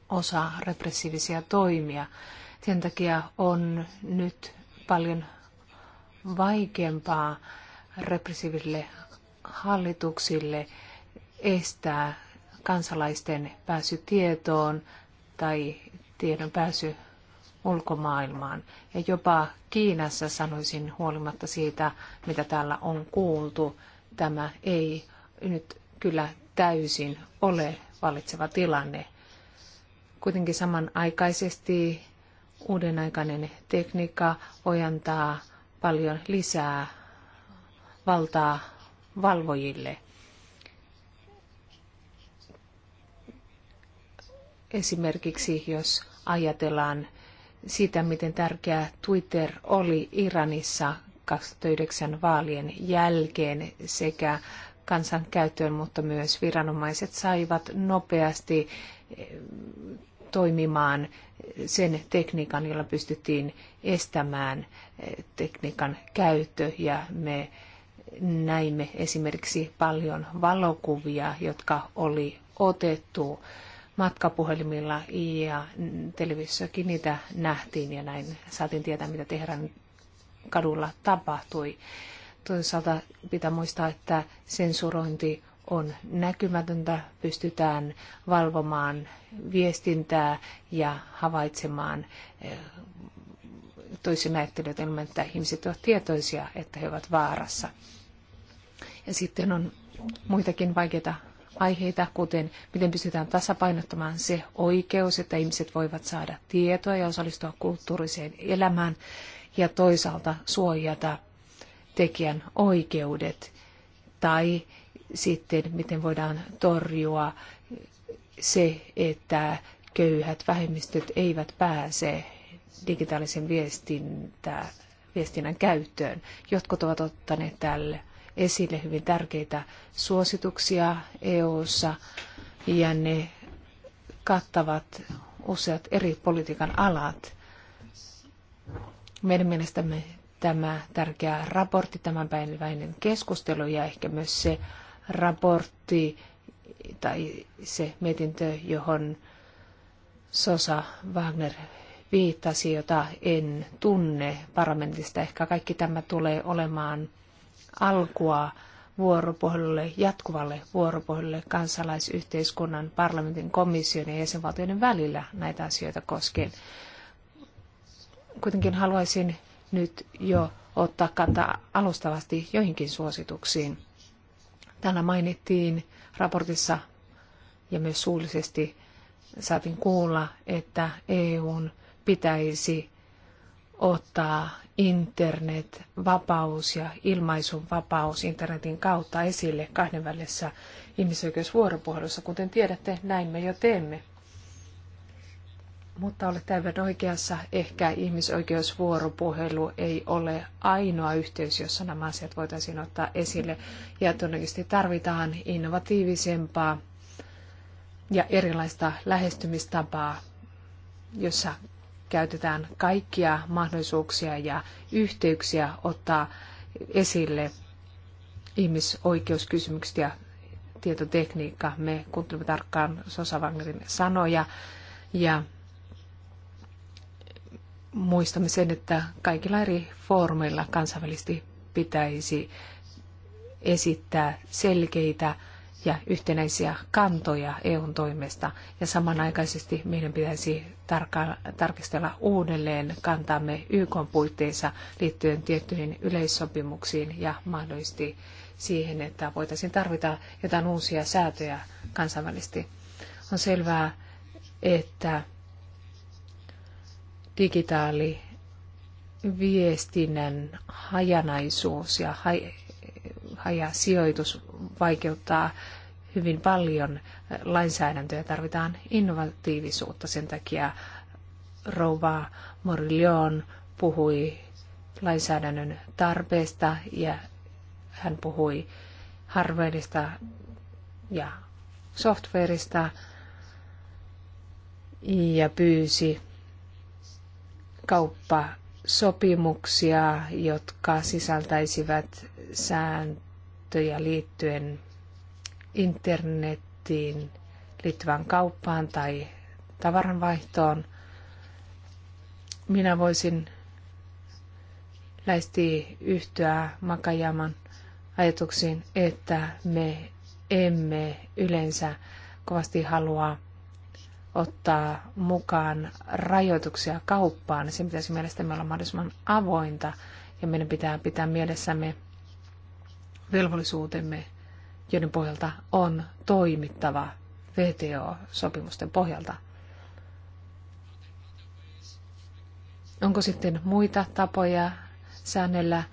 osa repressiivisia toimia. Sen takia on nyt paljon vaikeampaa repressiivisille hallituksille estää kansalaisten pääsy tietoon tai tiedon pääsy ulkomaailmaan. Ja jopa Kiinassa sanoisin huolimatta siitä, mitä täällä on kuultu, tämä ei nyt kyllä täysin ole valitseva tilanne. Kuitenkin samanaikaisesti uuden aikainen tekniikka voi antaa paljon lisää valtaa valvojille. Esimerkiksi jos ajatellaan siitä, miten tärkeä Twitter oli Iranissa 2009 vaalien jälkeen sekä kansan käyttöön, mutta myös viranomaiset saivat nopeasti eh, toimimaan sen tekniikan, jolla pystyttiin estämään eh, tekniikan käyttö ja me näimme esimerkiksi paljon valokuvia, jotka oli otettu matkapuhelimilla ja televisiossakin niitä nähtiin ja näin saatiin tietää, mitä Teheran kadulla tapahtui. Toisaalta pitää muistaa, että sensurointi on näkymätöntä, pystytään valvomaan viestintää ja havaitsemaan eh, toisen ajattelijoita ilman, että ihmiset ovat tietoisia, että he ovat vaarassa. Ja sitten on muitakin vaikeita aiheita, kuten miten pystytään tasapainottamaan se oikeus, että ihmiset voivat saada tietoa ja osallistua kulttuuriseen elämään ja toisaalta suojata tekijän oikeudet tai sitten miten voidaan torjua se, että köyhät vähemmistöt eivät pääse digitaalisen viestintään viestinnän käyttöön. Jotkut ovat ottaneet tälle esille hyvin tärkeitä suosituksia EU:ssa ja ne kattavat useat eri politiikan alat. Meidän mielestämme tämä tärkeä raportti, tämänpäiväinen keskustelu ja ehkä myös se raportti tai se mietintö, johon Sosa Wagner viittasi, jota en tunne parlamentista. Ehkä kaikki tämä tulee olemaan alkua vuoropuhelulle, jatkuvalle vuoropuhelulle kansalaisyhteiskunnan, parlamentin, komission ja jäsenvaltioiden välillä näitä asioita koskien. Kuitenkin haluaisin nyt jo ottaa kantaa alustavasti joihinkin suosituksiin. Täällä mainittiin raportissa ja myös suullisesti saatiin kuulla, että EUn pitäisi ottaa internet, vapaus ja ilmaisun vapaus internetin kautta esille kahdenvälisessä ihmisoikeusvuoropuhelussa. Kuten tiedätte, näin me jo teemme. Mutta olet aivan oikeassa, ehkä ihmisoikeusvuoropuhelu ei ole ainoa yhteys, jossa nämä asiat voitaisiin ottaa esille. Ja todennäköisesti tarvitaan innovatiivisempaa ja erilaista lähestymistapaa, jossa käytetään kaikkia mahdollisuuksia ja yhteyksiä ottaa esille ihmisoikeuskysymykset ja tietotekniikka. Me kuuntelemme tarkkaan Sosa Wagnerin sanoja ja muistamme sen, että kaikilla eri foorumeilla kansainvälisesti pitäisi esittää selkeitä ja yhtenäisiä kantoja EUn toimesta. Ja samanaikaisesti meidän pitäisi tarka- tarkistella uudelleen kantamme YK puitteissa liittyen tiettyihin yleissopimuksiin ja mahdollisesti siihen, että voitaisiin tarvita jotain uusia säätöjä kansainvälisesti. On selvää, että digitaali viestinnän hajanaisuus ja hajasijoitus vaikeuttaa hyvin paljon eh, lainsäädäntöä, tarvitaan innovatiivisuutta. Sen takia rouva Morillon puhui lainsäädännön tarpeesta ja hän puhui hardwareista ja softwareista ja pyysi kauppasopimuksia, jotka sisältäisivät sääntöjä liittyen internettiin liittyvään kauppaan tai tavaranvaihtoon. Minä voisin läisti yhtyä Makajaman ajatuksiin, että me emme yleensä kovasti halua ottaa mukaan rajoituksia kauppaan. Se pitäisi mielestäni olla mahdollisimman avointa ja meidän pitää pitää mielessämme velvollisuutemme joiden pohjalta on toimittava VTO-sopimusten pohjalta. Onko sitten muita tapoja säännellä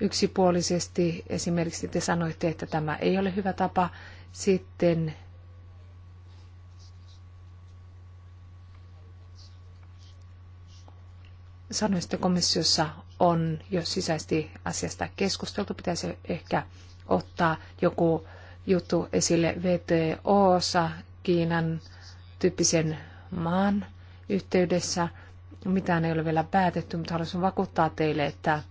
yksipuolisesti? Esimerkiksi te sanoitte, että tämä ei ole hyvä tapa. Sitten sanoisitte komissiossa on jo sisäisesti asiasta keskusteltu. Pitäisi ehkä ottaa joku juttu esille VTOssa Kiinan tyyppisen maan yhteydessä. Mitään ei ole vielä päätetty, mutta haluaisin vakuuttaa teille, että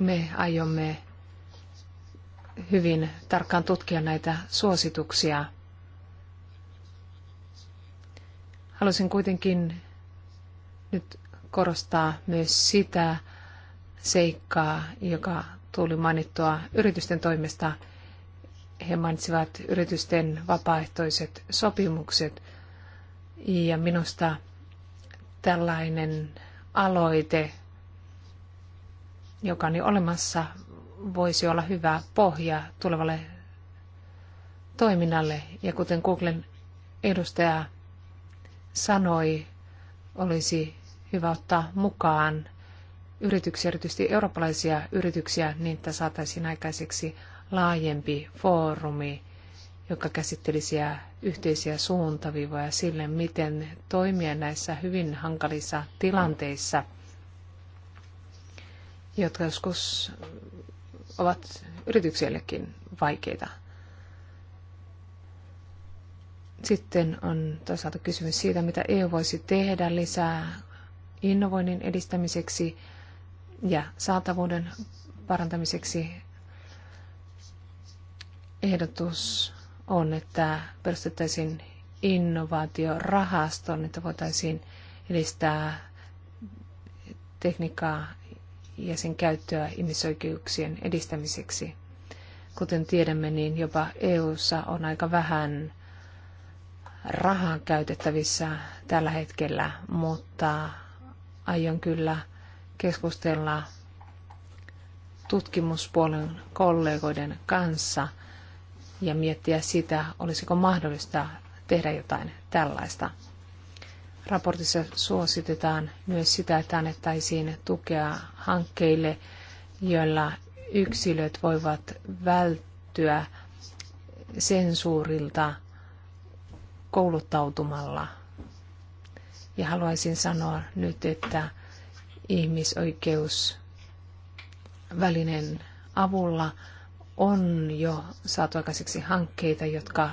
me aiomme hyvin tarkkaan tutkia näitä suosituksia. Haluaisin kuitenkin nyt korostaa myös sitä seikkaa, joka tuli mainittua yritysten toimesta. He mainitsivat yritysten vapaaehtoiset sopimukset ja minusta tällainen aloite, joka on jo olemassa, voisi olla hyvä pohja tulevalle toiminnalle. Ja kuten Googlen edustaja sanoi, olisi hyvä ottaa mukaan yrityksiä, erityisesti eurooppalaisia yrityksiä, niin että saataisiin aikaiseksi laajempi foorumi, joka käsittelisi yhteisiä suuntaviivoja sille, miten toimia näissä hyvin hankalissa tilanteissa, jotka joskus ovat yrityksillekin vaikeita. Sitten on toisaalta kysymys siitä, mitä EU voisi tehdä lisää innovoinnin edistämiseksi ja saatavuuden parantamiseksi ehdotus on, että perustettaisiin innovaatiorahastoon, että voitaisiin edistää tekniikkaa ja sen käyttöä ihmisoikeuksien edistämiseksi. Kuten tiedämme, niin jopa EU:ssa on aika vähän rahaa käytettävissä tällä hetkellä, mutta aion kyllä keskustella tutkimuspuolen kollegoiden kanssa ja miettiä sitä, olisiko mahdollista tehdä jotain tällaista. Raportissa suositetaan myös sitä, että annettaisiin tukea hankkeille, joilla yksilöt voivat välttyä sensuurilta kouluttautumalla – ja haluaisin sanoa nyt, että ihmisoikeusvälinen avulla on jo saatu aikaiseksi hankkeita, jotka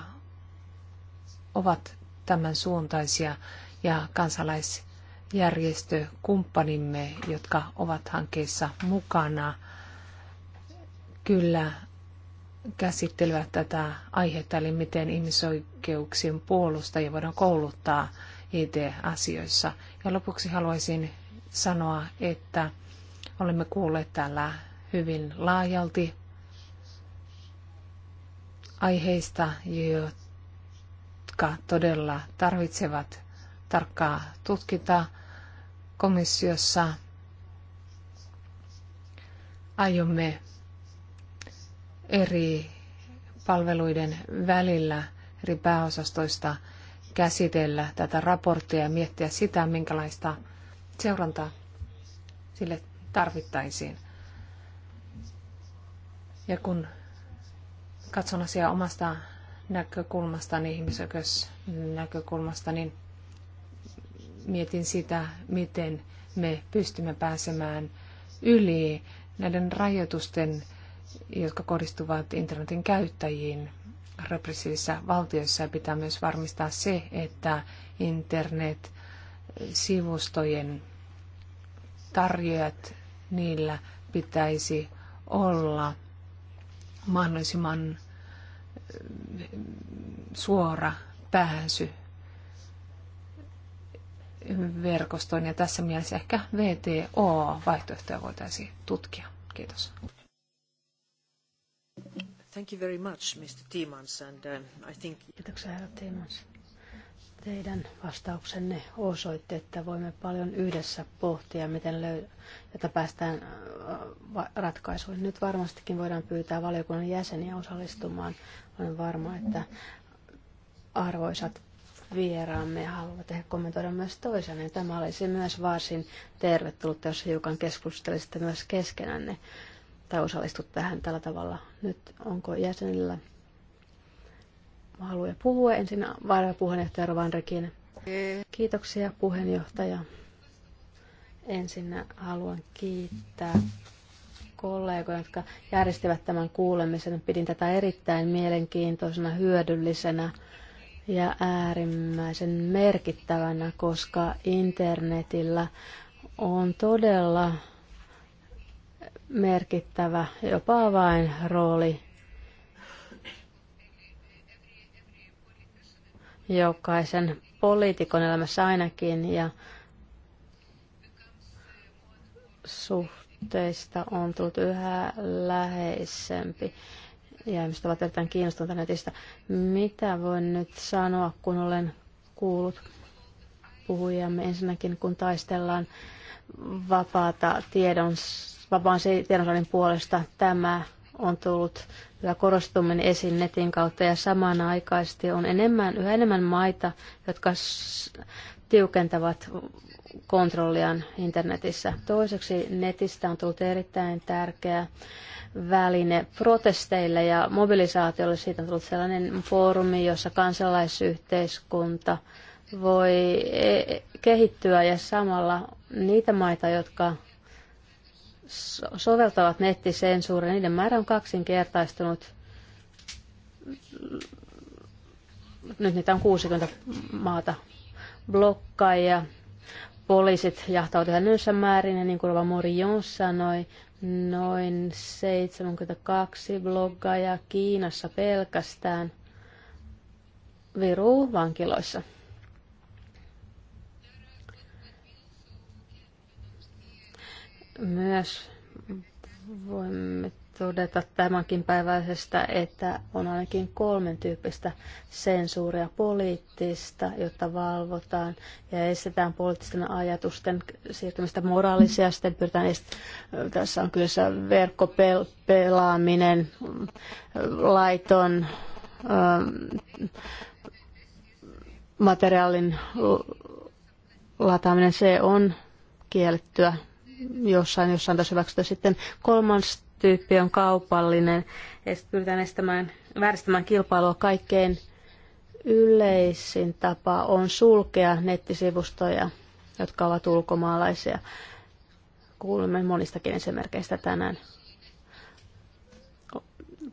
ovat tämän suuntaisia ja kansalaisjärjestökumppanimme, jotka ovat hankkeissa mukana, kyllä käsittelevät tätä aihetta, eli miten ihmisoikeuksien puolustajia voidaan kouluttaa IT-asioissa. E ja lopuksi haluaisin sanoa, että olemme kuulleet täällä hyvin laajalti aiheista, jotka todella tarvitsevat tarkkaa tutkintaa komissiossa. Aiomme eri palveluiden välillä eri pääosastoista – käsitellä tätä raporttia ja miettiä sitä, minkälaista seurantaa sille tarvittaisiin. Ja kun katson asiaa omasta näkökulmastani, ihmisoikeusnäkökulmasta, niin mietin sitä, miten me pystymme pääsemään yli näiden rajoitusten, jotka kohdistuvat internetin käyttäjiin repressiivisissä valtioissa ja pitää myös varmistaa se, että internet-sivustojen tarjoajat, niillä pitäisi olla mahdollisimman eh, suora pääsy verkostoon ja tässä mielessä ehkä VTO-vaihtoehtoja voitaisiin tutkia. Kiitos. Thank you very much, Mr. and um, I think... Kiitoksia, herra Tiemans. Teidän vastauksenne osoitti, että voimme paljon yhdessä pohtia, miten löy- että päästään äh, ratkaisuun. Nyt varmastikin voidaan pyytää valiokunnan jäseniä osallistumaan. Olen varma, että arvoisat vieraamme haluavat ehkä kommentoida myös toisanne. Tämä olisi myös varsin tervetullut, jos hiukan keskustelisitte myös keskenänne tai osallistu tähän tällä tavalla. Nyt onko jäsenillä haluja puhua? Ensin varapuheenjohtaja Rovanrekin. Kiitoksia puheenjohtaja. Ensin haluan kiittää kollegoja, jotka järjestivät tämän kuulemisen. Pidin tätä erittäin mielenkiintoisena, hyödyllisenä ja äärimmäisen merkittävänä, koska internetillä on todella merkittävä, jopa rooli, jokaisen poliitikon elämässä ainakin ja suhteista on tullut yhä läheisempi ja ihmiset ovat erittäin kiinnostuneita netistä. Mitä voin nyt sanoa, kun olen kuullut puhujamme ensinnäkin, kun taistellaan vapaata tiedon vapaan tiedonsaannin puolesta. Tämä on tullut yhä korostuminen esiin netin kautta ja samanaikaisesti on enemmän, yhä enemmän maita, jotka tiukentavat kontrolliaan internetissä. Toiseksi netistä on tullut erittäin tärkeä väline protesteille ja mobilisaatiolle. Siitä on tullut sellainen foorumi, jossa kansalaisyhteiskunta voi e- kehittyä ja samalla niitä maita, jotka soveltavat nettisensuuria, niiden määrä on kaksinkertaistunut. Nyt niitä on 60 maata blokkaajia. Poliisit jahtavat yhä nyssä määrin, ja niin kuin Rova Morion sanoi, noin 72 bloggaajaa Kiinassa pelkästään viruu vankiloissa. Myös voimme todeta tämänkin päiväisestä, että on ainakin kolmen tyyppistä sensuuria poliittista, jotta valvotaan ja estetään poliittisten ajatusten siirtymistä moraalisia. Sitten pyritään est- tässä on kyllä verkkopelaaminen, laiton materiaalin lataaminen, se on kiellettyä jossain, jossain tässä hyväksytä. Sitten kolmas tyyppi on kaupallinen, ja pyritään estämään, vääristämään kilpailua kaikkein yleisin tapa on sulkea nettisivustoja, jotka ovat ulkomaalaisia. Kuulemme monistakin esimerkkeistä tänään.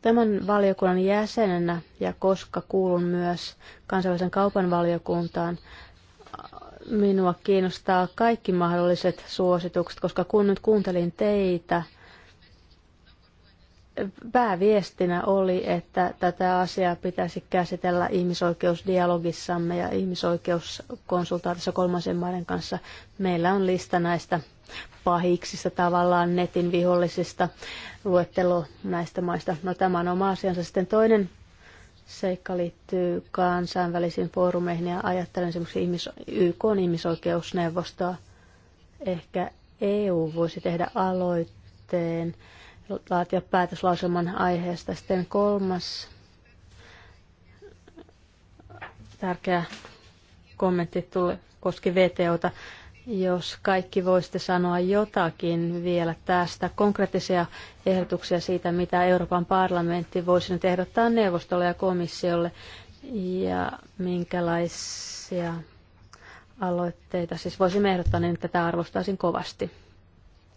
Tämän valiokunnan jäsenenä ja koska kuulun myös kansainvälisen kaupan valiokuntaan, Minua kiinnostaa kaikki mahdolliset suositukset, koska kun nyt kuuntelin teitä, pääviestinä oli, että tätä asiaa pitäisi käsitellä ihmisoikeusdialogissamme ja ihmisoikeuskonsultaatissa kolmansien maiden kanssa. Meillä on lista näistä pahiksista tavallaan netin vihollisista luettelo näistä maista. No tämä on oma asiansa. Sitten toinen seikka liittyy kansainvälisiin foorumeihin ja ajattelen esimerkiksi ihmis- YK ihmisoikeusneuvostoa. Ehkä EU voisi tehdä aloitteen, laatia päätöslauselman aiheesta. Sitten kolmas tärkeä kommentti tuli, koski VTOta. Jos kaikki voisitte sanoa jotakin vielä tästä, konkreettisia ehdotuksia siitä, mitä Euroopan parlamentti voisi nyt ehdottaa neuvostolle ja komissiolle ja minkälaisia aloitteita siis voisimme ehdottaa, niin tätä arvostaisin kovasti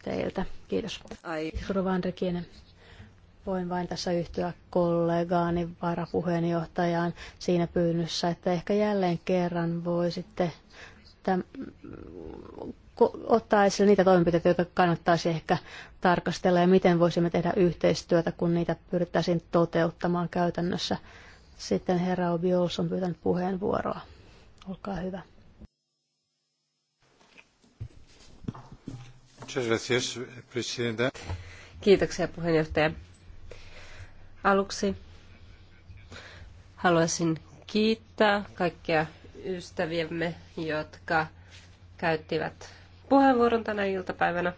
teiltä. Kiitos. Ai. Voin vain tässä yhtyä kollegaani varapuheenjohtajaan siinä pyynnössä, että ehkä jälleen kerran voisitte että ottaa esille niitä toimenpiteitä, joita kannattaisi ehkä tarkastella ja miten voisimme tehdä yhteistyötä, kun niitä pyrittäisiin toteuttamaan käytännössä. Sitten herra Obi on pyytänyt puheenvuoroa. Olkaa hyvä. Kiitoksia puheenjohtaja. Aluksi haluaisin kiittää kaikkia ystäviemme, jotka käyttivät puheenvuoron tänä iltapäivänä.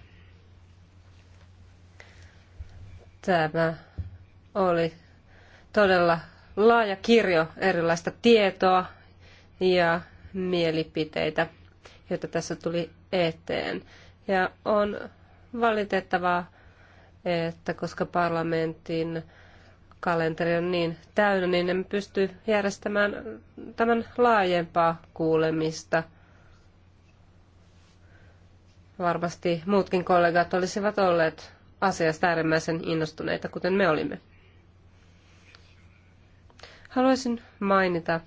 Tämä oli todella laaja kirjo erilaista tietoa ja mielipiteitä, joita tässä tuli eteen. Ja on valitettavaa, että koska parlamentin kalenteri on niin täynnä, niin emme pysty järjestämään tämän laajempaa kuulemista. Varmasti muutkin kollegat olisivat olleet asiasta äärimmäisen innostuneita, kuten me olimme. Haluaisin mainita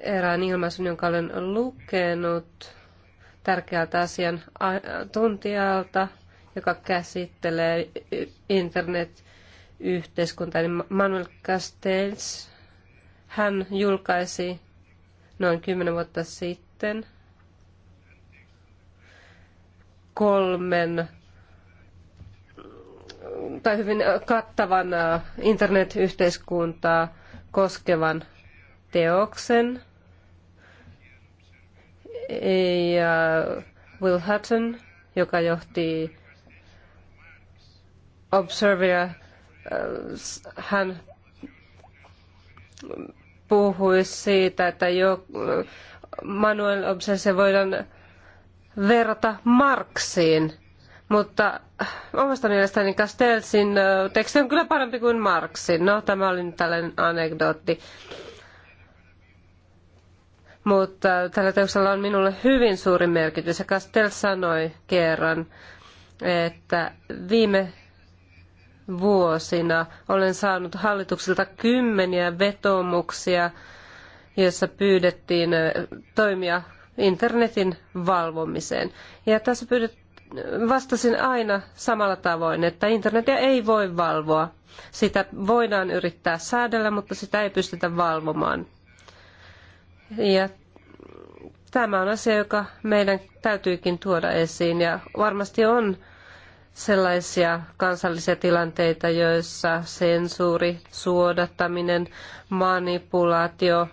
erään ilmaisun, jonka olen lukenut tärkeältä asian tuntijalta – joka käsittelee internet-yhteiskuntaa, niin Manuel Castells, hän julkaisi noin kymmenen vuotta sitten kolmen tai hyvin kattavan internet-yhteiskuntaa koskevan teoksen. Ja Will Hutton, joka johti Observia, äh, hän puhui siitä, että jo äh, Manuel Obserse voidaan verrata Marksiin, mutta äh, omasta mielestäni Castellsin teksti on kyllä parempi kuin Marxin. No, tämä oli nyt tällainen anekdootti. Mutta tällä teoksella on minulle hyvin suuri merkitys. Ja Castells sanoi kerran, että viime vuosina olen saanut hallitukselta kymmeniä vetomuksia, joissa pyydettiin toimia internetin valvomiseen. Ja tässä pyydet, vastasin aina samalla tavoin, että internetiä ei voi valvoa. Sitä voidaan yrittää säädellä, mutta sitä ei pystytä valvomaan. Ja tämä on asia, joka meidän täytyykin tuoda esiin ja varmasti on sellaisia kansallisia tilanteita, joissa sensuuri, suodattaminen, manipulaatio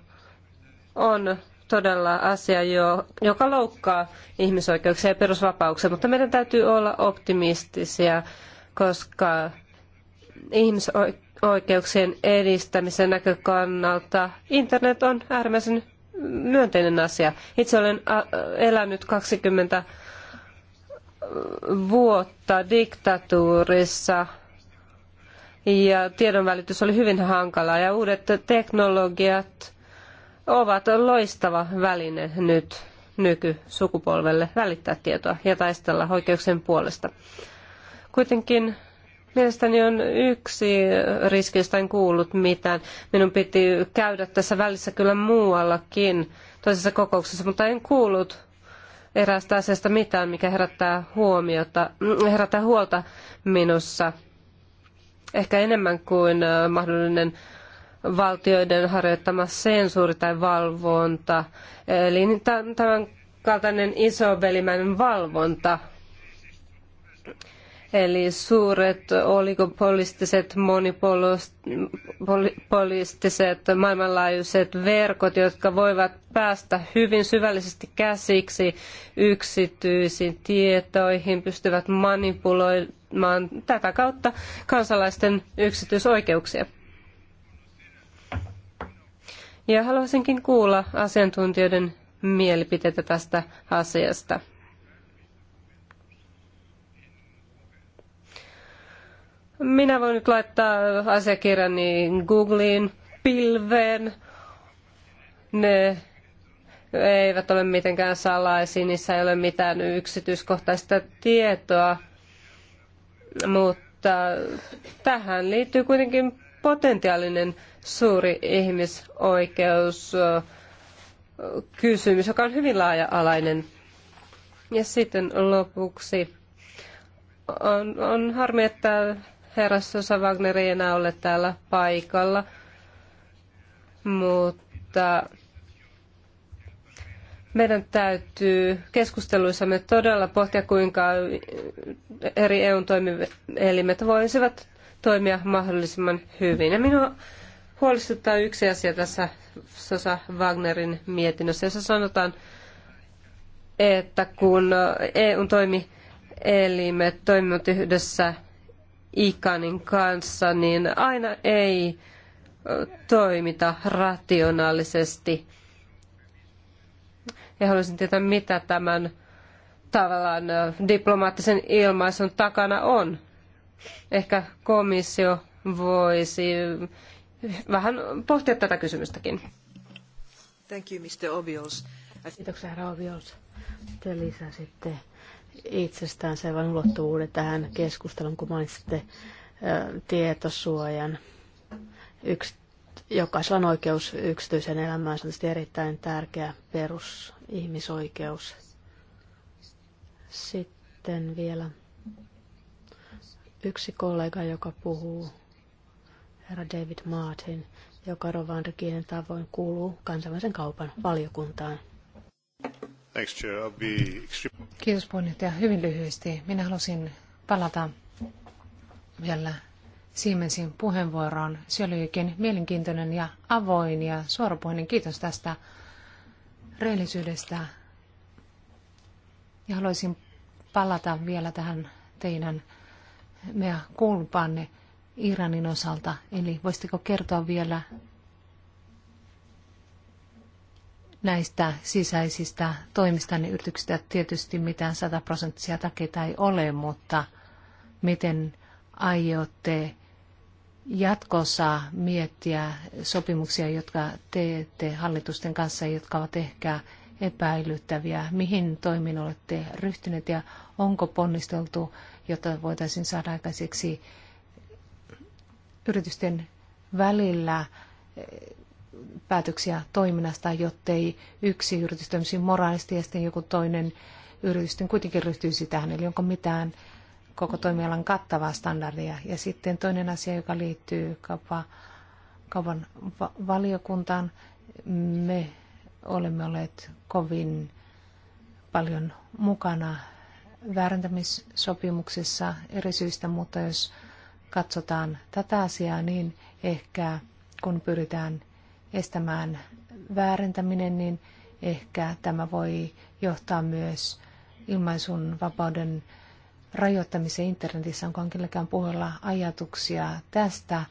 on todella asia, joka loukkaa ihmisoikeuksia ja perusvapauksia, mutta meidän täytyy olla optimistisia, koska ihmisoikeuksien edistämisen näkökannalta internet on äärimmäisen myönteinen asia. Itse olen äh, elänyt 20 vuotta diktatuurissa ja tiedonvälitys oli hyvin hankalaa ja uudet teknologiat ovat loistava väline nyt nykysukupolvelle välittää tietoa ja taistella oikeuksien puolesta. Kuitenkin mielestäni on yksi riski, josta en kuullut mitään. Minun piti käydä tässä välissä kyllä muuallakin toisessa kokouksessa, mutta en kuullut eräästä asiasta mitään, mikä herättää, huomiota, herättää huolta minussa. Ehkä enemmän kuin mahdollinen valtioiden harjoittama sensuuri tai valvonta. Eli tämän kaltainen isovelimäinen valvonta. Eli suuret oligopolistiset, monipolistiset, maailmanlaajuiset verkot, jotka voivat päästä hyvin syvällisesti käsiksi yksityisiin tietoihin, pystyvät manipuloimaan tätä kautta kansalaisten yksityisoikeuksia. Ja haluaisinkin kuulla asiantuntijoiden mielipiteitä tästä asiasta. Minä voin nyt laittaa niin Googleen, pilveen. Ne eivät ole mitenkään salaisia, niissä ei ole mitään yksityiskohtaista tietoa. Mutta tähän liittyy kuitenkin potentiaalinen suuri kysymys, joka on hyvin laaja-alainen. Ja sitten lopuksi on, on harmi, että herra Sosa Wagner ei enää ole täällä paikalla, mutta meidän täytyy keskusteluissamme todella pohtia, kuinka eri eu toimielimet voisivat toimia mahdollisimman hyvin. Ja minua huolestuttaa yksi asia tässä Sosa Wagnerin mietinnössä, jossa sanotaan, että kun eu toimielimet toimivat yhdessä Ikanin kanssa, niin aina ei toimita rationaalisesti. Ja haluaisin tietää, mitä tämän tavallaan diplomaattisen ilmaisun takana on. Ehkä komissio voisi vähän pohtia tätä kysymystäkin. Thank you, Mr. Obiols. Kiitoksia, herra Obiols. Te lisäsitte itsestään vain ulottuvuuden tähän keskusteluun, kun mainitsitte tietosuojan. Yks, jokaisella on oikeus yksityisen elämään, se on tietysti erittäin tärkeä perusihmisoikeus. Sitten vielä yksi kollega, joka puhuu, herra David Martin, joka Rovandekiinen tavoin kuuluu kansainvälisen kaupan valiokuntaan. Kiitos puheenjohtaja. Hyvin lyhyesti. Minä halusin palata vielä Siemensin puheenvuoroon. Se oli oikein mielenkiintoinen ja avoin ja suorapuheinen. Kiitos tästä rehellisyydestä. Ja haluaisin palata vielä tähän teidän mea kulpaanne Iranin osalta. Eli voisitteko kertoa vielä näistä sisäisistä toimista niin yrityksistä tietysti mitään sataprosenttisia takeita ei ole, mutta miten aiotte jatkossa miettiä sopimuksia, jotka teette hallitusten kanssa, jotka ovat ehkä epäilyttäviä, mihin toimiin olette ryhtyneet ja onko ponnisteltu, jotta voitaisiin saada aikaiseksi yritysten välillä päätöksiä toiminnasta, jottei yksi yritys toimisi moraalisti ja sitten joku toinen yritys kuitenkin ryhtyisi tähän, eli onko mitään koko toimialan kattavaa standardia. Ja sitten toinen asia, joka liittyy kaupan, kaupan va- valiokuntaan, me olemme olleet kovin paljon mukana väärentämissopimuksessa eri syistä, mutta jos katsotaan tätä asiaa, niin ehkä kun pyritään estämään väärentäminen, niin ehkä tämä voi johtaa myös ilmaisun vapauden rajoittamiseen internetissä. Onko kenelläkään puheella ajatuksia tästä,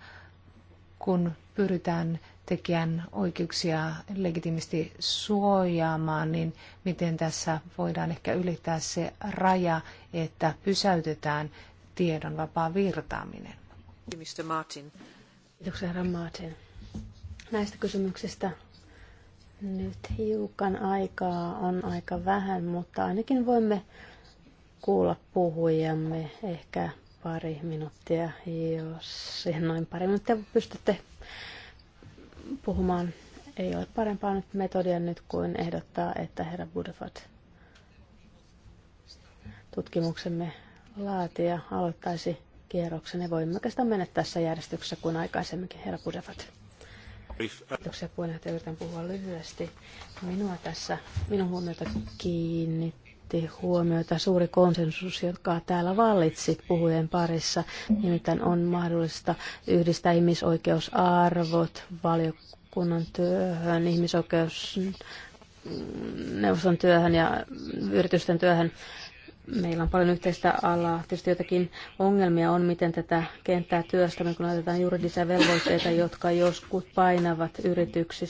kun pyritään tekijän oikeuksia legitimisti suojaamaan, niin miten tässä voidaan ehkä ylittää se raja, että pysäytetään tiedon vapaa virtaaminen? Mr. Martin. Kiitoksia, herra Martin näistä kysymyksistä. Nyt hiukan aikaa on aika vähän, mutta ainakin voimme kuulla puhujamme ehkä pari minuuttia, jos siihen noin pari minuuttia pystytte puhumaan. Ei ole parempaa nyt metodia nyt kuin ehdottaa, että herra Budafat tutkimuksemme laatija aloittaisi kierroksen ja voimme oikeastaan mennä tässä järjestyksessä kuin aikaisemminkin, herra Budafat. Kiitoksia puheenjohtaja. Yritän puhua lyhyesti. Minua tässä, minun huomiota kiinnitti huomiota suuri konsensus, joka täällä vallitsi puhujen parissa. Nimittäin on mahdollista yhdistää ihmisoikeusarvot valiokunnan työhön, ihmisoikeusneuvoston työhön ja yritysten työhön meillä on paljon yhteistä alaa. Tietysti jotakin ongelmia on, miten tätä kenttää työstämme, kun otetaan juridisia velvoitteita, jotka joskus painavat yrityksiä,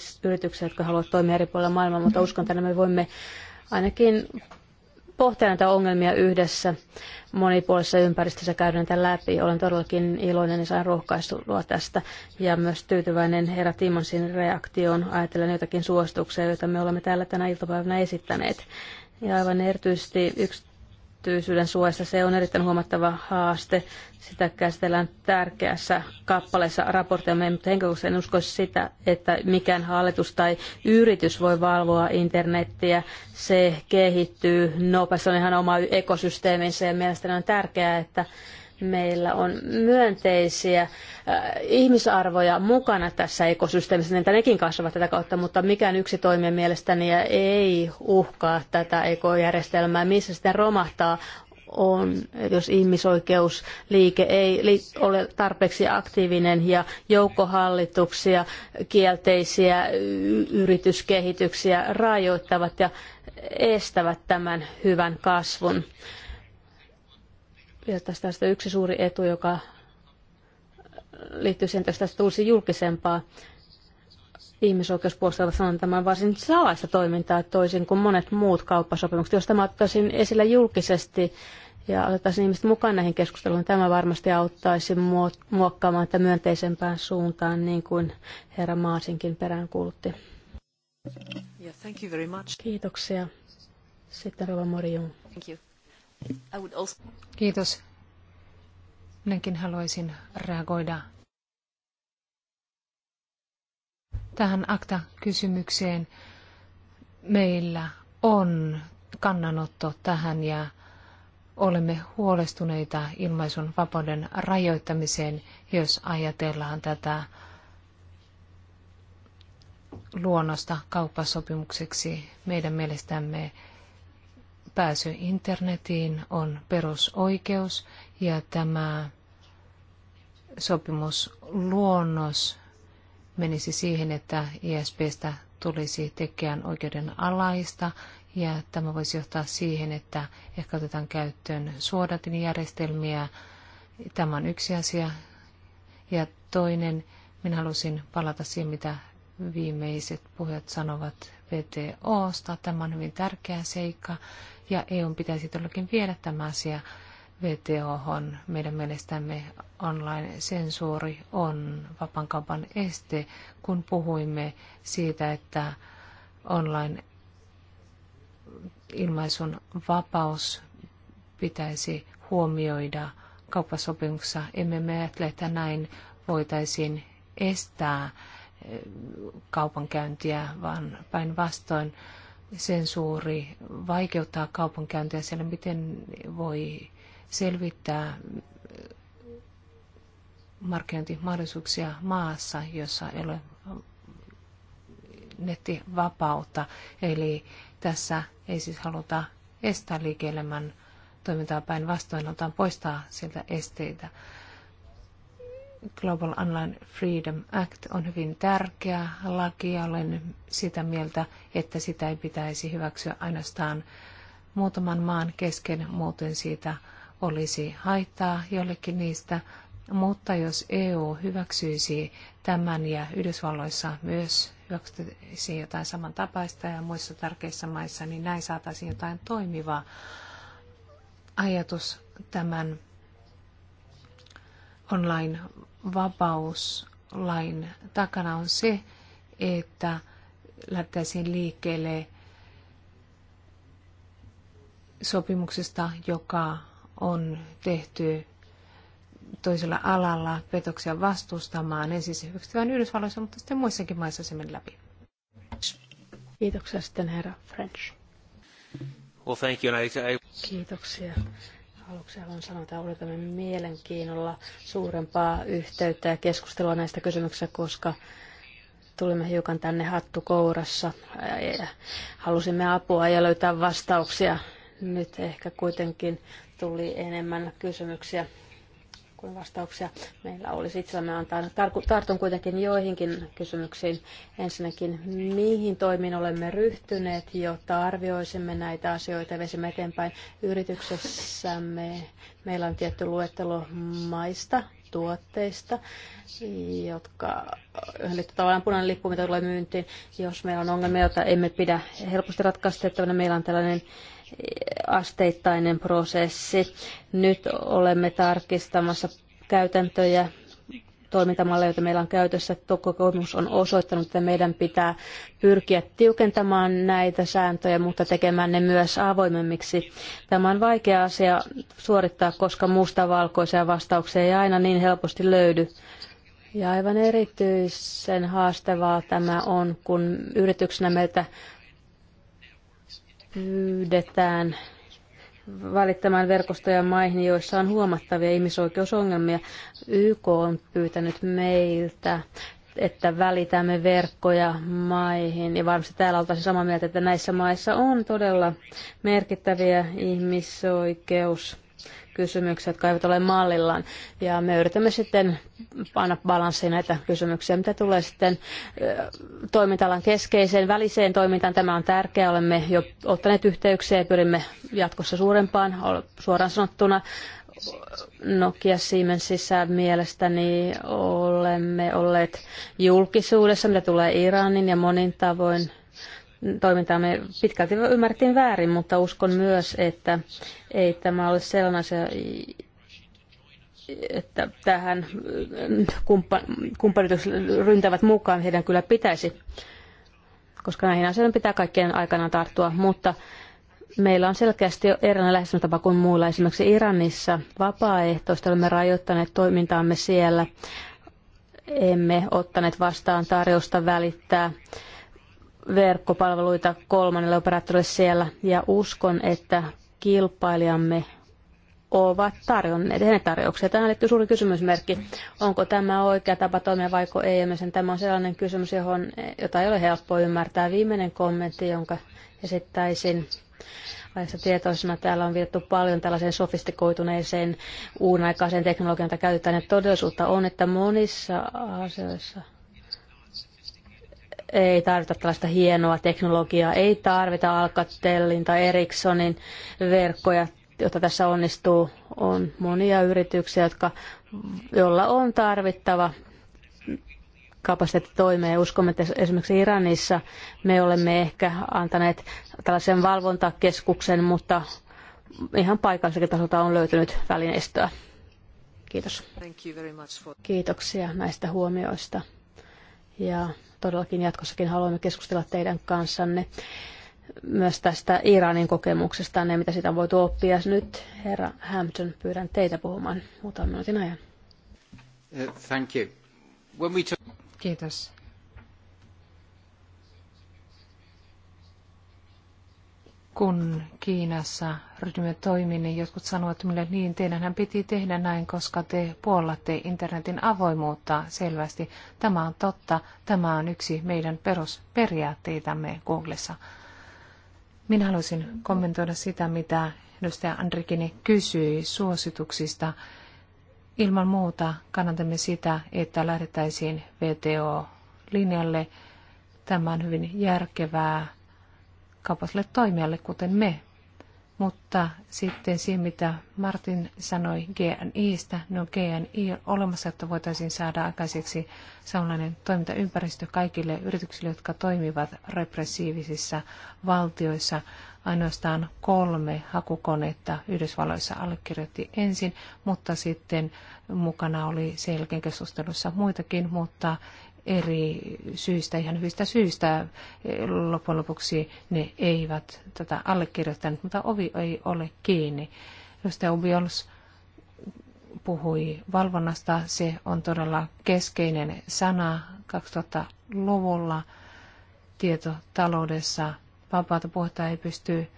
jotka haluavat toimia eri puolilla maailmaa, mutta uskon, että me voimme ainakin pohtia näitä ongelmia yhdessä monipuolisessa ympäristössä käydä näitä läpi. Olen todellakin iloinen ja sain rohkaistua tästä ja myös tyytyväinen herra Timonsin reaktioon ajatellen jotakin suosituksia, joita me olemme täällä tänä iltapäivänä esittäneet. Ja aivan erityisesti yksi yksityisyyden suojassa. Se on erittäin huomattava haaste. Sitä käsitellään tärkeässä kappaleessa raportoimme, mutta henkilökohtaisesti en usko sitä, että mikään hallitus tai yritys voi valvoa internettiä. Se kehittyy nopeasti, se on ihan oma ekosysteeminsä ja mielestäni on tärkeää, että meillä on myönteisiä äh, ihmisarvoja mukana tässä ekosysteemissä, niin nekin kasvavat tätä kautta, mutta mikään yksi toimija mielestäni ei uhkaa tätä ekojärjestelmää, missä sitten romahtaa on, jos ihmisoikeusliike ei ole tarpeeksi aktiivinen ja joukkohallituksia, kielteisiä yrityskehityksiä rajoittavat ja estävät tämän hyvän kasvun ja tästä yksi suuri etu, joka liittyy siihen, että tästä tulisi julkisempaa. Ihmisoikeuspuolella sanon tämän varsin salaista toimintaa toisin kuin monet muut kauppasopimukset. Jos tämä ottaisin esillä julkisesti ja otettaisiin ihmiset mukaan näihin keskusteluihin, tämä varmasti auttaisi muokkaamaan tätä myönteisempään suuntaan, niin kuin herra Maasinkin perään kuulutti. Yeah, thank you very much. Kiitoksia. Sitten Rova Morjun. Thank you. Kiitos. Minäkin haluaisin reagoida tähän akta-kysymykseen. Meillä on kannanotto tähän ja olemme huolestuneita ilmaisun vapauden rajoittamiseen, jos ajatellaan tätä luonnosta kauppasopimukseksi. Meidän mielestämme pääsy internetiin on perusoikeus ja tämä sopimusluonnos menisi siihen, että ISPstä tulisi tekijän oikeuden alaista ja tämä voisi johtaa siihen, että ehkä otetaan käyttöön suodatinjärjestelmiä. Tämä on yksi asia. Ja toinen, minä halusin palata siihen, mitä viimeiset puhujat sanovat VTOsta. Tämä on hyvin tärkeä seikka ja EUn pitäisi todellakin viedä tämä asia VTOhon. Meidän mielestämme online-sensuuri on vapankaupan este, kun puhuimme siitä, että online ilmaisun vapaus pitäisi huomioida kauppasopimuksessa. Emme me ajattele, että näin voitaisiin estää kaupankäyntiä, vaan päinvastoin sensuuri vaikeuttaa kaupankäyntiä siellä, miten voi selvittää markkinointimahdollisuuksia maassa, jossa ei ole nettivapautta. Eli tässä ei siis haluta estää liike-elämän toimintaa päinvastoin, halutaan poistaa sieltä esteitä. Global Online Freedom Act on hyvin tärkeä laki ja olen sitä mieltä, että sitä ei pitäisi hyväksyä ainoastaan muutaman maan kesken, muuten siitä olisi haittaa jollekin niistä. Mutta jos EU hyväksyisi tämän ja Yhdysvalloissa myös hyväksyisi jotain samantapaista ja muissa tärkeissä maissa, niin näin saataisiin jotain toimivaa. Ajatus tämän online vapauslain takana on se, että lähtäisiin liikkeelle sopimuksesta, joka on tehty toisella alalla petoksia vastustamaan. Ensin se vain Yhdysvalloissa, mutta sitten muissakin maissa se meni läpi. Kiitoksia sitten herra French. Well, thank you. I... Kiitoksia. Aluksi haluan sanoa, että odotamme mielenkiinnolla suurempaa yhteyttä ja keskustelua näistä kysymyksistä, koska tulimme hiukan tänne hattu kourassa. Halusimme apua ja löytää vastauksia. Nyt ehkä kuitenkin tuli enemmän kysymyksiä kuin vastauksia meillä olisi itsellämme antaa. Tartun kuitenkin joihinkin kysymyksiin. Ensinnäkin, mihin toimiin olemme ryhtyneet, jotta arvioisimme näitä asioita ja eteenpäin yrityksessämme. Meillä on tietty luettelo maista, tuotteista, jotka liittyvät tavallaan punainen lippu, mitä tulee myyntiin. Jos meillä on ongelmia, joita emme pidä helposti ratkaistettavana, meillä on tällainen asteittainen prosessi. Nyt olemme tarkistamassa käytäntöjä toimintamalleja, joita meillä on käytössä. Kokemus on osoittanut, että meidän pitää pyrkiä tiukentamaan näitä sääntöjä, mutta tekemään ne myös avoimemmiksi. Tämä on vaikea asia suorittaa, koska mustavalkoisia vastauksia ei aina niin helposti löydy. Ja aivan erityisen haastavaa tämä on, kun yrityksenä meiltä pyydetään valittamaan verkostoja maihin, joissa on huomattavia ihmisoikeusongelmia. YK on pyytänyt meiltä että välitämme verkkoja maihin. Ja varmasti täällä oltaisiin samaa mieltä, että näissä maissa on todella merkittäviä ihmisoikeus kysymyksiä, jotka eivät ole mallillaan. Ja me yritämme sitten panna balanssiin näitä kysymyksiä, mitä tulee sitten toimintalan keskeiseen väliseen toimintaan. Tämä on tärkeää. Olemme jo ottaneet yhteyksiä ja pyrimme jatkossa suurempaan, suoraan sanottuna. Nokia Siemensissä mielestäni olemme olleet julkisuudessa, mitä tulee Iranin ja monin tavoin toimintaamme pitkälti ymmärrettiin väärin, mutta uskon myös, että ei tämä ole sellainen se, että tähän kumppanit ryntävät mukaan, heidän kyllä pitäisi, koska näihin asioihin pitää kaikkien aikana tarttua, mutta meillä on selkeästi erilainen lähestymistapa kuin muilla. Esimerkiksi Iranissa vapaaehtoista olemme rajoittaneet toimintaamme siellä. Emme ottaneet vastaan tarjousta välittää verkkopalveluita kolmannelle operaattorille siellä ja uskon, että kilpailijamme ovat tarjonneet ne tarjouksia. Tähän liittyy suuri kysymysmerkki. Onko tämä oikea tapa toimia vai ei? Ja sen tämä on sellainen kysymys, johon, jota ei ole helppo ymmärtää. Viimeinen kommentti, jonka esittäisin aiheessa tietoisena. Täällä on viitattu paljon tällaiseen sofistikoituneeseen uunaikaiseen teknologiaan, jota käytetään. Ja todellisuutta on, että monissa asioissa – ei tarvita tällaista hienoa teknologiaa, ei tarvita Alcatelin tai Ericssonin verkkoja, jotta tässä onnistuu. On monia yrityksiä, jotka, joilla on tarvittava kapasiteetti toimeen. Uskomme, että esimerkiksi Iranissa me olemme ehkä antaneet tällaisen valvontakeskuksen, mutta ihan paikalliselta tasolta on löytynyt välineistöä. Kiitos. Kiitoksia näistä huomioista. Ja todellakin jatkossakin haluamme keskustella teidän kanssanne myös tästä Iranin kokemuksesta ja mitä sitä on voitu oppia. Nyt herra Hampton, pyydän teitä puhumaan muutaman minuutin ajan. Eh, thank you. When we Kiitos. kun Kiinassa ryhdymme toimiin, niin jotkut sanovat minulle, niin teidänhän piti tehdä näin, koska te puollatte internetin avoimuutta selvästi. Tämä on totta. Tämä on yksi meidän perusperiaatteitamme Googlessa. Minä haluaisin kommentoida sitä, mitä edustaja Andrikini kysyi suosituksista. Ilman muuta kannatamme sitä, että lähdettäisiin VTO-linjalle. Tämä on hyvin järkevää kaupalliselle toimijalle, kuten me. Mutta sitten siihen, mitä Martin sanoi GNIstä, no GNI on olemassa, että voitaisiin saada aikaiseksi samanlainen toimintaympäristö kaikille yrityksille, jotka toimivat repressiivisissä valtioissa. Ainoastaan kolme hakukonetta Yhdysvalloissa allekirjoitti ensin, mutta sitten mukana oli sen jälkeen keskustelussa muitakin, mutta eri syistä, ihan hyvistä syistä. Loppujen lopuksi ne eivät tätä allekirjoittaneet, mutta ovi ei ole kiinni. Edustaja Ubiols puhui valvonnasta. Se on todella keskeinen sana 2000-luvulla tietotaloudessa. Vapaata puhetta ei pysty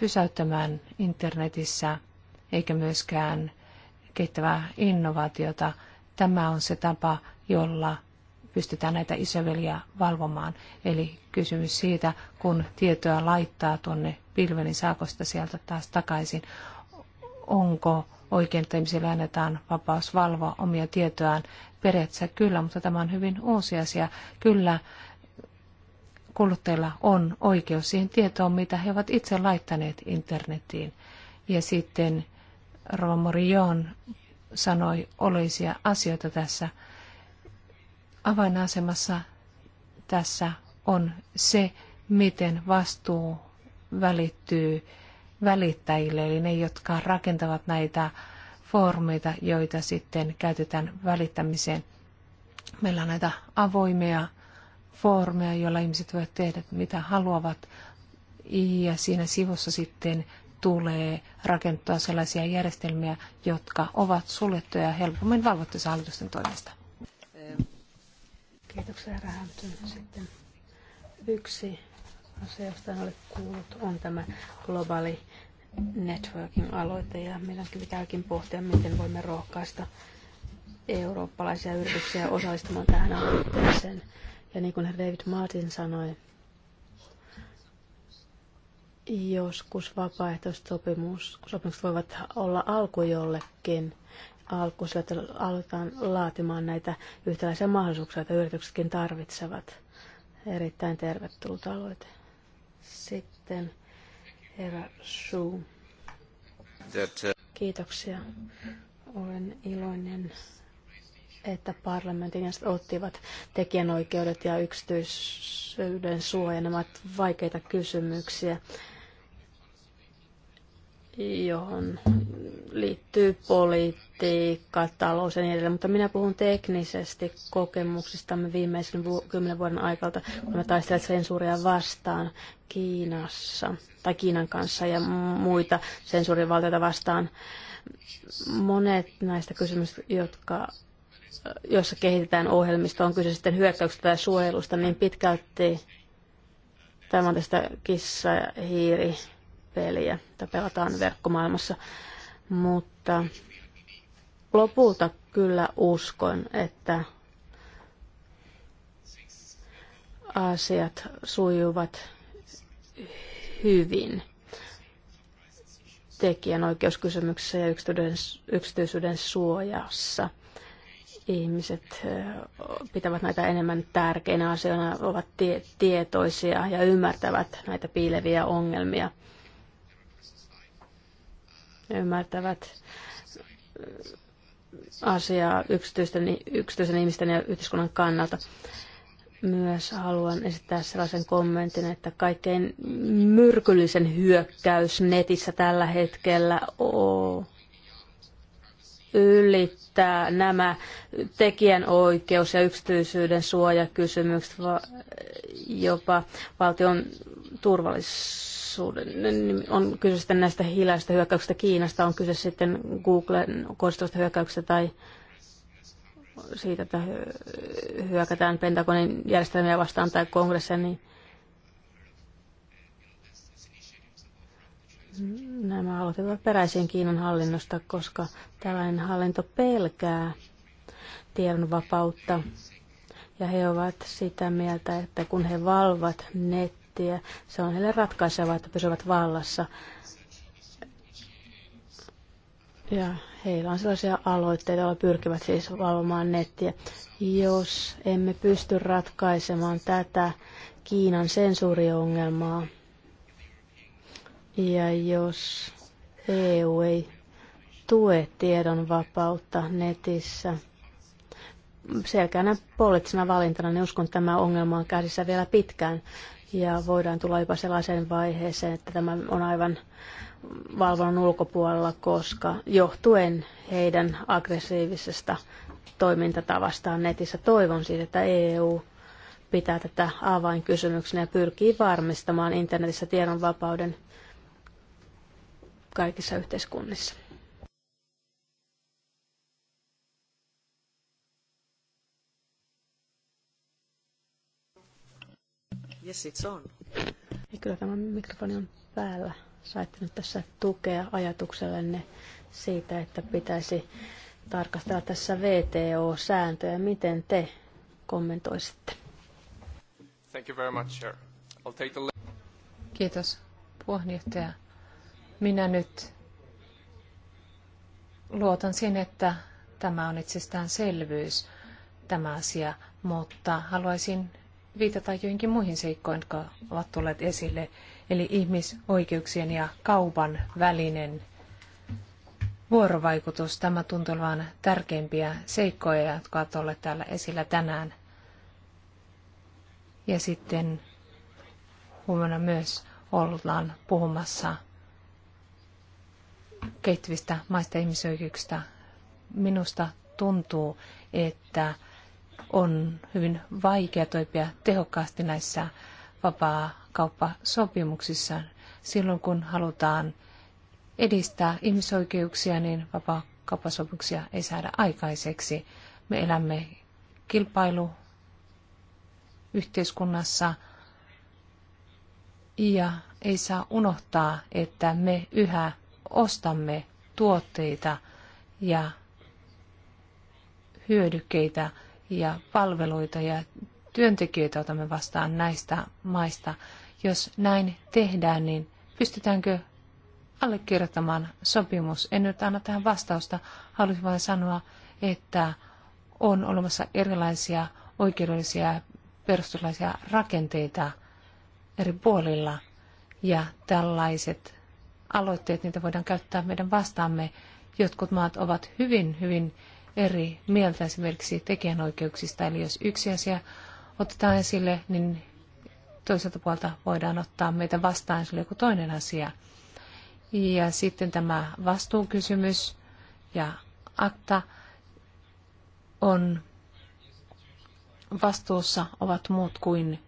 pysäyttämään internetissä eikä myöskään kehittävää innovaatiota. Tämä on se tapa, jolla pystytään näitä isoveliä valvomaan. Eli kysymys siitä, kun tietoa laittaa tuonne pilveen, niin saako sitä sieltä taas takaisin. Onko oikein, että ihmisille annetaan vapaus valvoa omia tietoaan? Periaatteessa kyllä, mutta tämä on hyvin uusi asia. Kyllä kuluttajilla on oikeus siihen tietoon, mitä he ovat itse laittaneet internetiin. Ja sitten Rova Morion sanoi oleisia asioita tässä Avainasemassa tässä on se, miten vastuu välittyy välittäjille, eli ne, jotka rakentavat näitä foorumeita, joita sitten käytetään välittämiseen. Meillä on näitä avoimia foorumeja, joilla ihmiset voivat tehdä mitä haluavat, ja siinä sivussa sitten tulee rakentaa sellaisia järjestelmiä, jotka ovat suljettuja helpommin valvottavissa hallitusten toimesta. Kiitoksia, herra Sitten yksi asia, josta en ole kuullut, on tämä globaali networking-aloite, ja meidän pitääkin pohtia, miten voimme rohkaista eurooppalaisia yrityksiä osallistumaan tähän aloitteeseen. Ja niin kuin David Martin sanoi, joskus vapaaehtoiset sopimukset voivat olla alku jollekin – alkuun, sillä, että aletaan laatimaan näitä yhtäläisiä mahdollisuuksia, joita yrityksetkin tarvitsevat. Erittäin tervetullut aloite. Sitten herra Suu. Uh, Kiitoksia. Olen iloinen, että parlamentin jäsenet ottivat tekijänoikeudet ja yksityisyyden suoja. Nämä ovat vaikeita kysymyksiä johon liittyy politiikka, talous ja niin edelleen, mutta minä puhun teknisesti kokemuksistamme viimeisen vu- kymmenen vuoden aikalta, kun me taistelimme sensuuria vastaan Kiinassa tai Kiinan kanssa ja muita sensuurivaltioita vastaan. Monet näistä kysymyksistä, jotka jossa kehitetään ohjelmistoa, on kyse sitten hyökkäyksestä tai suojelusta, niin pitkälti tämä on tästä kissa ja hiiri peliä, tai pelataan verkkomaailmassa. Mutta lopulta kyllä uskon, että asiat sujuvat hyvin tekijänoikeuskysymyksessä ja yksityisyyden suojassa. Ihmiset pitävät näitä enemmän tärkeinä asioina, ovat tietoisia ja ymmärtävät näitä piileviä ongelmia ymmärtävät äh, asiaa yksityisten, yksityisen ihmisten ja yhteiskunnan kannalta. Myös haluan esittää sellaisen kommentin, että kaikkein myrkyllisen hyökkäys netissä tällä hetkellä on ylittää nämä tekijänoikeus- ja yksityisyyden suojakysymykset jopa valtion turvallisuuden. On kyse sitten näistä hiljaisista hyökkäyksistä Kiinasta, on kyse sitten Googlen kohdistuvasta hyökkäyksistä tai siitä, että hyökätään Pentagonin järjestelmiä vastaan tai kongressia, niin Nämä aloitetaan peräisin Kiinan hallinnosta, koska tällainen hallinto pelkää tiedonvapautta. Ja he ovat sitä mieltä, että kun he valvat nettiä, se on heille ratkaisevaa, että pysyvät vallassa. Ja heillä on sellaisia aloitteita, joilla pyrkivät siis valvomaan nettiä. Jos emme pysty ratkaisemaan tätä Kiinan sensuuriongelmaa, ja jos EU ei tue tiedonvapautta netissä selkeänä poliittisena valintana, niin uskon, että tämä ongelma on käsissä vielä pitkään. Ja voidaan tulla jopa sellaiseen vaiheeseen, että tämä on aivan valvonnan ulkopuolella, koska johtuen heidän aggressiivisesta toimintatavastaan netissä toivon siis, että EU pitää tätä avainkysymyksenä ja pyrkii varmistamaan internetissä tiedonvapauden kaikissa yhteiskunnissa. Yes, it's on. Ja niin kyllä tämä mikrofoni on päällä. Saitte nyt tässä tukea ajatuksellenne siitä, että pitäisi tarkastella tässä VTO-sääntöjä. Miten te kommentoisitte? Thank you very much, sir. I'll take the... Kiitos puheenjohtaja. Minä nyt luotan siihen, että tämä on itsestäänselvyys, tämä asia, mutta haluaisin viitata joihinkin muihin seikkoihin, jotka ovat tulleet esille, eli ihmisoikeuksien ja kaupan välinen vuorovaikutus. Tämä tuntuu olevan tärkeimpiä seikkoja, jotka ovat olleet täällä esillä tänään. Ja sitten huomenna myös ollaan puhumassa kehittyvistä maista ihmisoikeuksista. Minusta tuntuu, että on hyvin vaikea toimia tehokkaasti näissä vapaa-kauppasopimuksissa. Silloin kun halutaan edistää ihmisoikeuksia, niin vapaa-kauppasopimuksia ei saada aikaiseksi. Me elämme kilpailuyhteiskunnassa ja ei saa unohtaa, että me yhä ostamme tuotteita ja hyödykkeitä ja palveluita ja työntekijöitä otamme vastaan näistä maista. Jos näin tehdään, niin pystytäänkö allekirjoittamaan sopimus? En nyt anna tähän vastausta. Haluaisin vain sanoa, että on olemassa erilaisia oikeudellisia perustuslaisia rakenteita eri puolilla ja tällaiset aloitteet, niitä voidaan käyttää meidän vastaamme. Jotkut maat ovat hyvin, hyvin eri mieltä esimerkiksi tekijänoikeuksista, eli jos yksi asia otetaan esille, niin toiselta puolta voidaan ottaa meitä vastaan, se joku toinen asia. Ja sitten tämä vastuukysymys ja akta on vastuussa ovat muut kuin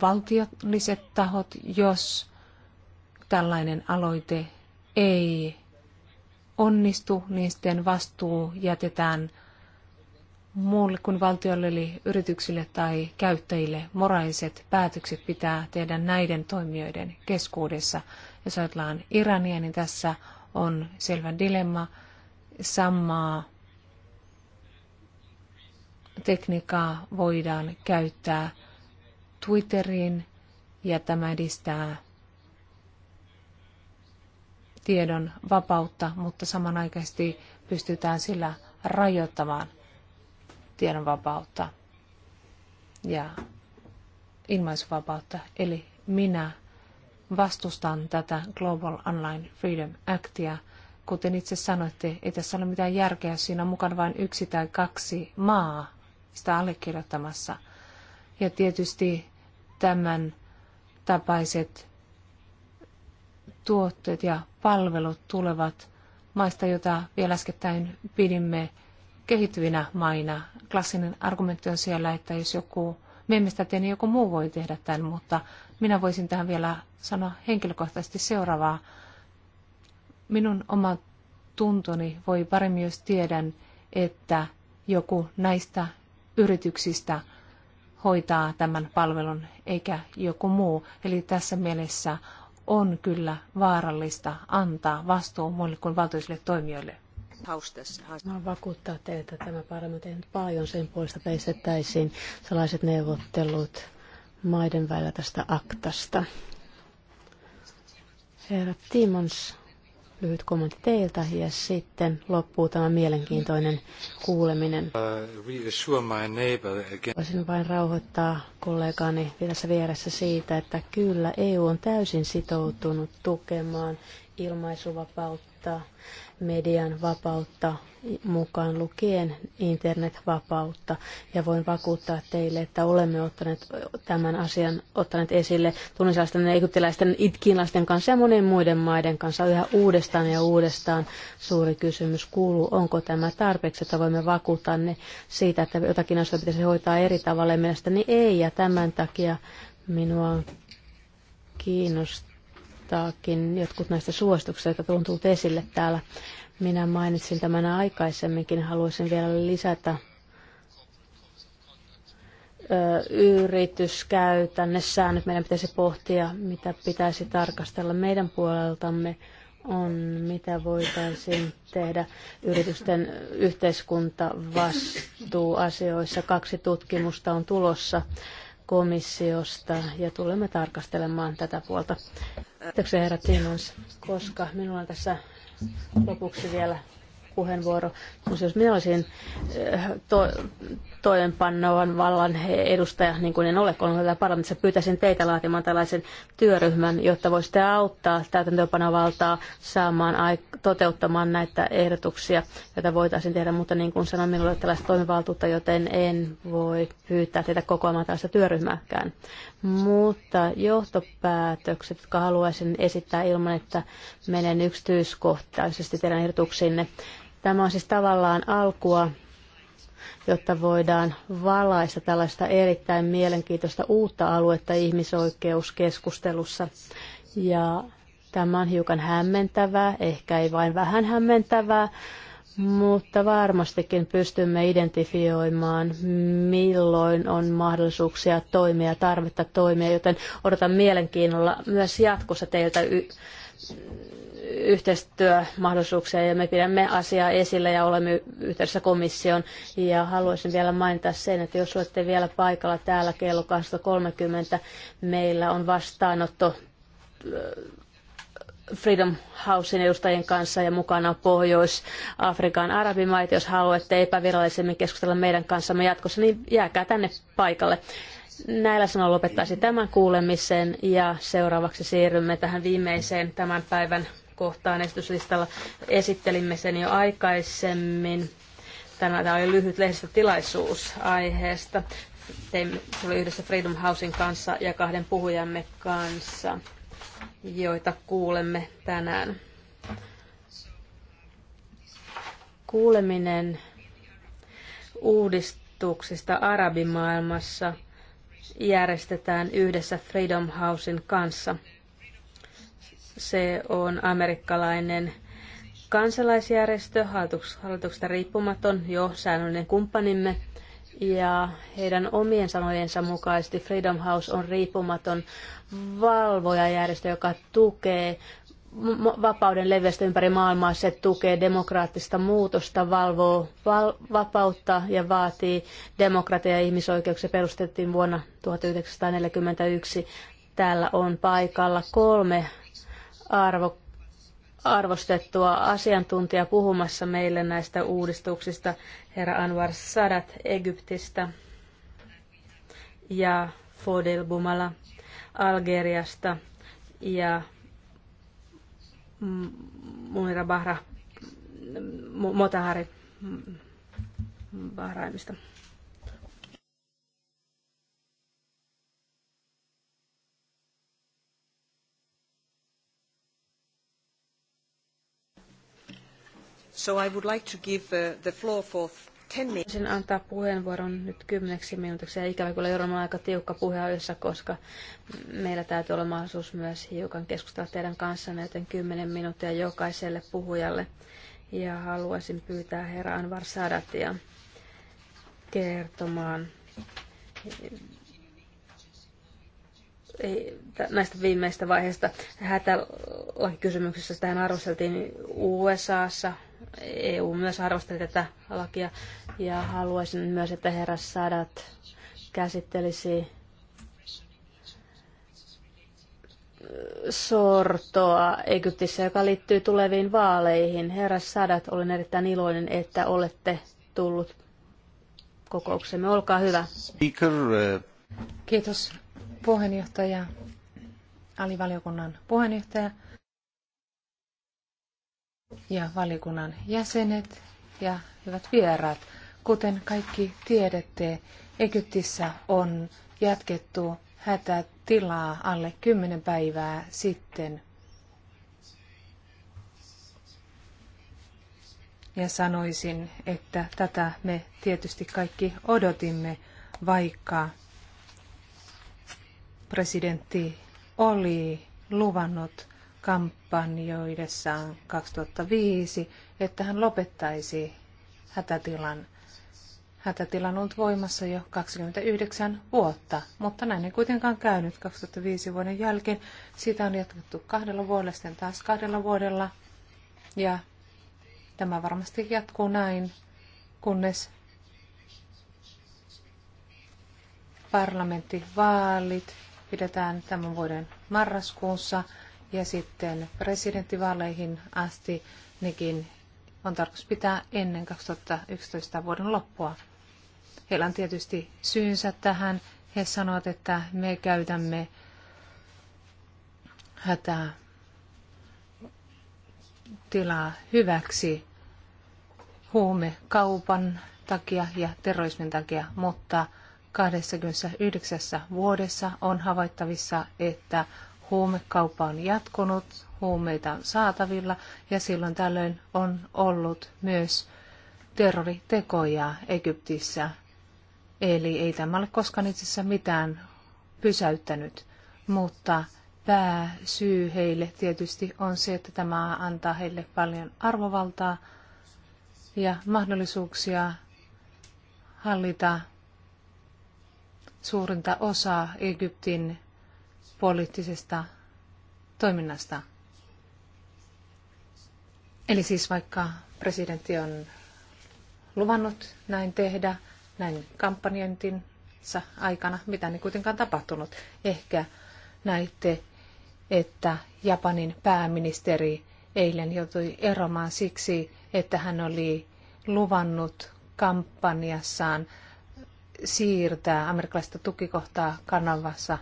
valtiolliset tahot, jos tällainen aloite ei onnistu, niin sitten vastuu jätetään muulle kuin valtiolle, eli yrityksille tai käyttäjille. Moraaliset päätökset pitää tehdä näiden toimijoiden keskuudessa. Jos ajatellaan Irania, niin tässä on selvä dilemma. Samaa tekniikkaa voidaan käyttää Twitteriin ja tämä edistää tiedon vapautta, mutta samanaikaisesti pystytään sillä rajoittamaan tiedon vapautta ja ilmaisuvapautta. Eli minä vastustan tätä Global Online Freedom Actia. Kuten itse sanoitte, ei tässä ole mitään järkeä, siinä on mukana vain yksi tai kaksi maa sitä allekirjoittamassa. Ja tietysti tämän tapaiset tuotteet ja palvelut tulevat maista, jota vielä äskettäin pidimme kehittyvinä maina. Klassinen argumentti on siellä, että jos joku me emme sitä tee, niin joku muu voi tehdä tämän, mutta minä voisin tähän vielä sanoa henkilökohtaisesti seuraavaa. Minun oma tuntoni voi paremmin, jos tiedän, että joku näistä yrityksistä hoitaa tämän palvelun eikä joku muu. Eli tässä mielessä on kyllä vaarallista antaa vastuu muille kuin valtuullisille toimijoille. Mä vakuuttaa teille, että tämä parlamentti on paljon sen puolesta, että estettäisiin sellaiset neuvottelut maiden välillä tästä aktasta. Herra Timons, lyhyt kommentti teiltä ja sitten loppuu tämä mielenkiintoinen kuuleminen. Uh, Voisin vain rauhoittaa kollegaani tässä vieressä siitä, että kyllä EU on täysin sitoutunut tukemaan ilmaisuvapautta rajoittaa median vapautta mukaan lukien internetvapautta. Ja voin vakuuttaa teille, että olemme ottaneet tämän asian ottaneet esille tunnisaisten egyptiläisten, itkinlaisten kanssa ja monien muiden maiden kanssa yhä uudestaan ja uudestaan. Suuri kysymys kuuluu, onko tämä tarpeeksi, että voimme vakuuttaa ne siitä, että jotakin asioita pitäisi hoitaa eri tavalla. mielestäni ei, ja tämän takia minua kiinnostaa kohtaakin jotkut näistä suosituksista, joita tuntuu esille täällä. Minä mainitsin tämän aikaisemminkin, haluaisin vielä lisätä yrityskäytänne säännöt. Meidän pitäisi pohtia, mitä pitäisi tarkastella meidän puoleltamme on, mitä voitaisiin tehdä yritysten yhteiskuntavastuuasioissa. Kaksi tutkimusta on tulossa komissiosta ja tulemme tarkastelemaan tätä puolta. Kiitoksia herra Timmons, koska minulla on tässä lopuksi vielä puheenvuoro. Mutta jos minä olisin äh, to, toimenpannovan vallan edustaja, niin kuin en ole, kun olen parlamentissa, pyytäisin teitä laatimaan tällaisen työryhmän, jotta voisitte auttaa täytäntöönpanovaltaa saamaan toteuttamaan näitä ehdotuksia, joita voitaisiin tehdä. Mutta niin kuin sanoin, minulla ei ole tällaista toimivaltuutta, joten en voi pyytää teitä kokoamaan tällaista työryhmääkään mutta johtopäätökset, jotka haluaisin esittää ilman, että menen yksityiskohtaisesti teidän ehdotuksinne. Tämä on siis tavallaan alkua, jotta voidaan valaista tällaista erittäin mielenkiintoista uutta aluetta ihmisoikeuskeskustelussa. Ja tämä on hiukan hämmentävää, ehkä ei vain vähän hämmentävää, mutta varmastikin pystymme identifioimaan, milloin on mahdollisuuksia toimia ja tarvetta toimia, joten odotan mielenkiinnolla myös jatkossa teiltä y- yhteistyömahdollisuuksia ja me pidämme asiaa esillä ja olemme yhteydessä komission. Ja haluaisin vielä mainita sen, että jos olette vielä paikalla täällä kello 20.30, meillä on vastaanotto Freedom Housein edustajien kanssa ja mukana Pohjois-Afrikan arabimaita. Jos haluatte epävirallisemmin keskustella meidän kanssamme jatkossa, niin jääkää tänne paikalle. Näillä sanoilla lopettaisin tämän kuulemisen ja seuraavaksi siirrymme tähän viimeiseen tämän päivän kohtaan esityslistalla. Esittelimme sen jo aikaisemmin. Tämä oli lyhyt lehdistötilaisuus aiheesta. Teimme, se oli yhdessä Freedom Housein kanssa ja kahden puhujamme kanssa joita kuulemme tänään. Kuuleminen uudistuksista arabimaailmassa järjestetään yhdessä Freedom Housein kanssa. Se on amerikkalainen kansalaisjärjestö, hallituksesta riippumaton, jo säännöllinen kumppanimme – ja heidän omien sanojensa mukaisesti Freedom House on riippumaton valvojajärjestö, joka tukee vapauden leviästä ympäri maailmaa. Se tukee demokraattista muutosta, valvoo val- vapautta ja vaatii demokratia ja ihmisoikeuksia. Perustettiin vuonna 1941. Täällä on paikalla kolme arvokkaita arvostettua asiantuntijaa puhumassa meille näistä uudistuksista, herra Anwar Sadat Egyptistä ja Fodil Bumala Algeriasta ja Munira Bahra Motahari Bahraimista. So I would like to give uh, the floor for 10 minutes. antaa puheenvuoron nyt kymmeneksi minuutiksi. Ja ikävä kyllä joudumme aika tiukka puheenjohtajassa, koska meillä täytyy olla mahdollisuus myös hiukan keskustella teidän kanssanne, joten 10 minuuttia jokaiselle puhujalle. Ja haluaisin pyytää herra Anvar Sadatia kertomaan näistä viimeistä vaiheista hätälakikysymyksessä. Tähän arvosteltiin USAssa, EU myös arvosteli tätä lakia ja haluaisin myös, että herra Sadat käsittelisi äh, sortoa Egyptissä, joka liittyy tuleviin vaaleihin. Herra Sadat, olen erittäin iloinen, että olette tullut kokouksemme. Olkaa hyvä. Speaker, äh, Kiitos puheenjohtaja, alivaliokunnan puheenjohtaja ja valiokunnan jäsenet ja hyvät vieraat. Kuten kaikki tiedätte, Egyptissä on jatkettu hätätilaa alle kymmenen päivää sitten. Ja sanoisin, että tätä me tietysti kaikki odotimme, vaikka presidentti oli luvannut kampanjoidessaan 2005, että hän lopettaisi hätätilan. Hätätila on ollut voimassa jo 29 vuotta, mutta näin ei kuitenkaan käynyt 2005 vuoden jälkeen. Sitä on jatkettu kahdella vuodella, sitten taas kahdella vuodella. Ja tämä varmasti jatkuu näin, kunnes parlamenttivaalit pidetään tämän vuoden marraskuussa ja sitten presidenttivaaleihin asti nekin on tarkoitus pitää ennen 2011 vuoden loppua. Heillä on tietysti syynsä tähän. He sanovat, että me käytämme hätää tilaa hyväksi huumekaupan takia ja terrorismin takia, mutta 29 vuodessa on havaittavissa, että huumekauppa on jatkunut, huumeita on saatavilla ja silloin tällöin on ollut myös terroritekoja Egyptissä. Eli ei tämä ole koskaan itse asiassa mitään pysäyttänyt, mutta pääsyy heille tietysti on se, että tämä antaa heille paljon arvovaltaa ja mahdollisuuksia hallita suurinta osaa Egyptin poliittisesta toiminnasta. Eli siis vaikka presidentti on luvannut näin tehdä, näin kampanjointinsa aikana, mitä ei kuitenkaan tapahtunut. Ehkä näitte, että Japanin pääministeri eilen joutui eromaan siksi, että hän oli luvannut kampanjassaan siirtää amerikkalaista tukikohtaa kanavassa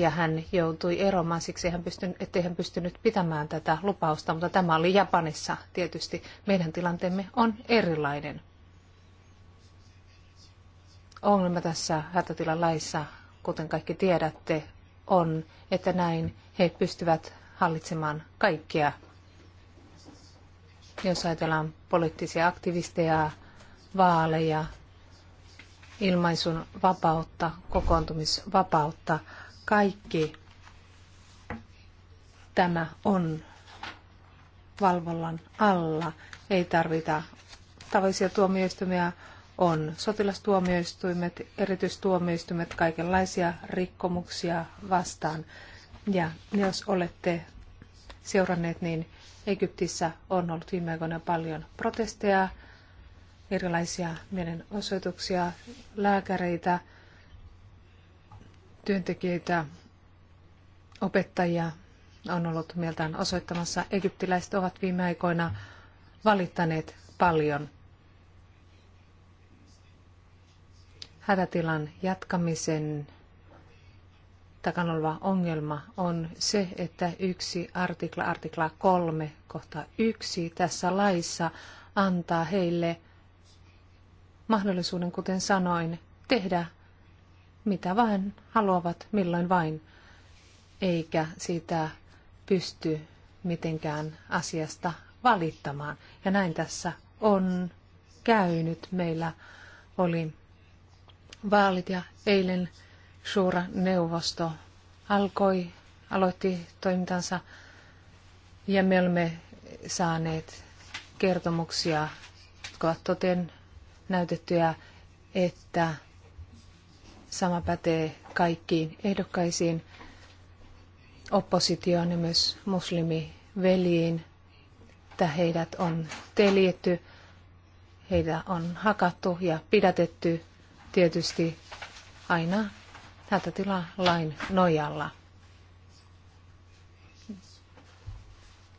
ja hän joutui eromaan, siksi hän pystynyt, ettei hän pystynyt pitämään tätä lupausta, mutta tämä oli Japanissa tietysti. Meidän tilanteemme on erilainen. Ongelma tässä hätätilalaissa, kuten kaikki tiedätte, on, että näin he pystyvät hallitsemaan kaikkea. Jos ajatellaan poliittisia aktivisteja, vaaleja, ilmaisun vapautta, kokoontumisvapautta, kaikki tämä on valvollan alla. Ei tarvita tavallisia tuomioistumia, on sotilastuomioistuimet, erityistuomioistuimet, kaikenlaisia rikkomuksia vastaan. Ja jos olette seuranneet, niin Egyptissä on ollut viime aikoina paljon protesteja, erilaisia mielenosoituksia, lääkäreitä, työntekijöitä, opettajia on ollut mieltään osoittamassa. Egyptiläiset ovat viime aikoina valittaneet paljon hätätilan jatkamisen takana oleva ongelma on se, että yksi artikla, artikla 3, kohta 1 tässä laissa antaa heille mahdollisuuden, kuten sanoin, tehdä mitä vain haluavat, milloin vain, eikä sitä pysty mitenkään asiasta valittamaan. Ja näin tässä on käynyt. Meillä oli vaalit ja eilen suura neuvosto alkoi, aloitti toimintansa ja me olemme saaneet kertomuksia, jotka ovat toteen näytettyjä, että Sama pätee kaikkiin ehdokkaisiin, oppositioon ja myös muslimiveliin, että heidät on teljetty, heitä on hakattu ja pidätetty tietysti aina hätätilalain nojalla.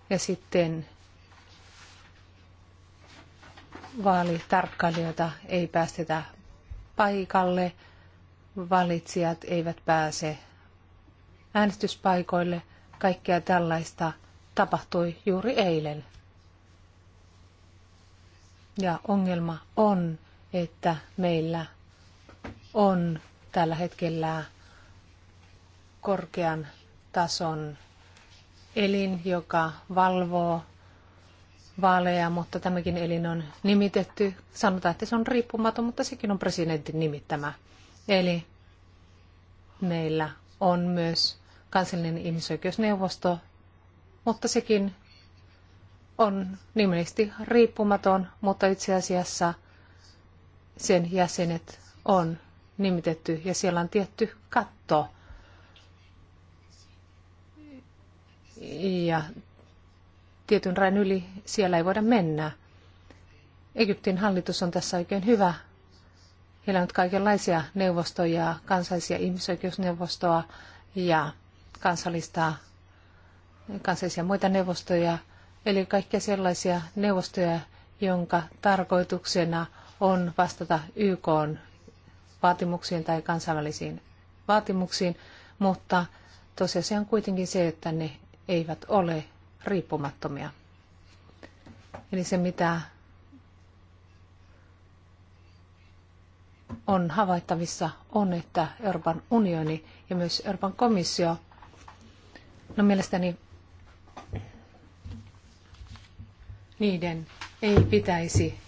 Ja sitten vaalitarkkailijoita ei päästetä paikalle valitsijat eivät pääse äänestyspaikoille. Kaikkea tällaista tapahtui juuri eilen. Ja ongelma on, että meillä on tällä hetkellä korkean tason elin, joka valvoo vaaleja, mutta tämäkin elin on nimitetty. Sanotaan, että se on riippumaton, mutta sekin on presidentin nimittämä. Eli meillä on myös kansallinen ihmisoikeusneuvosto, mutta sekin on nimellisesti riippumaton, mutta itse asiassa sen jäsenet on nimitetty ja siellä on tietty katto. Ja tietyn rajan yli siellä ei voida mennä. Egyptin hallitus on tässä oikein hyvä Heillä on kaikenlaisia neuvostoja, kansallisia ihmisoikeusneuvostoa ja kansallista, kansallisia muita neuvostoja, eli kaikkia sellaisia neuvostoja, jonka tarkoituksena on vastata YK vaatimuksiin tai kansainvälisiin vaatimuksiin, mutta tosiasia on kuitenkin se, että ne eivät ole riippumattomia. Eli se, mitä on havaittavissa, on, että Euroopan unioni ja myös Euroopan komissio, no mielestäni niiden ei pitäisi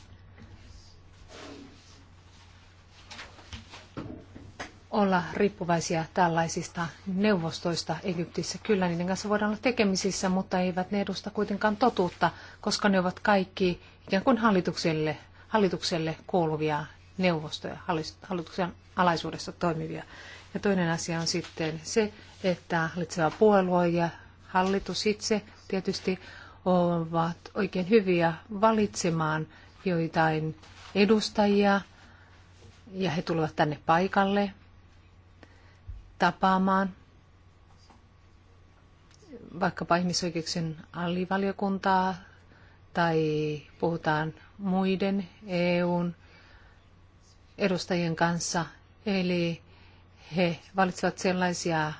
olla riippuvaisia tällaisista neuvostoista Egyptissä. Kyllä niiden kanssa voidaan olla tekemisissä, mutta eivät ne edusta kuitenkaan totuutta, koska ne ovat kaikki ikään kuin hallitukselle, hallitukselle kuuluvia neuvostoja, hallituksen alaisuudessa toimivia. Ja toinen asia on sitten se, että hallitseva puolue ja hallitus itse tietysti ovat oikein hyviä valitsemaan joitain edustajia, ja he tulevat tänne paikalle tapaamaan vaikkapa ihmisoikeuksien alivaliokuntaa tai puhutaan muiden EUn edustajien kanssa. Eli he valitsevat sellaisia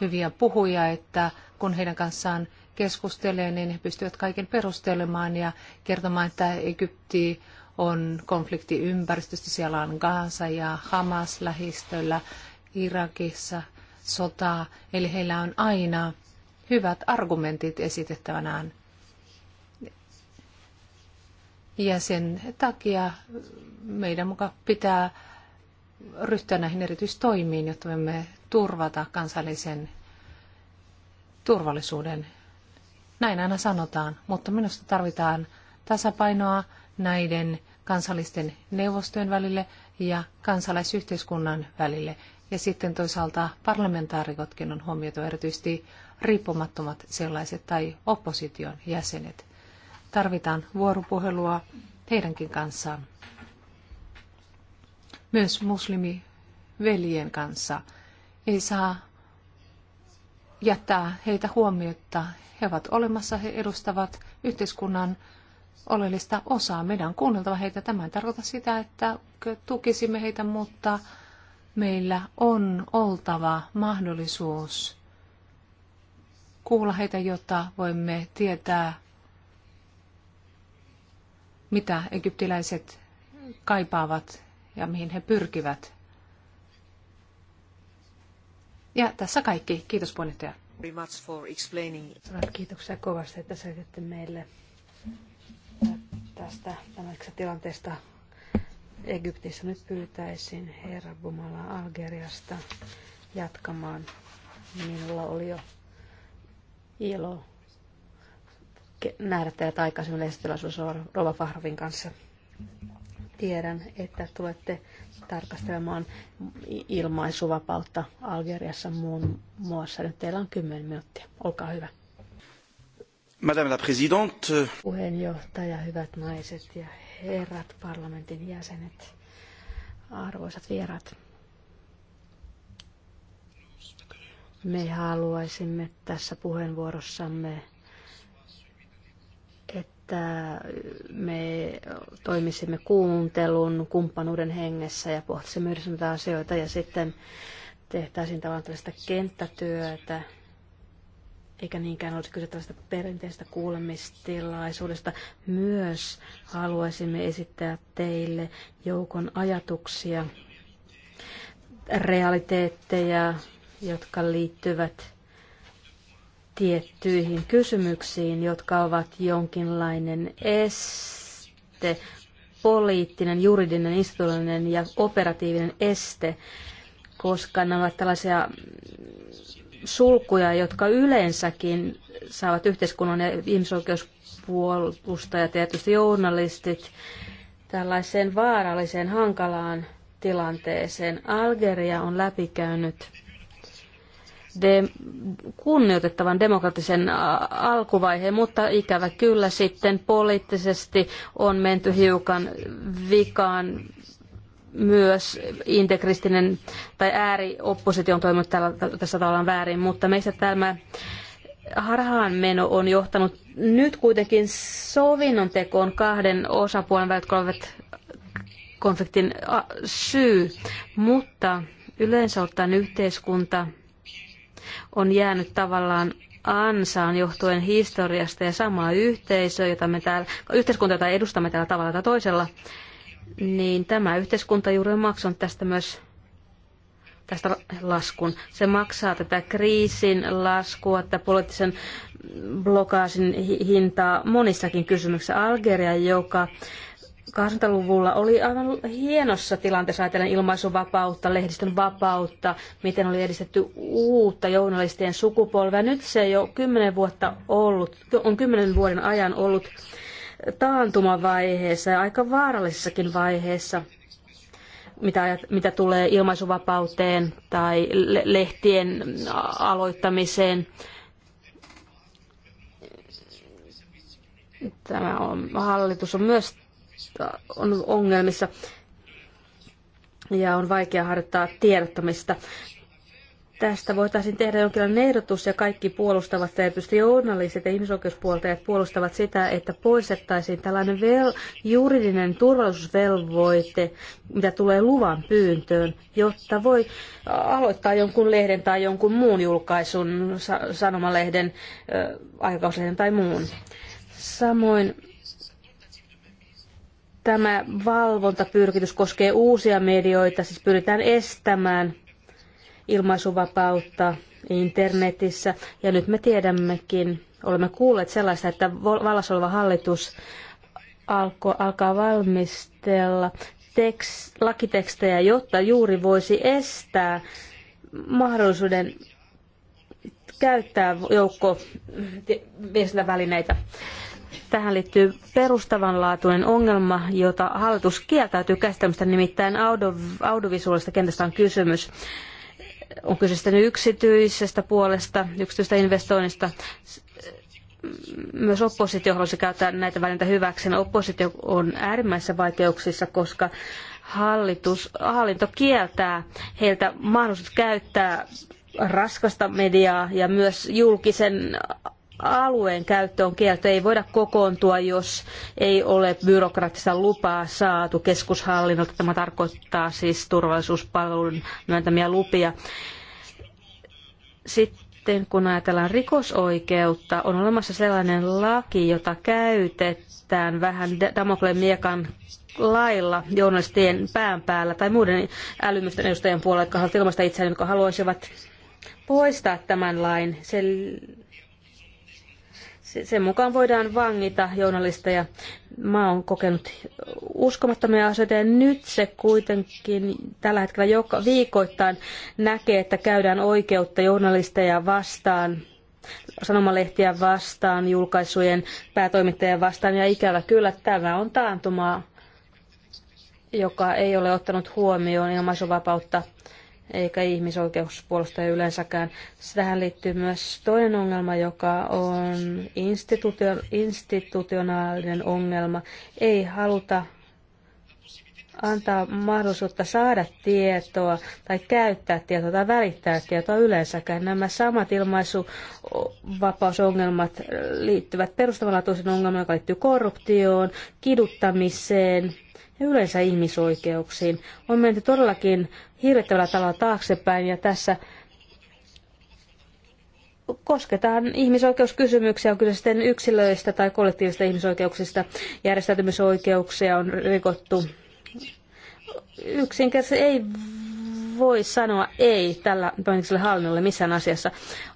hyviä puhuja, että kun heidän kanssaan keskustelee, niin he pystyvät kaiken perustelemaan ja kertomaan, että Egypti on konfliktiympäristöstä. Siellä on Gaza ja Hamas lähistöllä, Irakissa sotaa. Eli heillä on aina hyvät argumentit esitettävänään ja sen takia meidän mukaan pitää ryhtyä näihin erityistoimiin, jotta voimme turvata kansallisen turvallisuuden. Näin aina sanotaan, mutta minusta tarvitaan tasapainoa näiden kansallisten neuvostojen välille ja kansalaisyhteiskunnan välille. Ja sitten toisaalta parlamentaarikotkin on huomioitu erityisesti riippumattomat sellaiset tai opposition jäsenet tarvitaan vuoropuhelua heidänkin kanssaan. Myös muslimiveljen kanssa ei saa jättää heitä huomiota. He ovat olemassa, he edustavat yhteiskunnan oleellista osaa. Meidän on kuunneltava heitä. Tämä ei tarkoita sitä, että tukisimme heitä, mutta meillä on oltava mahdollisuus kuulla heitä, jotta voimme tietää, mitä egyptiläiset kaipaavat ja mihin he pyrkivät. Ja tässä kaikki. Kiitos puheenjohtaja. Kiitoksia kovasti, että selititte meille tästä tämmöisestä tilanteesta Egyptissä. Nyt pyytäisin herra Bumala Algeriasta jatkamaan. Minulla oli jo ilo nähdä teidät aikaisemmin esitylaisuudessa Rova Fahrovin kanssa. Tiedän, että tulette tarkastelemaan ilmaisuvapautta Algeriassa muun muassa. Nyt teillä on 10 minuuttia. Olkaa hyvä. Madame la Présidente. Puheenjohtaja, hyvät naiset ja herrat, parlamentin jäsenet, arvoisat vieraat. Me haluaisimme tässä puheenvuorossamme että me toimisimme kuuntelun, kumppanuuden hengessä ja pohtisimme yhdessä näitä asioita ja sitten tehtäisiin tavallaan tällaista kenttätyötä, eikä niinkään olisi kyse tällaista perinteistä kuulemistilaisuudesta. Myös haluaisimme esittää teille joukon ajatuksia, realiteetteja, jotka liittyvät tiettyihin kysymyksiin, jotka ovat jonkinlainen este, poliittinen, juridinen, instituutioinen ja operatiivinen este, koska nämä ovat tällaisia sulkuja, jotka yleensäkin saavat yhteiskunnan ja ihmisoikeuspuolustajat ja tietysti journalistit tällaiseen vaaralliseen, hankalaan tilanteeseen. Algeria on läpikäynyt de, kunnioitettavan demokratisen alkuvaiheen, mutta ikävä kyllä sitten poliittisesti on menty hiukan vikaan myös integristinen tai äärioppositio on toiminut tällä, tässä tavallaan väärin, mutta meistä tämä harhaanmeno on johtanut nyt kuitenkin sovinnon tekoon kahden osapuolen välit, jotka ovat konfliktin syy, mutta yleensä ottaen yhteiskunta on jäänyt tavallaan ansaan johtuen historiasta ja samaa yhteisö, jota me täällä, yhteiskunta, jota edustamme täällä tavalla tai toisella, niin tämä yhteiskunta juuri on maksanut tästä myös tästä laskun. Se maksaa tätä kriisin laskua, tätä poliittisen blokaasin hintaa monissakin kysymyksissä. Algeria, joka 80-luvulla oli aivan hienossa tilanteessa ajatellen ilmaisuvapautta, lehdistön vapautta, miten oli edistetty uutta journalistien sukupolvea. Nyt se jo 10 vuotta ollut, on 10 vuoden ajan ollut taantumavaiheessa ja aika vaarallisessakin vaiheessa, mitä, mitä tulee ilmaisuvapauteen tai lehtien aloittamiseen. Tämä on, hallitus on myös on ongelmissa ja on vaikea harjoittaa tiedottamista. Tästä voitaisiin tehdä jonkinlainen ehdotus ja kaikki puolustavat, tietysti journalistit ja ihmisoikeuspuoltajat puolustavat sitä, että poistettaisiin tällainen vel, juridinen turvallisuusvelvoite, mitä tulee luvan pyyntöön, jotta voi aloittaa jonkun lehden tai jonkun muun julkaisun, sanomalehden, aikakauslehden tai muun. Samoin Tämä valvontapyrkitys koskee uusia medioita, siis pyritään estämään ilmaisuvapautta internetissä. Ja nyt me tiedämmekin, olemme kuulleet sellaista, että vallassa oleva hallitus alko, alkaa valmistella tekst, lakitekstejä, jotta juuri voisi estää mahdollisuuden käyttää joukko välineitä Tähän liittyy perustavanlaatuinen ongelma, jota hallitus kieltäytyy käsittämästä, nimittäin audiovisuaalista kentästä on kysymys. On kyse sitten yksityisestä puolesta, yksityistä investoinnista. Myös oppositio haluaisi käyttää näitä välineitä hyväkseen. No, oppositio on äärimmäisissä vaikeuksissa, koska hallitus, hallinto kieltää heiltä mahdollisuus käyttää raskasta mediaa ja myös julkisen alueen käyttö on kielto. Ei voida kokoontua, jos ei ole byrokraattista lupaa saatu keskushallinnolta. Tämä tarkoittaa siis turvallisuuspalvelun myöntämiä lupia. Sitten kun ajatellaan rikosoikeutta, on olemassa sellainen laki, jota käytetään vähän Damokleen miekan lailla journalistien pään päällä tai muiden älymysten edustajien puolella, jotka haluavat ilmaista itseään, jotka haluaisivat poistaa tämän lain. Se sen mukaan voidaan vangita journalisteja. Mä oon kokenut uskomattomia asioita ja nyt se kuitenkin tällä hetkellä joka viikoittain näkee, että käydään oikeutta journalisteja vastaan sanomalehtiä vastaan, julkaisujen päätoimittajia vastaan ja ikävä kyllä tämä on taantumaa, joka ei ole ottanut huomioon ilmaisuvapautta eikä ihmisoikeuspuolustaja yleensäkään. Tähän liittyy myös toinen ongelma, joka on institutio- institutionaalinen ongelma. Ei haluta antaa mahdollisuutta saada tietoa tai käyttää tietoa tai välittää tietoa yleensäkään. Nämä samat ilmaisuvapausongelmat liittyvät perustavanlaatuisen ongelmaan, joka liittyy korruptioon, kiduttamiseen ja yleensä ihmisoikeuksiin. On menty todellakin hirvittävällä tavalla taaksepäin ja tässä kosketaan ihmisoikeuskysymyksiä, on kyse sitten yksilöistä tai kollektiivista ihmisoikeuksista. Järjestäytymisoikeuksia on rikottu. Yksinkertaisesti ei voi sanoa ei tällä toimikselle hallinnolle missään asiassa.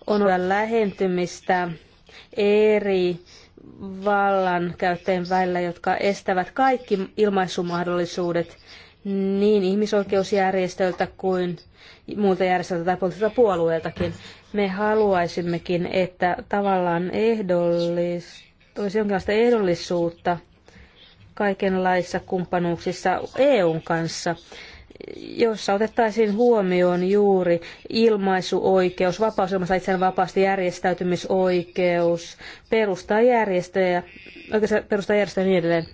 On lähentymistä eri vallankäyttäjien välillä, jotka estävät kaikki ilmaisumahdollisuudet niin ihmisoikeusjärjestöiltä kuin muilta järjestöiltä tai poliittisilta puolueiltakin. Me haluaisimmekin, että tavallaan ehdollis, olisi jonkinlaista ehdollisuutta kaikenlaisissa kumppanuuksissa EUn kanssa, jossa otettaisiin huomioon juuri ilmaisuoikeus, vapaus ilmaista itseään vapaasti, järjestäytymisoikeus, perustaa järjestöjä, oikeastaan perustaa järjestöjä ja niin edelleen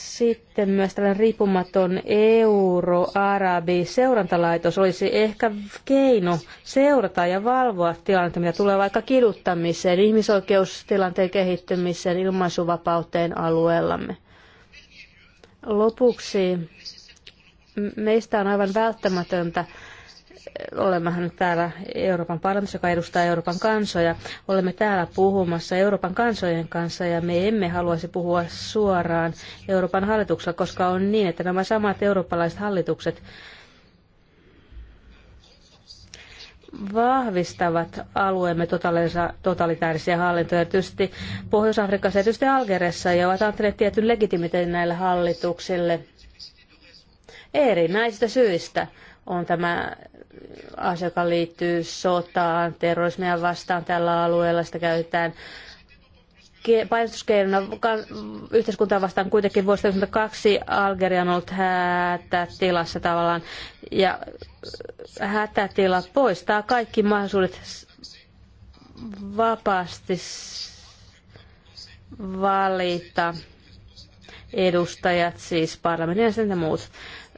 sitten myös tällainen riippumaton euro-arabi seurantalaitos olisi ehkä keino seurata ja valvoa tilannetta, mitä tulee vaikka kiduttamiseen, ihmisoikeustilanteen kehittymiseen, ilmaisuvapauteen alueellamme. Lopuksi meistä on aivan välttämätöntä olemmehan täällä Euroopan parlamentissa, joka edustaa Euroopan kansoja. Olemme täällä puhumassa Euroopan kansojen kanssa ja me emme haluaisi puhua suoraan Euroopan hallituksella, koska on niin, että nämä samat eurooppalaiset hallitukset vahvistavat alueemme totalitaarisia hallintoja, erityisesti Pohjois-Afrikassa, erityisesti Algeriassa, ja ovat antaneet tietyn legitimiteetin näille hallituksille erinäisistä syistä on tämä asia, joka liittyy sotaan, terrorismia vastaan tällä alueella. Sitä käytetään painostuskeinona yhteiskuntaa vastaan kuitenkin vuosi 2002 Algeria on ollut hätätilassa tavallaan. Ja hätätila poistaa kaikki mahdollisuudet vapaasti valita edustajat, siis parlamentin ja muut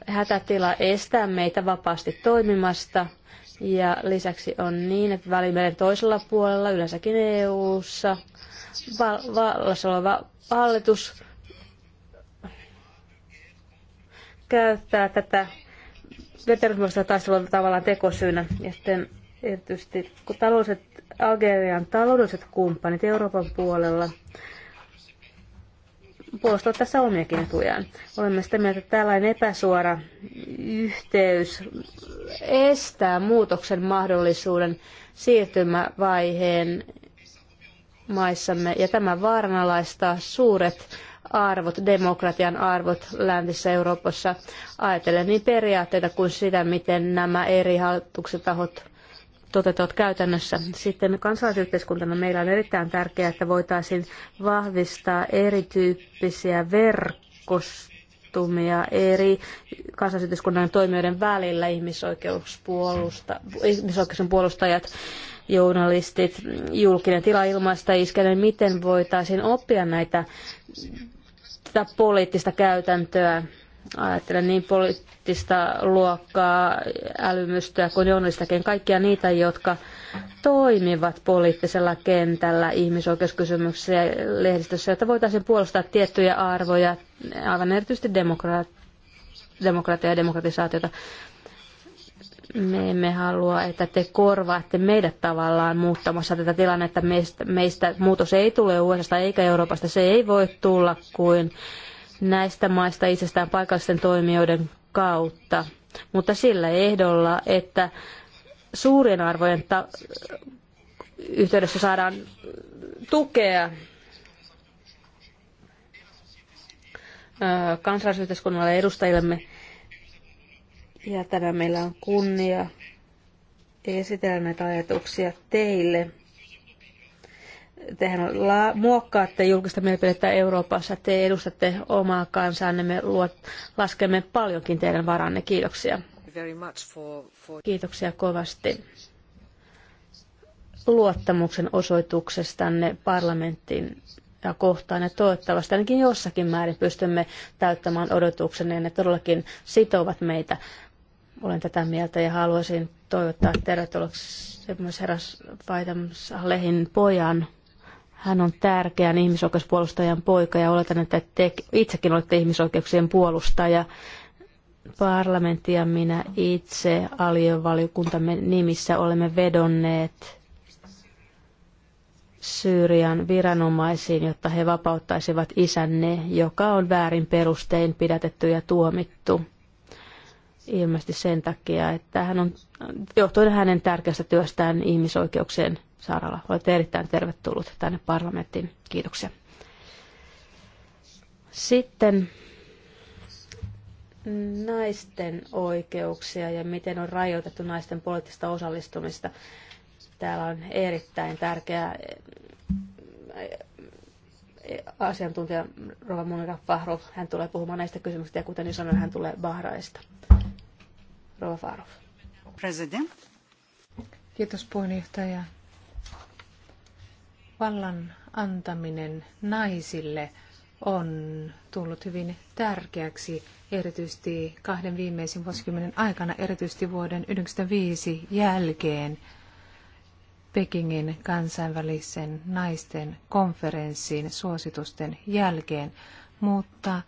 hätätila estää meitä vapaasti toimimasta. Ja lisäksi on niin, että välimeren toisella puolella, yleensäkin EU-ssa, vallassa oleva hallitus käyttää tätä terrorismista taistelua tavallaan tekosyynä. Ja sitten erityisesti kun taloudelliset, Algerian taloudelliset kumppanit Euroopan puolella puolustaa tässä omiakin etujaan. Olemme sitä mieltä, että tällainen epäsuora yhteys estää muutoksen mahdollisuuden siirtymävaiheen maissamme, ja tämä vaaranalaistaa suuret arvot, demokratian arvot läntisessä Euroopassa. Ajatellen niin periaatteita kuin sitä, miten nämä eri hallituksen tahot toteutuvat käytännössä. Sitten kansalaisyhteiskuntana meillä on erittäin tärkeää, että voitaisiin vahvistaa erityyppisiä verkostumia eri kansalaisyhteiskunnan toimijoiden välillä, ihmisoikeuspuolusta, ihmisoikeuksien puolustajat, journalistit, julkinen tila ilmaista iskeneen, miten voitaisiin oppia näitä tätä poliittista käytäntöä ajattelen niin poliittista luokkaa, älymystöä kuin journalistakin, kaikkia niitä, jotka toimivat poliittisella kentällä ihmisoikeuskysymyksissä ja lehdistössä, että voitaisiin puolustaa tiettyjä arvoja, aivan erityisesti demokra- demokratiaa ja demokratisaatiota. Me emme halua, että te korvaatte meidät tavallaan muuttamassa tätä tilannetta. Meistä, meistä muutos ei tule USA eikä Euroopasta. Se ei voi tulla kuin näistä maista itsestään paikallisten toimijoiden kautta, mutta sillä ehdolla, että suurien arvojen ta- yhteydessä saadaan tukea kansalaisyhteiskunnalle edustajillemme. Ja tänään meillä on kunnia esitellä näitä ajatuksia teille tehän la- muokkaatte julkista mielipidettä Euroopassa, te edustatte omaa kansaanne, me luot, laskemme paljonkin teidän varanne. Kiitoksia. Kiitoksia kovasti luottamuksen osoituksestanne parlamenttiin ja kohtaan ja toivottavasti ainakin jossakin määrin pystymme täyttämään odotuksenne ja ne todellakin sitovat meitä. Olen tätä mieltä ja haluaisin toivottaa tervetulleeksi myös herras Vaitam Lehin pojan hän on tärkeän ihmisoikeuspuolustajan poika ja oletan, että te itsekin olette ihmisoikeuksien puolustaja. Parlamentti ja minä itse aliovaliokuntamme nimissä olemme vedonneet Syyrian viranomaisiin, jotta he vapauttaisivat isänne, joka on väärin perustein pidätetty ja tuomittu. Ilmeisesti sen takia, että hän on johtuen hänen tärkeästä työstään ihmisoikeuksien Saaralla. Olette erittäin tervetullut tänne parlamenttiin. Kiitoksia. Sitten naisten oikeuksia ja miten on rajoitettu naisten poliittista osallistumista. Täällä on erittäin tärkeä eh, asiantuntija Rova Monika Fahrov. Hän tulee puhumaan näistä kysymyksistä ja kuten jo sanoin, hän tulee Bahraista. Rova Fahrov. President. Kiitos puheenjohtaja vallan antaminen naisille on tullut hyvin tärkeäksi erityisesti kahden viimeisen vuosikymmenen aikana, erityisesti vuoden 1995 jälkeen Pekingin kansainvälisen naisten konferenssin suositusten jälkeen, mutta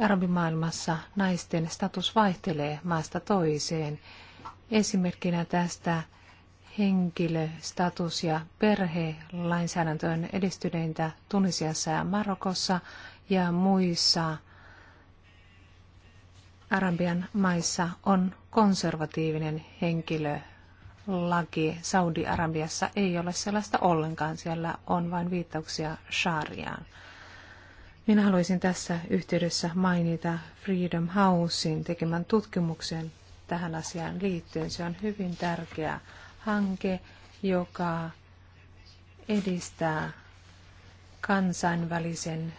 arabimaailmassa naisten status vaihtelee maasta toiseen. Esimerkkinä tästä henkilöstatus- ja perhelainsäädäntöön edistyneintä Tunisiassa ja Marokossa ja muissa Arabian maissa on konservatiivinen henkilölaki. Saudi-Arabiassa ei ole sellaista ollenkaan, siellä on vain viittauksia shariaan. Minä haluaisin tässä yhteydessä mainita Freedom Housein tekemän tutkimuksen tähän asiaan liittyen. Se on hyvin tärkeä hanke, joka edistää kansainvälisen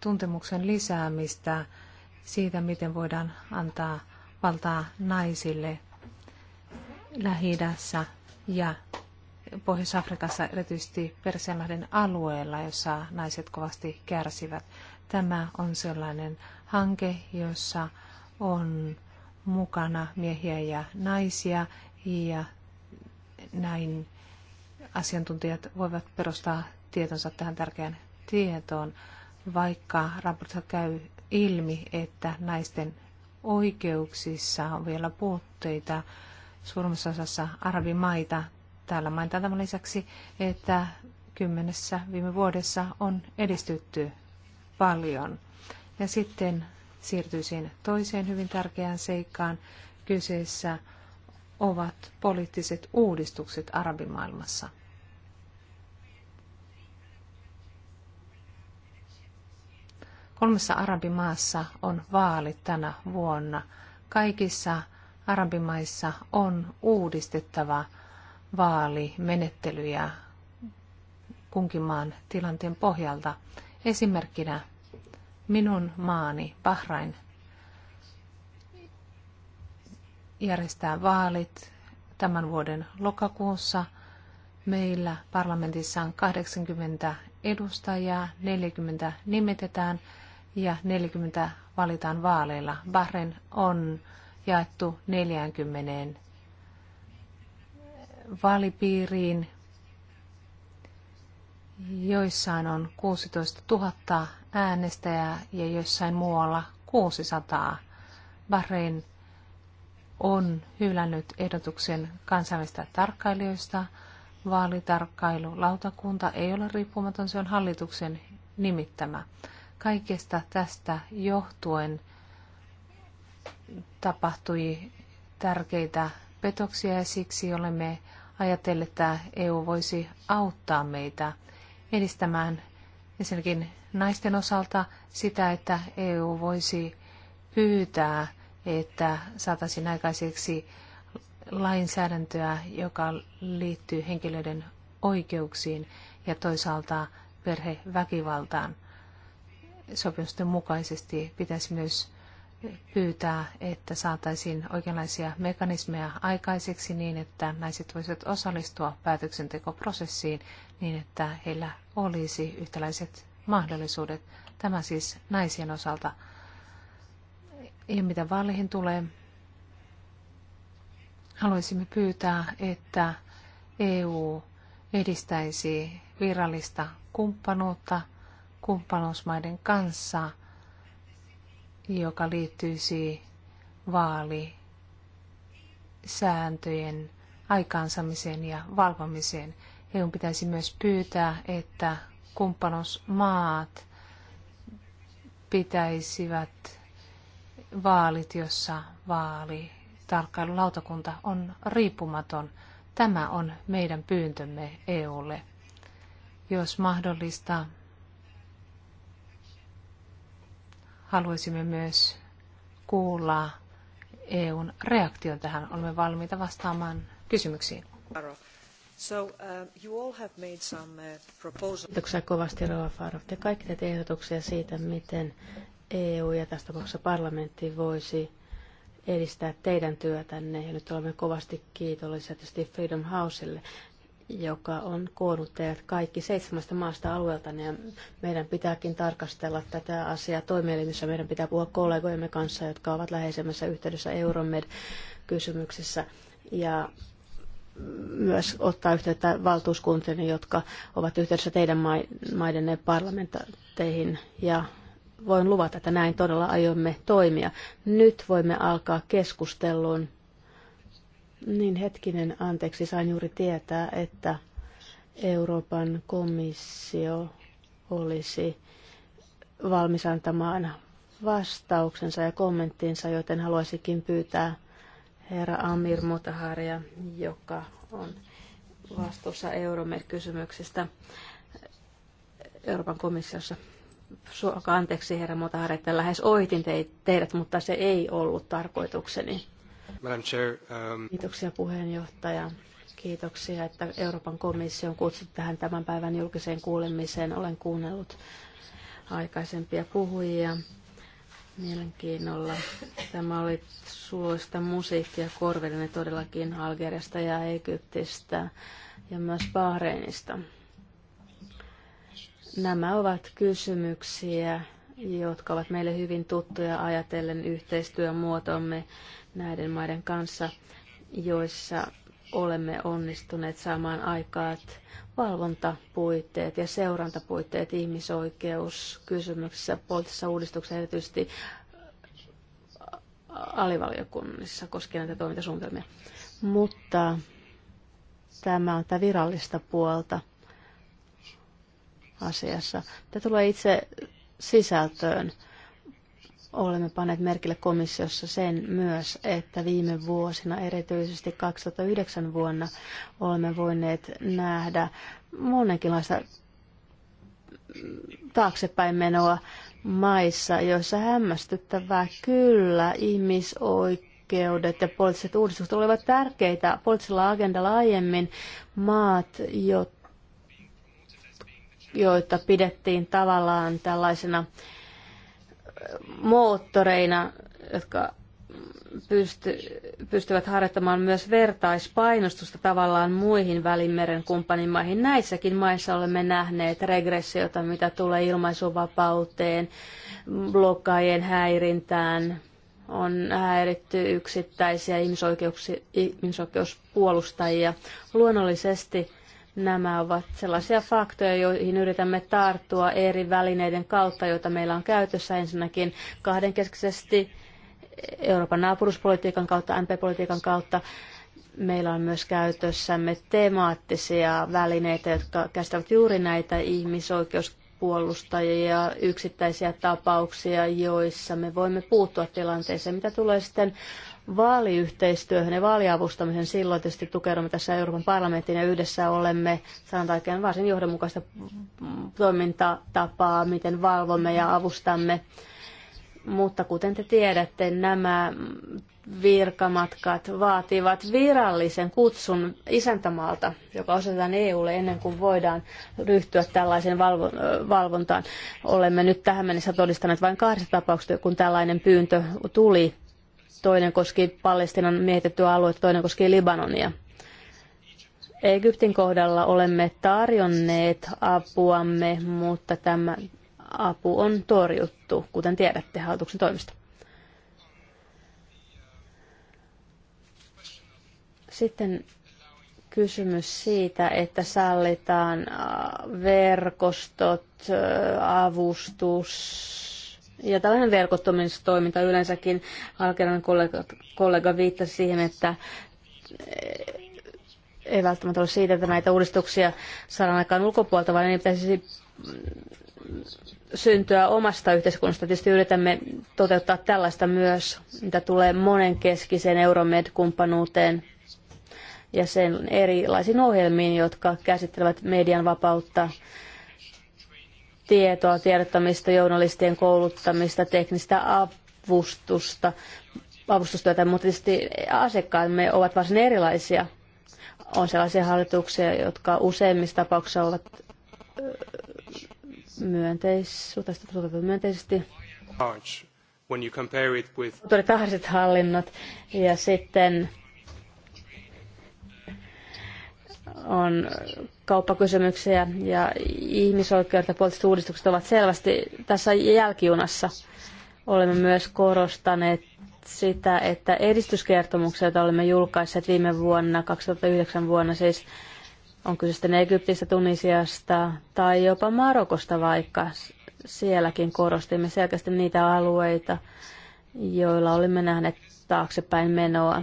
tuntemuksen lisäämistä siitä, miten voidaan antaa valtaa naisille lähi ja Pohjois-Afrikassa, erityisesti Persianlahden alueella, jossa naiset kovasti kärsivät. Tämä on sellainen hanke, jossa on mukana miehiä ja naisia ja näin asiantuntijat voivat perustaa tietonsa tähän tärkeään tietoon, vaikka raportissa käy ilmi, että naisten oikeuksissa on vielä puutteita suurimmassa osassa arabimaita. Täällä mainitaan tämän lisäksi, että kymmenessä viime vuodessa on edistytty paljon. Ja sitten siirtyisin toiseen hyvin tärkeään seikkaan. Kyseessä ovat poliittiset uudistukset arabimaailmassa. Kolmessa arabimaassa on vaalit tänä vuonna. Kaikissa arabimaissa on uudistettava vaalimenettelyjä kunkin maan tilanteen pohjalta. Esimerkkinä minun maani Bahrain järjestää vaalit tämän vuoden lokakuussa. Meillä parlamentissa on 80 edustajaa, 40 nimetetään ja 40 valitaan vaaleilla. Bahrein on jaettu 40 vaalipiiriin, joissain on 16 000 äänestäjää ja joissain muualla 600. Bahrein on hylännyt ehdotuksen kansainvälistä tarkkailijoista. Vaalitarkkailulautakunta ei ole riippumaton, se on hallituksen nimittämä. Kaikesta tästä johtuen tapahtui tärkeitä petoksia ja siksi olemme ajatelleet, että EU voisi auttaa meitä edistämään ensinnäkin naisten osalta sitä, että EU voisi pyytää että saataisiin aikaiseksi lainsäädäntöä, joka liittyy henkilöiden oikeuksiin ja toisaalta perheväkivaltaan. Sopimusten mukaisesti pitäisi myös pyytää, että saataisiin oikeanlaisia mekanismeja aikaiseksi niin, että naiset voisivat osallistua päätöksentekoprosessiin niin, että heillä olisi yhtäläiset mahdollisuudet. Tämä siis naisien osalta ja mitä vaaleihin tulee, haluaisimme pyytää, että EU edistäisi virallista kumppanuutta kumppanuusmaiden kanssa, joka liittyisi vaalisääntöjen aikaansamiseen ja valvomiseen. EU pitäisi myös pyytää, että kumppanuusmaat pitäisivät vaalit, jossa vaali tarkkailulautakunta on riippumaton. Tämä on meidän pyyntömme EUlle. Jos mahdollista, haluaisimme myös kuulla EUn reaktion tähän. Olemme valmiita vastaamaan kysymyksiin. Uh, uh, Kiitoksia kovasti, Rova Farov. Te kaikki teet ehdotuksia siitä, miten EU ja tässä tapauksessa parlamentti voisi edistää teidän työtänne. Ja nyt olemme kovasti kiitollisia tietysti Freedom Houselle, joka on koonnut teidät kaikki seitsemästä maasta alueelta. Ja meidän pitääkin tarkastella tätä asiaa toimielimissä. Meidän pitää puhua kollegojemme kanssa, jotka ovat läheisemmässä yhteydessä Euromed-kysymyksissä. Ja myös ottaa yhteyttä valtuuskuntiin, jotka ovat yhteydessä teidän maidenne parlamentteihin ja voin luvata, että näin todella aiomme toimia. Nyt voimme alkaa keskustelun. Niin hetkinen, anteeksi, sain juuri tietää, että Euroopan komissio olisi valmis antamaan vastauksensa ja kommenttinsa, joten haluaisinkin pyytää herra Amir Mutaharia, joka on vastuussa Euromed-kysymyksistä Euroopan komissiossa suoka anteeksi herra Motar, että lähes ohitin teidät, mutta se ei ollut tarkoitukseni. Chair, um... Kiitoksia puheenjohtaja. Kiitoksia, että Euroopan komissio on kutsuttu tähän tämän päivän julkiseen kuulemiseen. Olen kuunnellut aikaisempia puhujia mielenkiinnolla. Tämä oli suloista musiikkia korvelinen todellakin Algeriasta ja Egyptistä ja myös Bahreinista. Nämä ovat kysymyksiä, jotka ovat meille hyvin tuttuja ajatellen yhteistyömuotomme näiden maiden kanssa, joissa olemme onnistuneet saamaan aikaat valvontapuitteet ja seurantapuitteet ihmisoikeuskysymyksissä, poltissa uudistuksessa erityisesti alivaliokunnissa koskien näitä toimintasuunnitelmia. Mutta tämä on tämä virallista puolta – asiassa. Tämä tulee itse sisältöön. Olemme panneet merkille komissiossa sen myös, että viime vuosina, erityisesti 2009 vuonna, olemme voineet nähdä monenkinlaista taaksepäin menoa maissa, joissa hämmästyttävää kyllä ihmisoikeudet ja poliittiset uudistukset olivat tärkeitä poliittisella agendalla aiemmin maat, jotka joita pidettiin tavallaan tällaisena moottoreina, jotka pysty, pystyvät harjoittamaan myös vertaispainostusta tavallaan muihin Välimeren kumppanimaihin. Näissäkin maissa olemme nähneet regressiota, mitä tulee ilmaisuvapauteen, blokkaajien häirintään, on häiritty yksittäisiä ihmisoikeuspuolustajia. Luonnollisesti Nämä ovat sellaisia faktoja, joihin yritämme tarttua eri välineiden kautta, joita meillä on käytössä ensinnäkin kahdenkeskisesti Euroopan naapuruspolitiikan kautta, MP-politiikan kautta. Meillä on myös käytössämme temaattisia välineitä, jotka käsittävät juuri näitä ihmisoikeus ja yksittäisiä tapauksia, joissa me voimme puuttua tilanteeseen. Mitä tulee sitten vaaliyhteistyöhön ja vaaliavustamisen. Silloin tietysti tukeudumme tässä Euroopan parlamentin ja yhdessä olemme sanotaan oikein varsin johdonmukaista toimintatapaa, miten valvomme ja avustamme. Mutta kuten te tiedätte, nämä virkamatkat vaativat virallisen kutsun isäntämaalta, joka osoitetaan EUlle ennen kuin voidaan ryhtyä tällaiseen valvontaan. Olemme nyt tähän mennessä todistaneet vain kahdesta tapauksesta, kun tällainen pyyntö tuli toinen koski Palestinan miehitettyä aluetta, toinen koski Libanonia. Egyptin kohdalla olemme tarjonneet apuamme, mutta tämä apu on torjuttu, kuten tiedätte, hallituksen toimesta. Sitten kysymys siitä, että sallitaan äh, verkostot, äh, avustus, ja tällainen verkottumistoiminta yleensäkin, Alkeran kollega, kollega viittasi siihen, että eh, ei välttämättä ole siitä, että näitä uudistuksia saadaan aikaan ulkopuolta, vaan ne pitäisi syntyä omasta yhteiskunnasta. Tietysti yritämme toteuttaa tällaista myös, mitä tulee monenkeskiseen Euromed-kumppanuuteen ja sen erilaisiin ohjelmiin, jotka käsittelevät median vapautta, tietoa, tiedottamista, journalistien kouluttamista, teknistä avustusta, avustustyötä, mutta tietysti asiakkaamme ovat varsin erilaisia. On sellaisia hallituksia, jotka useimmissa tapauksissa ovat myönteis, myönteisesti autoritaariset hallinnot ja sitten on kauppakysymyksiä ja ihmisoikeudet ja poliittiset uudistukset ovat selvästi tässä jälkijunassa. Olemme myös korostaneet sitä, että edistyskertomuksia, joita olemme julkaisseet viime vuonna, 2009 vuonna siis, on kyse sitten Egyptistä, Tunisiasta tai jopa Marokosta vaikka. Sielläkin korostimme selkeästi niitä alueita, joilla olimme nähneet taaksepäin menoa.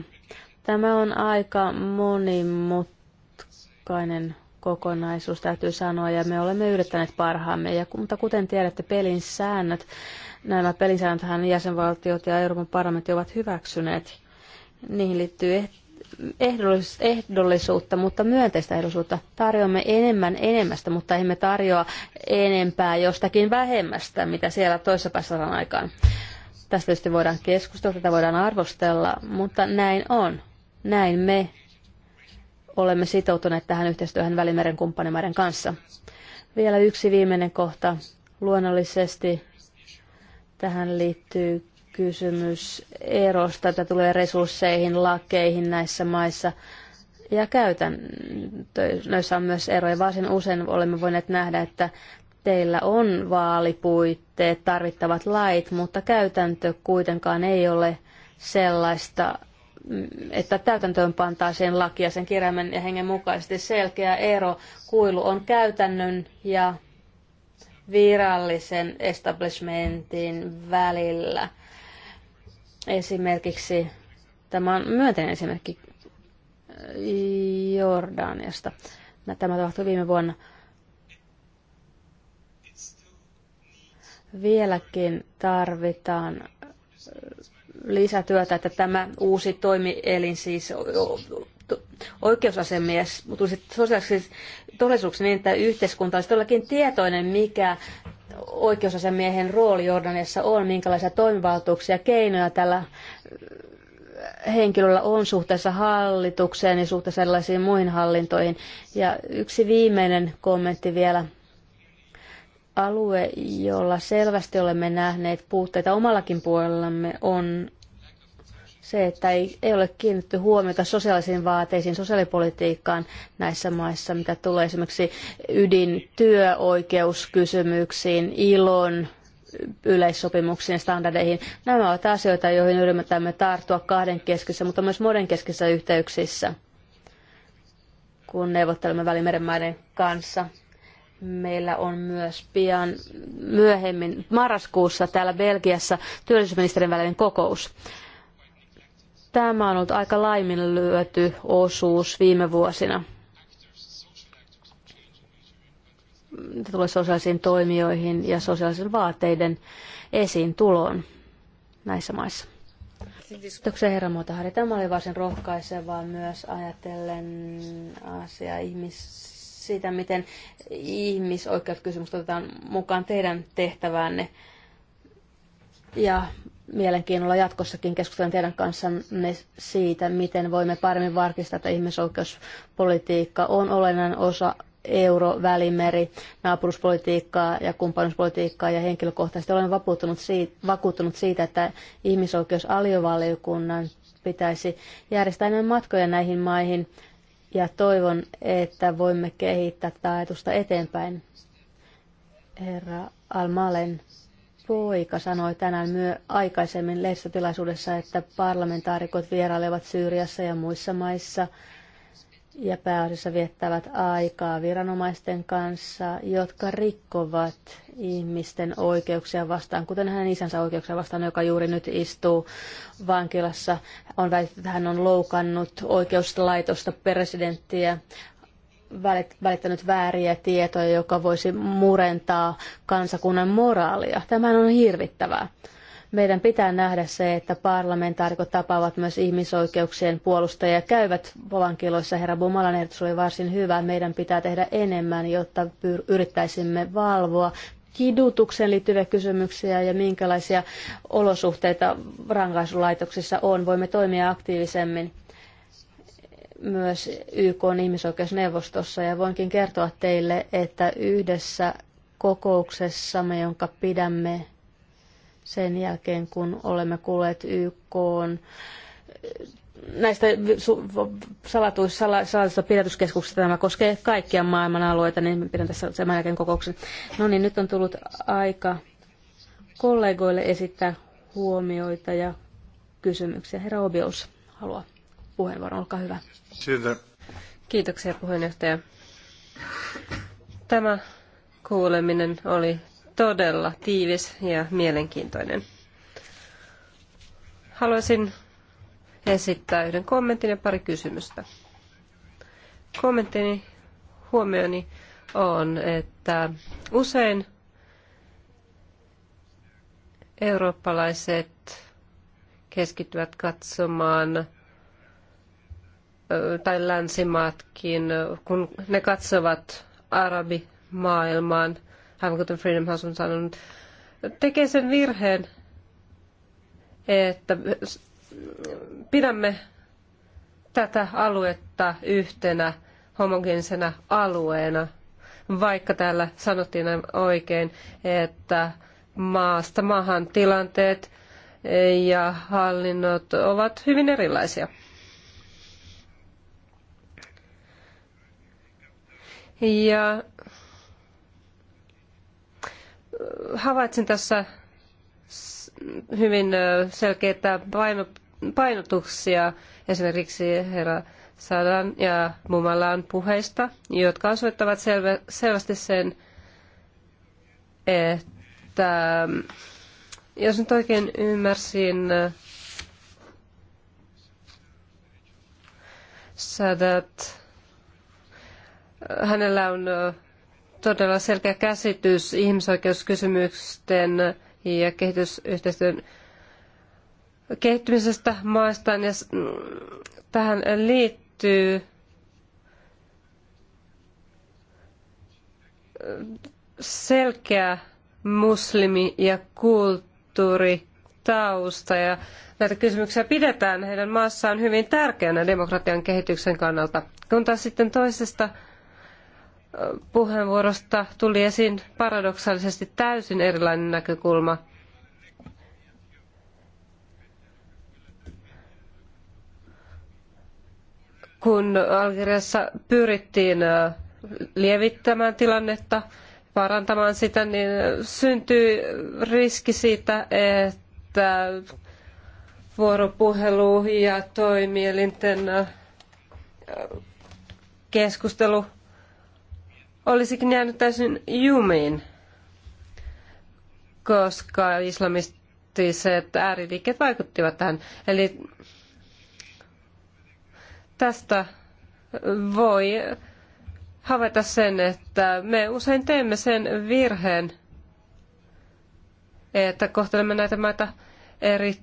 Tämä on aika monimutkainen monimutkainen kokonaisuus, täytyy sanoa, ja me olemme yrittäneet parhaamme. Ja, mutta kuten tiedätte, pelin säännöt, nämä pelin säännöthän jäsenvaltiot ja Euroopan parlamentti ovat hyväksyneet. Niihin liittyy eh- ehdollis- ehdollisuutta, mutta myönteistä ehdollisuutta. Tarjoamme enemmän enemmästä, mutta emme tarjoa enempää jostakin vähemmästä, mitä siellä toisessa päässä on aikaan. Tästä tietysti voidaan keskustella, tätä voidaan arvostella, mutta näin on. Näin me olemme sitoutuneet tähän yhteistyöhön Välimeren kumppanimaiden kanssa. Vielä yksi viimeinen kohta. Luonnollisesti tähän liittyy kysymys erosta, että tulee resursseihin, lakeihin näissä maissa. Ja käytännössä on myös eroja. Varsin usein olemme voineet nähdä, että teillä on vaalipuitteet, tarvittavat lait, mutta käytäntö kuitenkaan ei ole sellaista, että täytäntöön pantaisiin lakia sen kirjaimen ja hengen mukaisesti. Selkeä ero, kuilu on käytännön ja virallisen establishmentin välillä. Esimerkiksi, tämä on myönteinen esimerkki eh, Jordaniasta. Tämä tapahtui viime vuonna. Vieläkin tarvitaan eh, lisätyötä, että tämä uusi toimielin, siis oikeusasemies, tulisi sosiaaliseksi todellisuudeksi niin, että yhteiskunta olisi todellakin tietoinen, mikä oikeusasemiehen rooli Jordaniassa on, minkälaisia toimivaltuuksia keinoja tällä henkilöllä on suhteessa hallitukseen ja suhteessa erilaisiin muihin hallintoihin. Ja yksi viimeinen kommentti vielä alue, jolla selvästi olemme nähneet puutteita omallakin puolellamme, on se, että ei, ei ole kiinnitty huomiota sosiaalisiin vaateisiin, sosiaalipolitiikkaan näissä maissa, mitä tulee esimerkiksi ydintyöoikeuskysymyksiin, ilon yleissopimuksiin ja standardeihin. Nämä ovat asioita, joihin yritämme tarttua keskissä, mutta myös keskissä yhteyksissä, kun neuvottelemme välimeren maiden kanssa Meillä on myös pian myöhemmin marraskuussa täällä Belgiassa työllisyysministerin välinen kokous. Tämä on ollut aika laiminlyöty osuus viime vuosina. tulee sosiaalisiin toimijoihin ja sosiaalisen vaateiden esiin tuloon näissä maissa. Kiitoksia herra Muotahari. Tämä oli varsin rohkaisevaa myös ajatellen asia ihmis siitä, miten ihmisoikeuskysymykset otetaan mukaan teidän tehtäväänne. Ja mielenkiinnolla jatkossakin keskustelen teidän kanssanne siitä, miten voimme paremmin varkistaa, että ihmisoikeuspolitiikka on olennainen osa euro, välimeri, naapuruspolitiikkaa ja kumppanuuspolitiikkaa ja henkilökohtaisesti olen vakuuttunut siitä, vakuuttunut siitä että ihmisoikeusaliovaliokunnan pitäisi järjestää enemmän matkoja näihin maihin ja toivon, että voimme kehittää tätä ajatusta eteenpäin. Herra Almalen poika sanoi tänään myö aikaisemmin lehdistötilaisuudessa, että parlamentaarikot vierailevat Syyriassa ja muissa maissa – ja pääasiassa viettävät aikaa viranomaisten kanssa, jotka rikkovat ihmisten oikeuksia vastaan, kuten hänen isänsä oikeuksia vastaan, joka juuri nyt istuu vankilassa. On väitetty, että hän on loukannut oikeuslaitosta, presidenttiä, välittänyt vääriä tietoja, joka voisi murentaa kansakunnan moraalia. Tämä on hirvittävää. Meidän pitää nähdä se, että parlamentaarikot tapaavat myös ihmisoikeuksien puolustajia ja käyvät vankiloissa. Herra Bumalan ehdotus oli varsin hyvä. Meidän pitää tehdä enemmän, jotta yrittäisimme valvoa kidutukseen liittyviä kysymyksiä ja minkälaisia olosuhteita rankaisulaitoksissa on. Voimme toimia aktiivisemmin myös YK ihmisoikeusneuvostossa ja voinkin kertoa teille, että yhdessä kokouksessamme, jonka pidämme sen jälkeen, kun olemme kuulleet YK eh, näistä salatuista, salatuista pidätyskeskuksista, tämä koskee kaikkia maailman alueita, niin pidän tässä sen jälkeen kokouksen. No niin, nyt on tullut aika kollegoille esittää huomioita ja kysymyksiä. Herra Obios haluaa puheenvuoron, olkaa hyvä. Siitä. Kiitoksia puheenjohtaja. Tämä kuuleminen oli todella tiivis ja mielenkiintoinen. Haluaisin esittää yhden kommentin ja pari kysymystä. Kommenttini, huomioni on, että usein eurooppalaiset keskittyvät katsomaan tai länsimaatkin, kun ne katsovat arabimaailmaan – aivan kuten Freedom House on sanonut, tekee sen virheen, että pidämme tätä aluetta yhtenä homogeenisena alueena, vaikka täällä sanottiin oikein, että maasta maahan tilanteet ja hallinnot ovat hyvin erilaisia. Ja havaitsin tässä hyvin selkeitä painotuksia esimerkiksi herra Sadan ja Mumalan puheista, jotka osoittavat selvästi sen, että jos nyt oikein ymmärsin, Sadat, hänellä on todella selkeä käsitys ihmisoikeuskysymysten ja kehitysyhteistyön kehittymisestä maistaan ja tähän liittyy äh, selkeä muslimi- ja kulttuuritausta ja näitä kysymyksiä pidetään heidän maassaan hyvin tärkeänä demokratian kehityksen kannalta. Kun taas sitten toisesta puheenvuorosta tuli esiin paradoksaalisesti täysin erilainen näkökulma. Kun Algeriassa pyrittiin lievittämään tilannetta, parantamaan sitä, niin syntyi riski siitä, että vuoropuhelu ja toimielinten keskustelu olisikin jäänyt täysin jumiin, koska islamistiset ääriliikkeet vaikuttivat tähän. Eli tästä voi havaita sen, että me usein teemme sen virheen, että kohtelemme näitä maita eri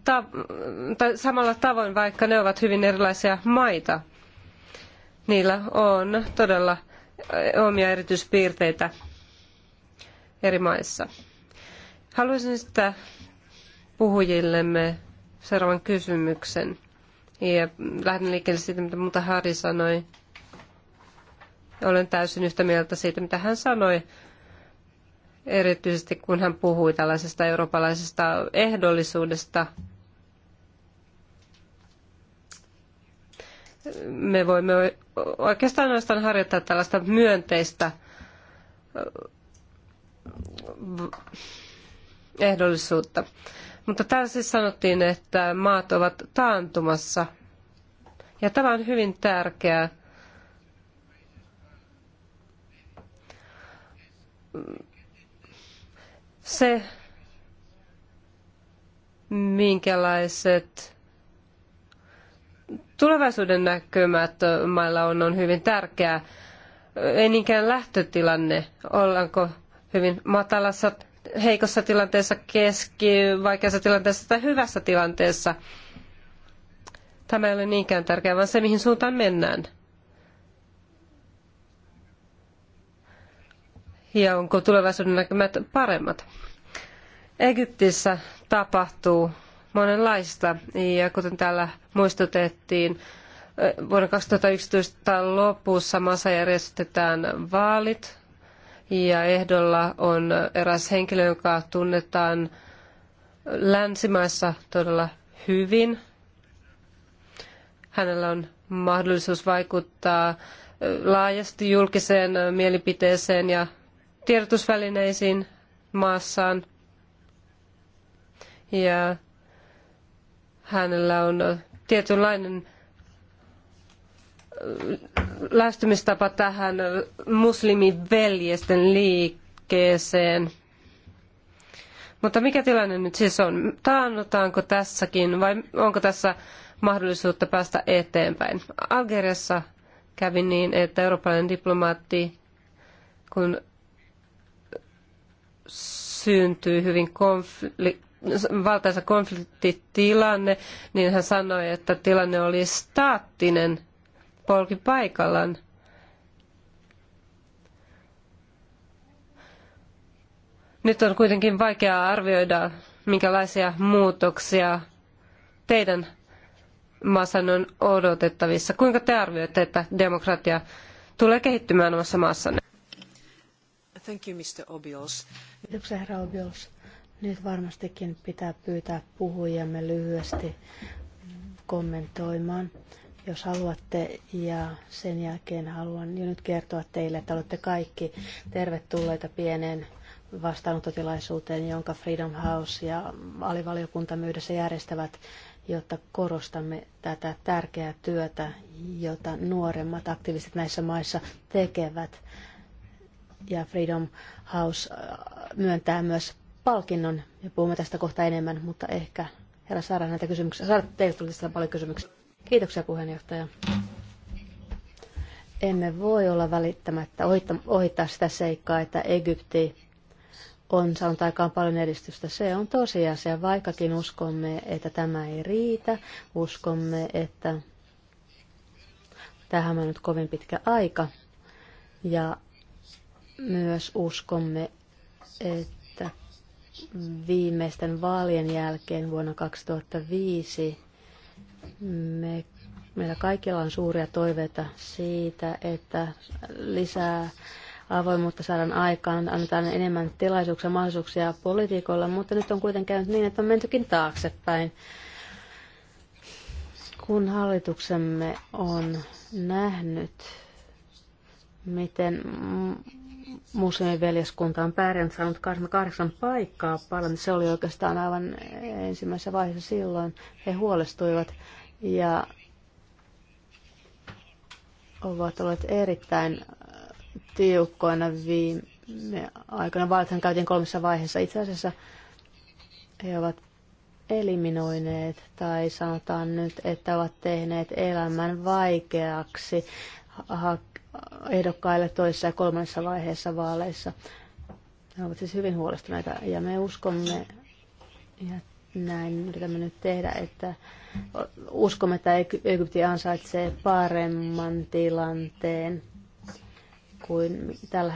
tai samalla tavoin, vaikka ne ovat hyvin erilaisia maita. Niillä on todella omia erityispiirteitä eri maissa. Haluaisin esittää puhujillemme seuraavan kysymyksen. Ja lähden liikkeelle siitä, mitä muuta Hari sanoi. Olen täysin yhtä mieltä siitä, mitä hän sanoi, erityisesti kun hän puhui tällaisesta eurooppalaisesta ehdollisuudesta – me voimme oikeastaan ainoastaan harjoittaa tällaista myönteistä äh, ehdollisuutta. Mutta täällä siis sanottiin, että maat ovat taantumassa. Ja tämä on hyvin tärkeää. Se, minkälaiset tulevaisuuden näkymät mailla on, on hyvin tärkeää. Ei niinkään lähtötilanne, ollaanko hyvin matalassa, heikossa tilanteessa, keski, vaikeassa tilanteessa tai hyvässä tilanteessa. Tämä ei ole niinkään tärkeää, vaan se, mihin suuntaan mennään. Ja onko tulevaisuuden näkymät paremmat? Egyptissä tapahtuu monenlaista. Ja kuten täällä muistutettiin, vuoden 2011 lopussa maassa järjestetään vaalit ja ehdolla on eräs henkilö, joka tunnetaan länsimaissa todella hyvin. Hänellä on mahdollisuus vaikuttaa laajasti julkiseen mielipiteeseen ja tiedotusvälineisiin maassaan. Ja Hänellä on tietynlainen äh, lähestymistapa tähän muslimiveljesten liikkeeseen. Mutta mikä tilanne nyt siis on? Taannutaanko tässäkin vai onko tässä mahdollisuutta päästä eteenpäin? Algeriassa kävi niin, että eurooppalainen diplomaatti, kun syntyi hyvin konflikti valtaisa konfliktitilanne, niin hän sanoi, että tilanne oli staattinen, polki paikallaan. Nyt on kuitenkin vaikeaa arvioida, minkälaisia muutoksia teidän maassa on odotettavissa. Kuinka te arvioitte, että demokratia tulee kehittymään omassa maassanne? Thank you, Mr. Obios. Kiitoksia, herra Obios. Nyt varmastikin pitää pyytää puhujamme lyhyesti kommentoimaan, jos haluatte. Ja sen jälkeen haluan jo nyt kertoa teille, että olette kaikki tervetulleita pieneen vastaanottotilaisuuteen, jonka Freedom House ja alivaliokunta myydessä järjestävät, jotta korostamme tätä tärkeää työtä, jota nuoremmat aktiiviset näissä maissa tekevät. Ja Freedom House myöntää myös palkinnon ja puhumme tästä kohta enemmän, mutta ehkä herra Saara näitä kysymyksiä. Saara, teiltä tuli tästä paljon kysymyksiä. Kiitoksia puheenjohtaja. Emme voi olla välittämättä ohittaa sitä seikkaa, että Egypti on saanut aikaan paljon edistystä. Se on tosiasia, vaikkakin uskomme, että tämä ei riitä. Uskomme, että tähän on nyt kovin pitkä aika. Ja myös uskomme, että viimeisten vaalien jälkeen vuonna 2005 me, meillä kaikilla on suuria toiveita siitä, että lisää avoimuutta saadaan aikaan, annetaan enemmän tilaisuuksia ja mahdollisuuksia poliitikoilla, mutta nyt on kuitenkin käynyt niin, että on mentykin taaksepäin. Kun hallituksemme on nähnyt, miten museen veljeskuntaan pärjännyt saanut 28 paikkaa paljon. Se oli oikeastaan aivan ensimmäisessä vaiheessa silloin. He huolestuivat ja ovat olleet erittäin tiukkoina viime aikoina. Vaalithan käytiin kolmessa vaiheessa. Itse asiassa he ovat eliminoineet tai sanotaan nyt, että ovat tehneet elämän vaikeaksi ha- ehdokkaille toisessa ja kolmannessa vaiheessa vaaleissa. Ne ovat siis hyvin huolestuneita ja me uskomme, ja näin yritämme nyt tehdä, että uskomme, että Egypti ansaitsee paremman tilanteen kuin tällä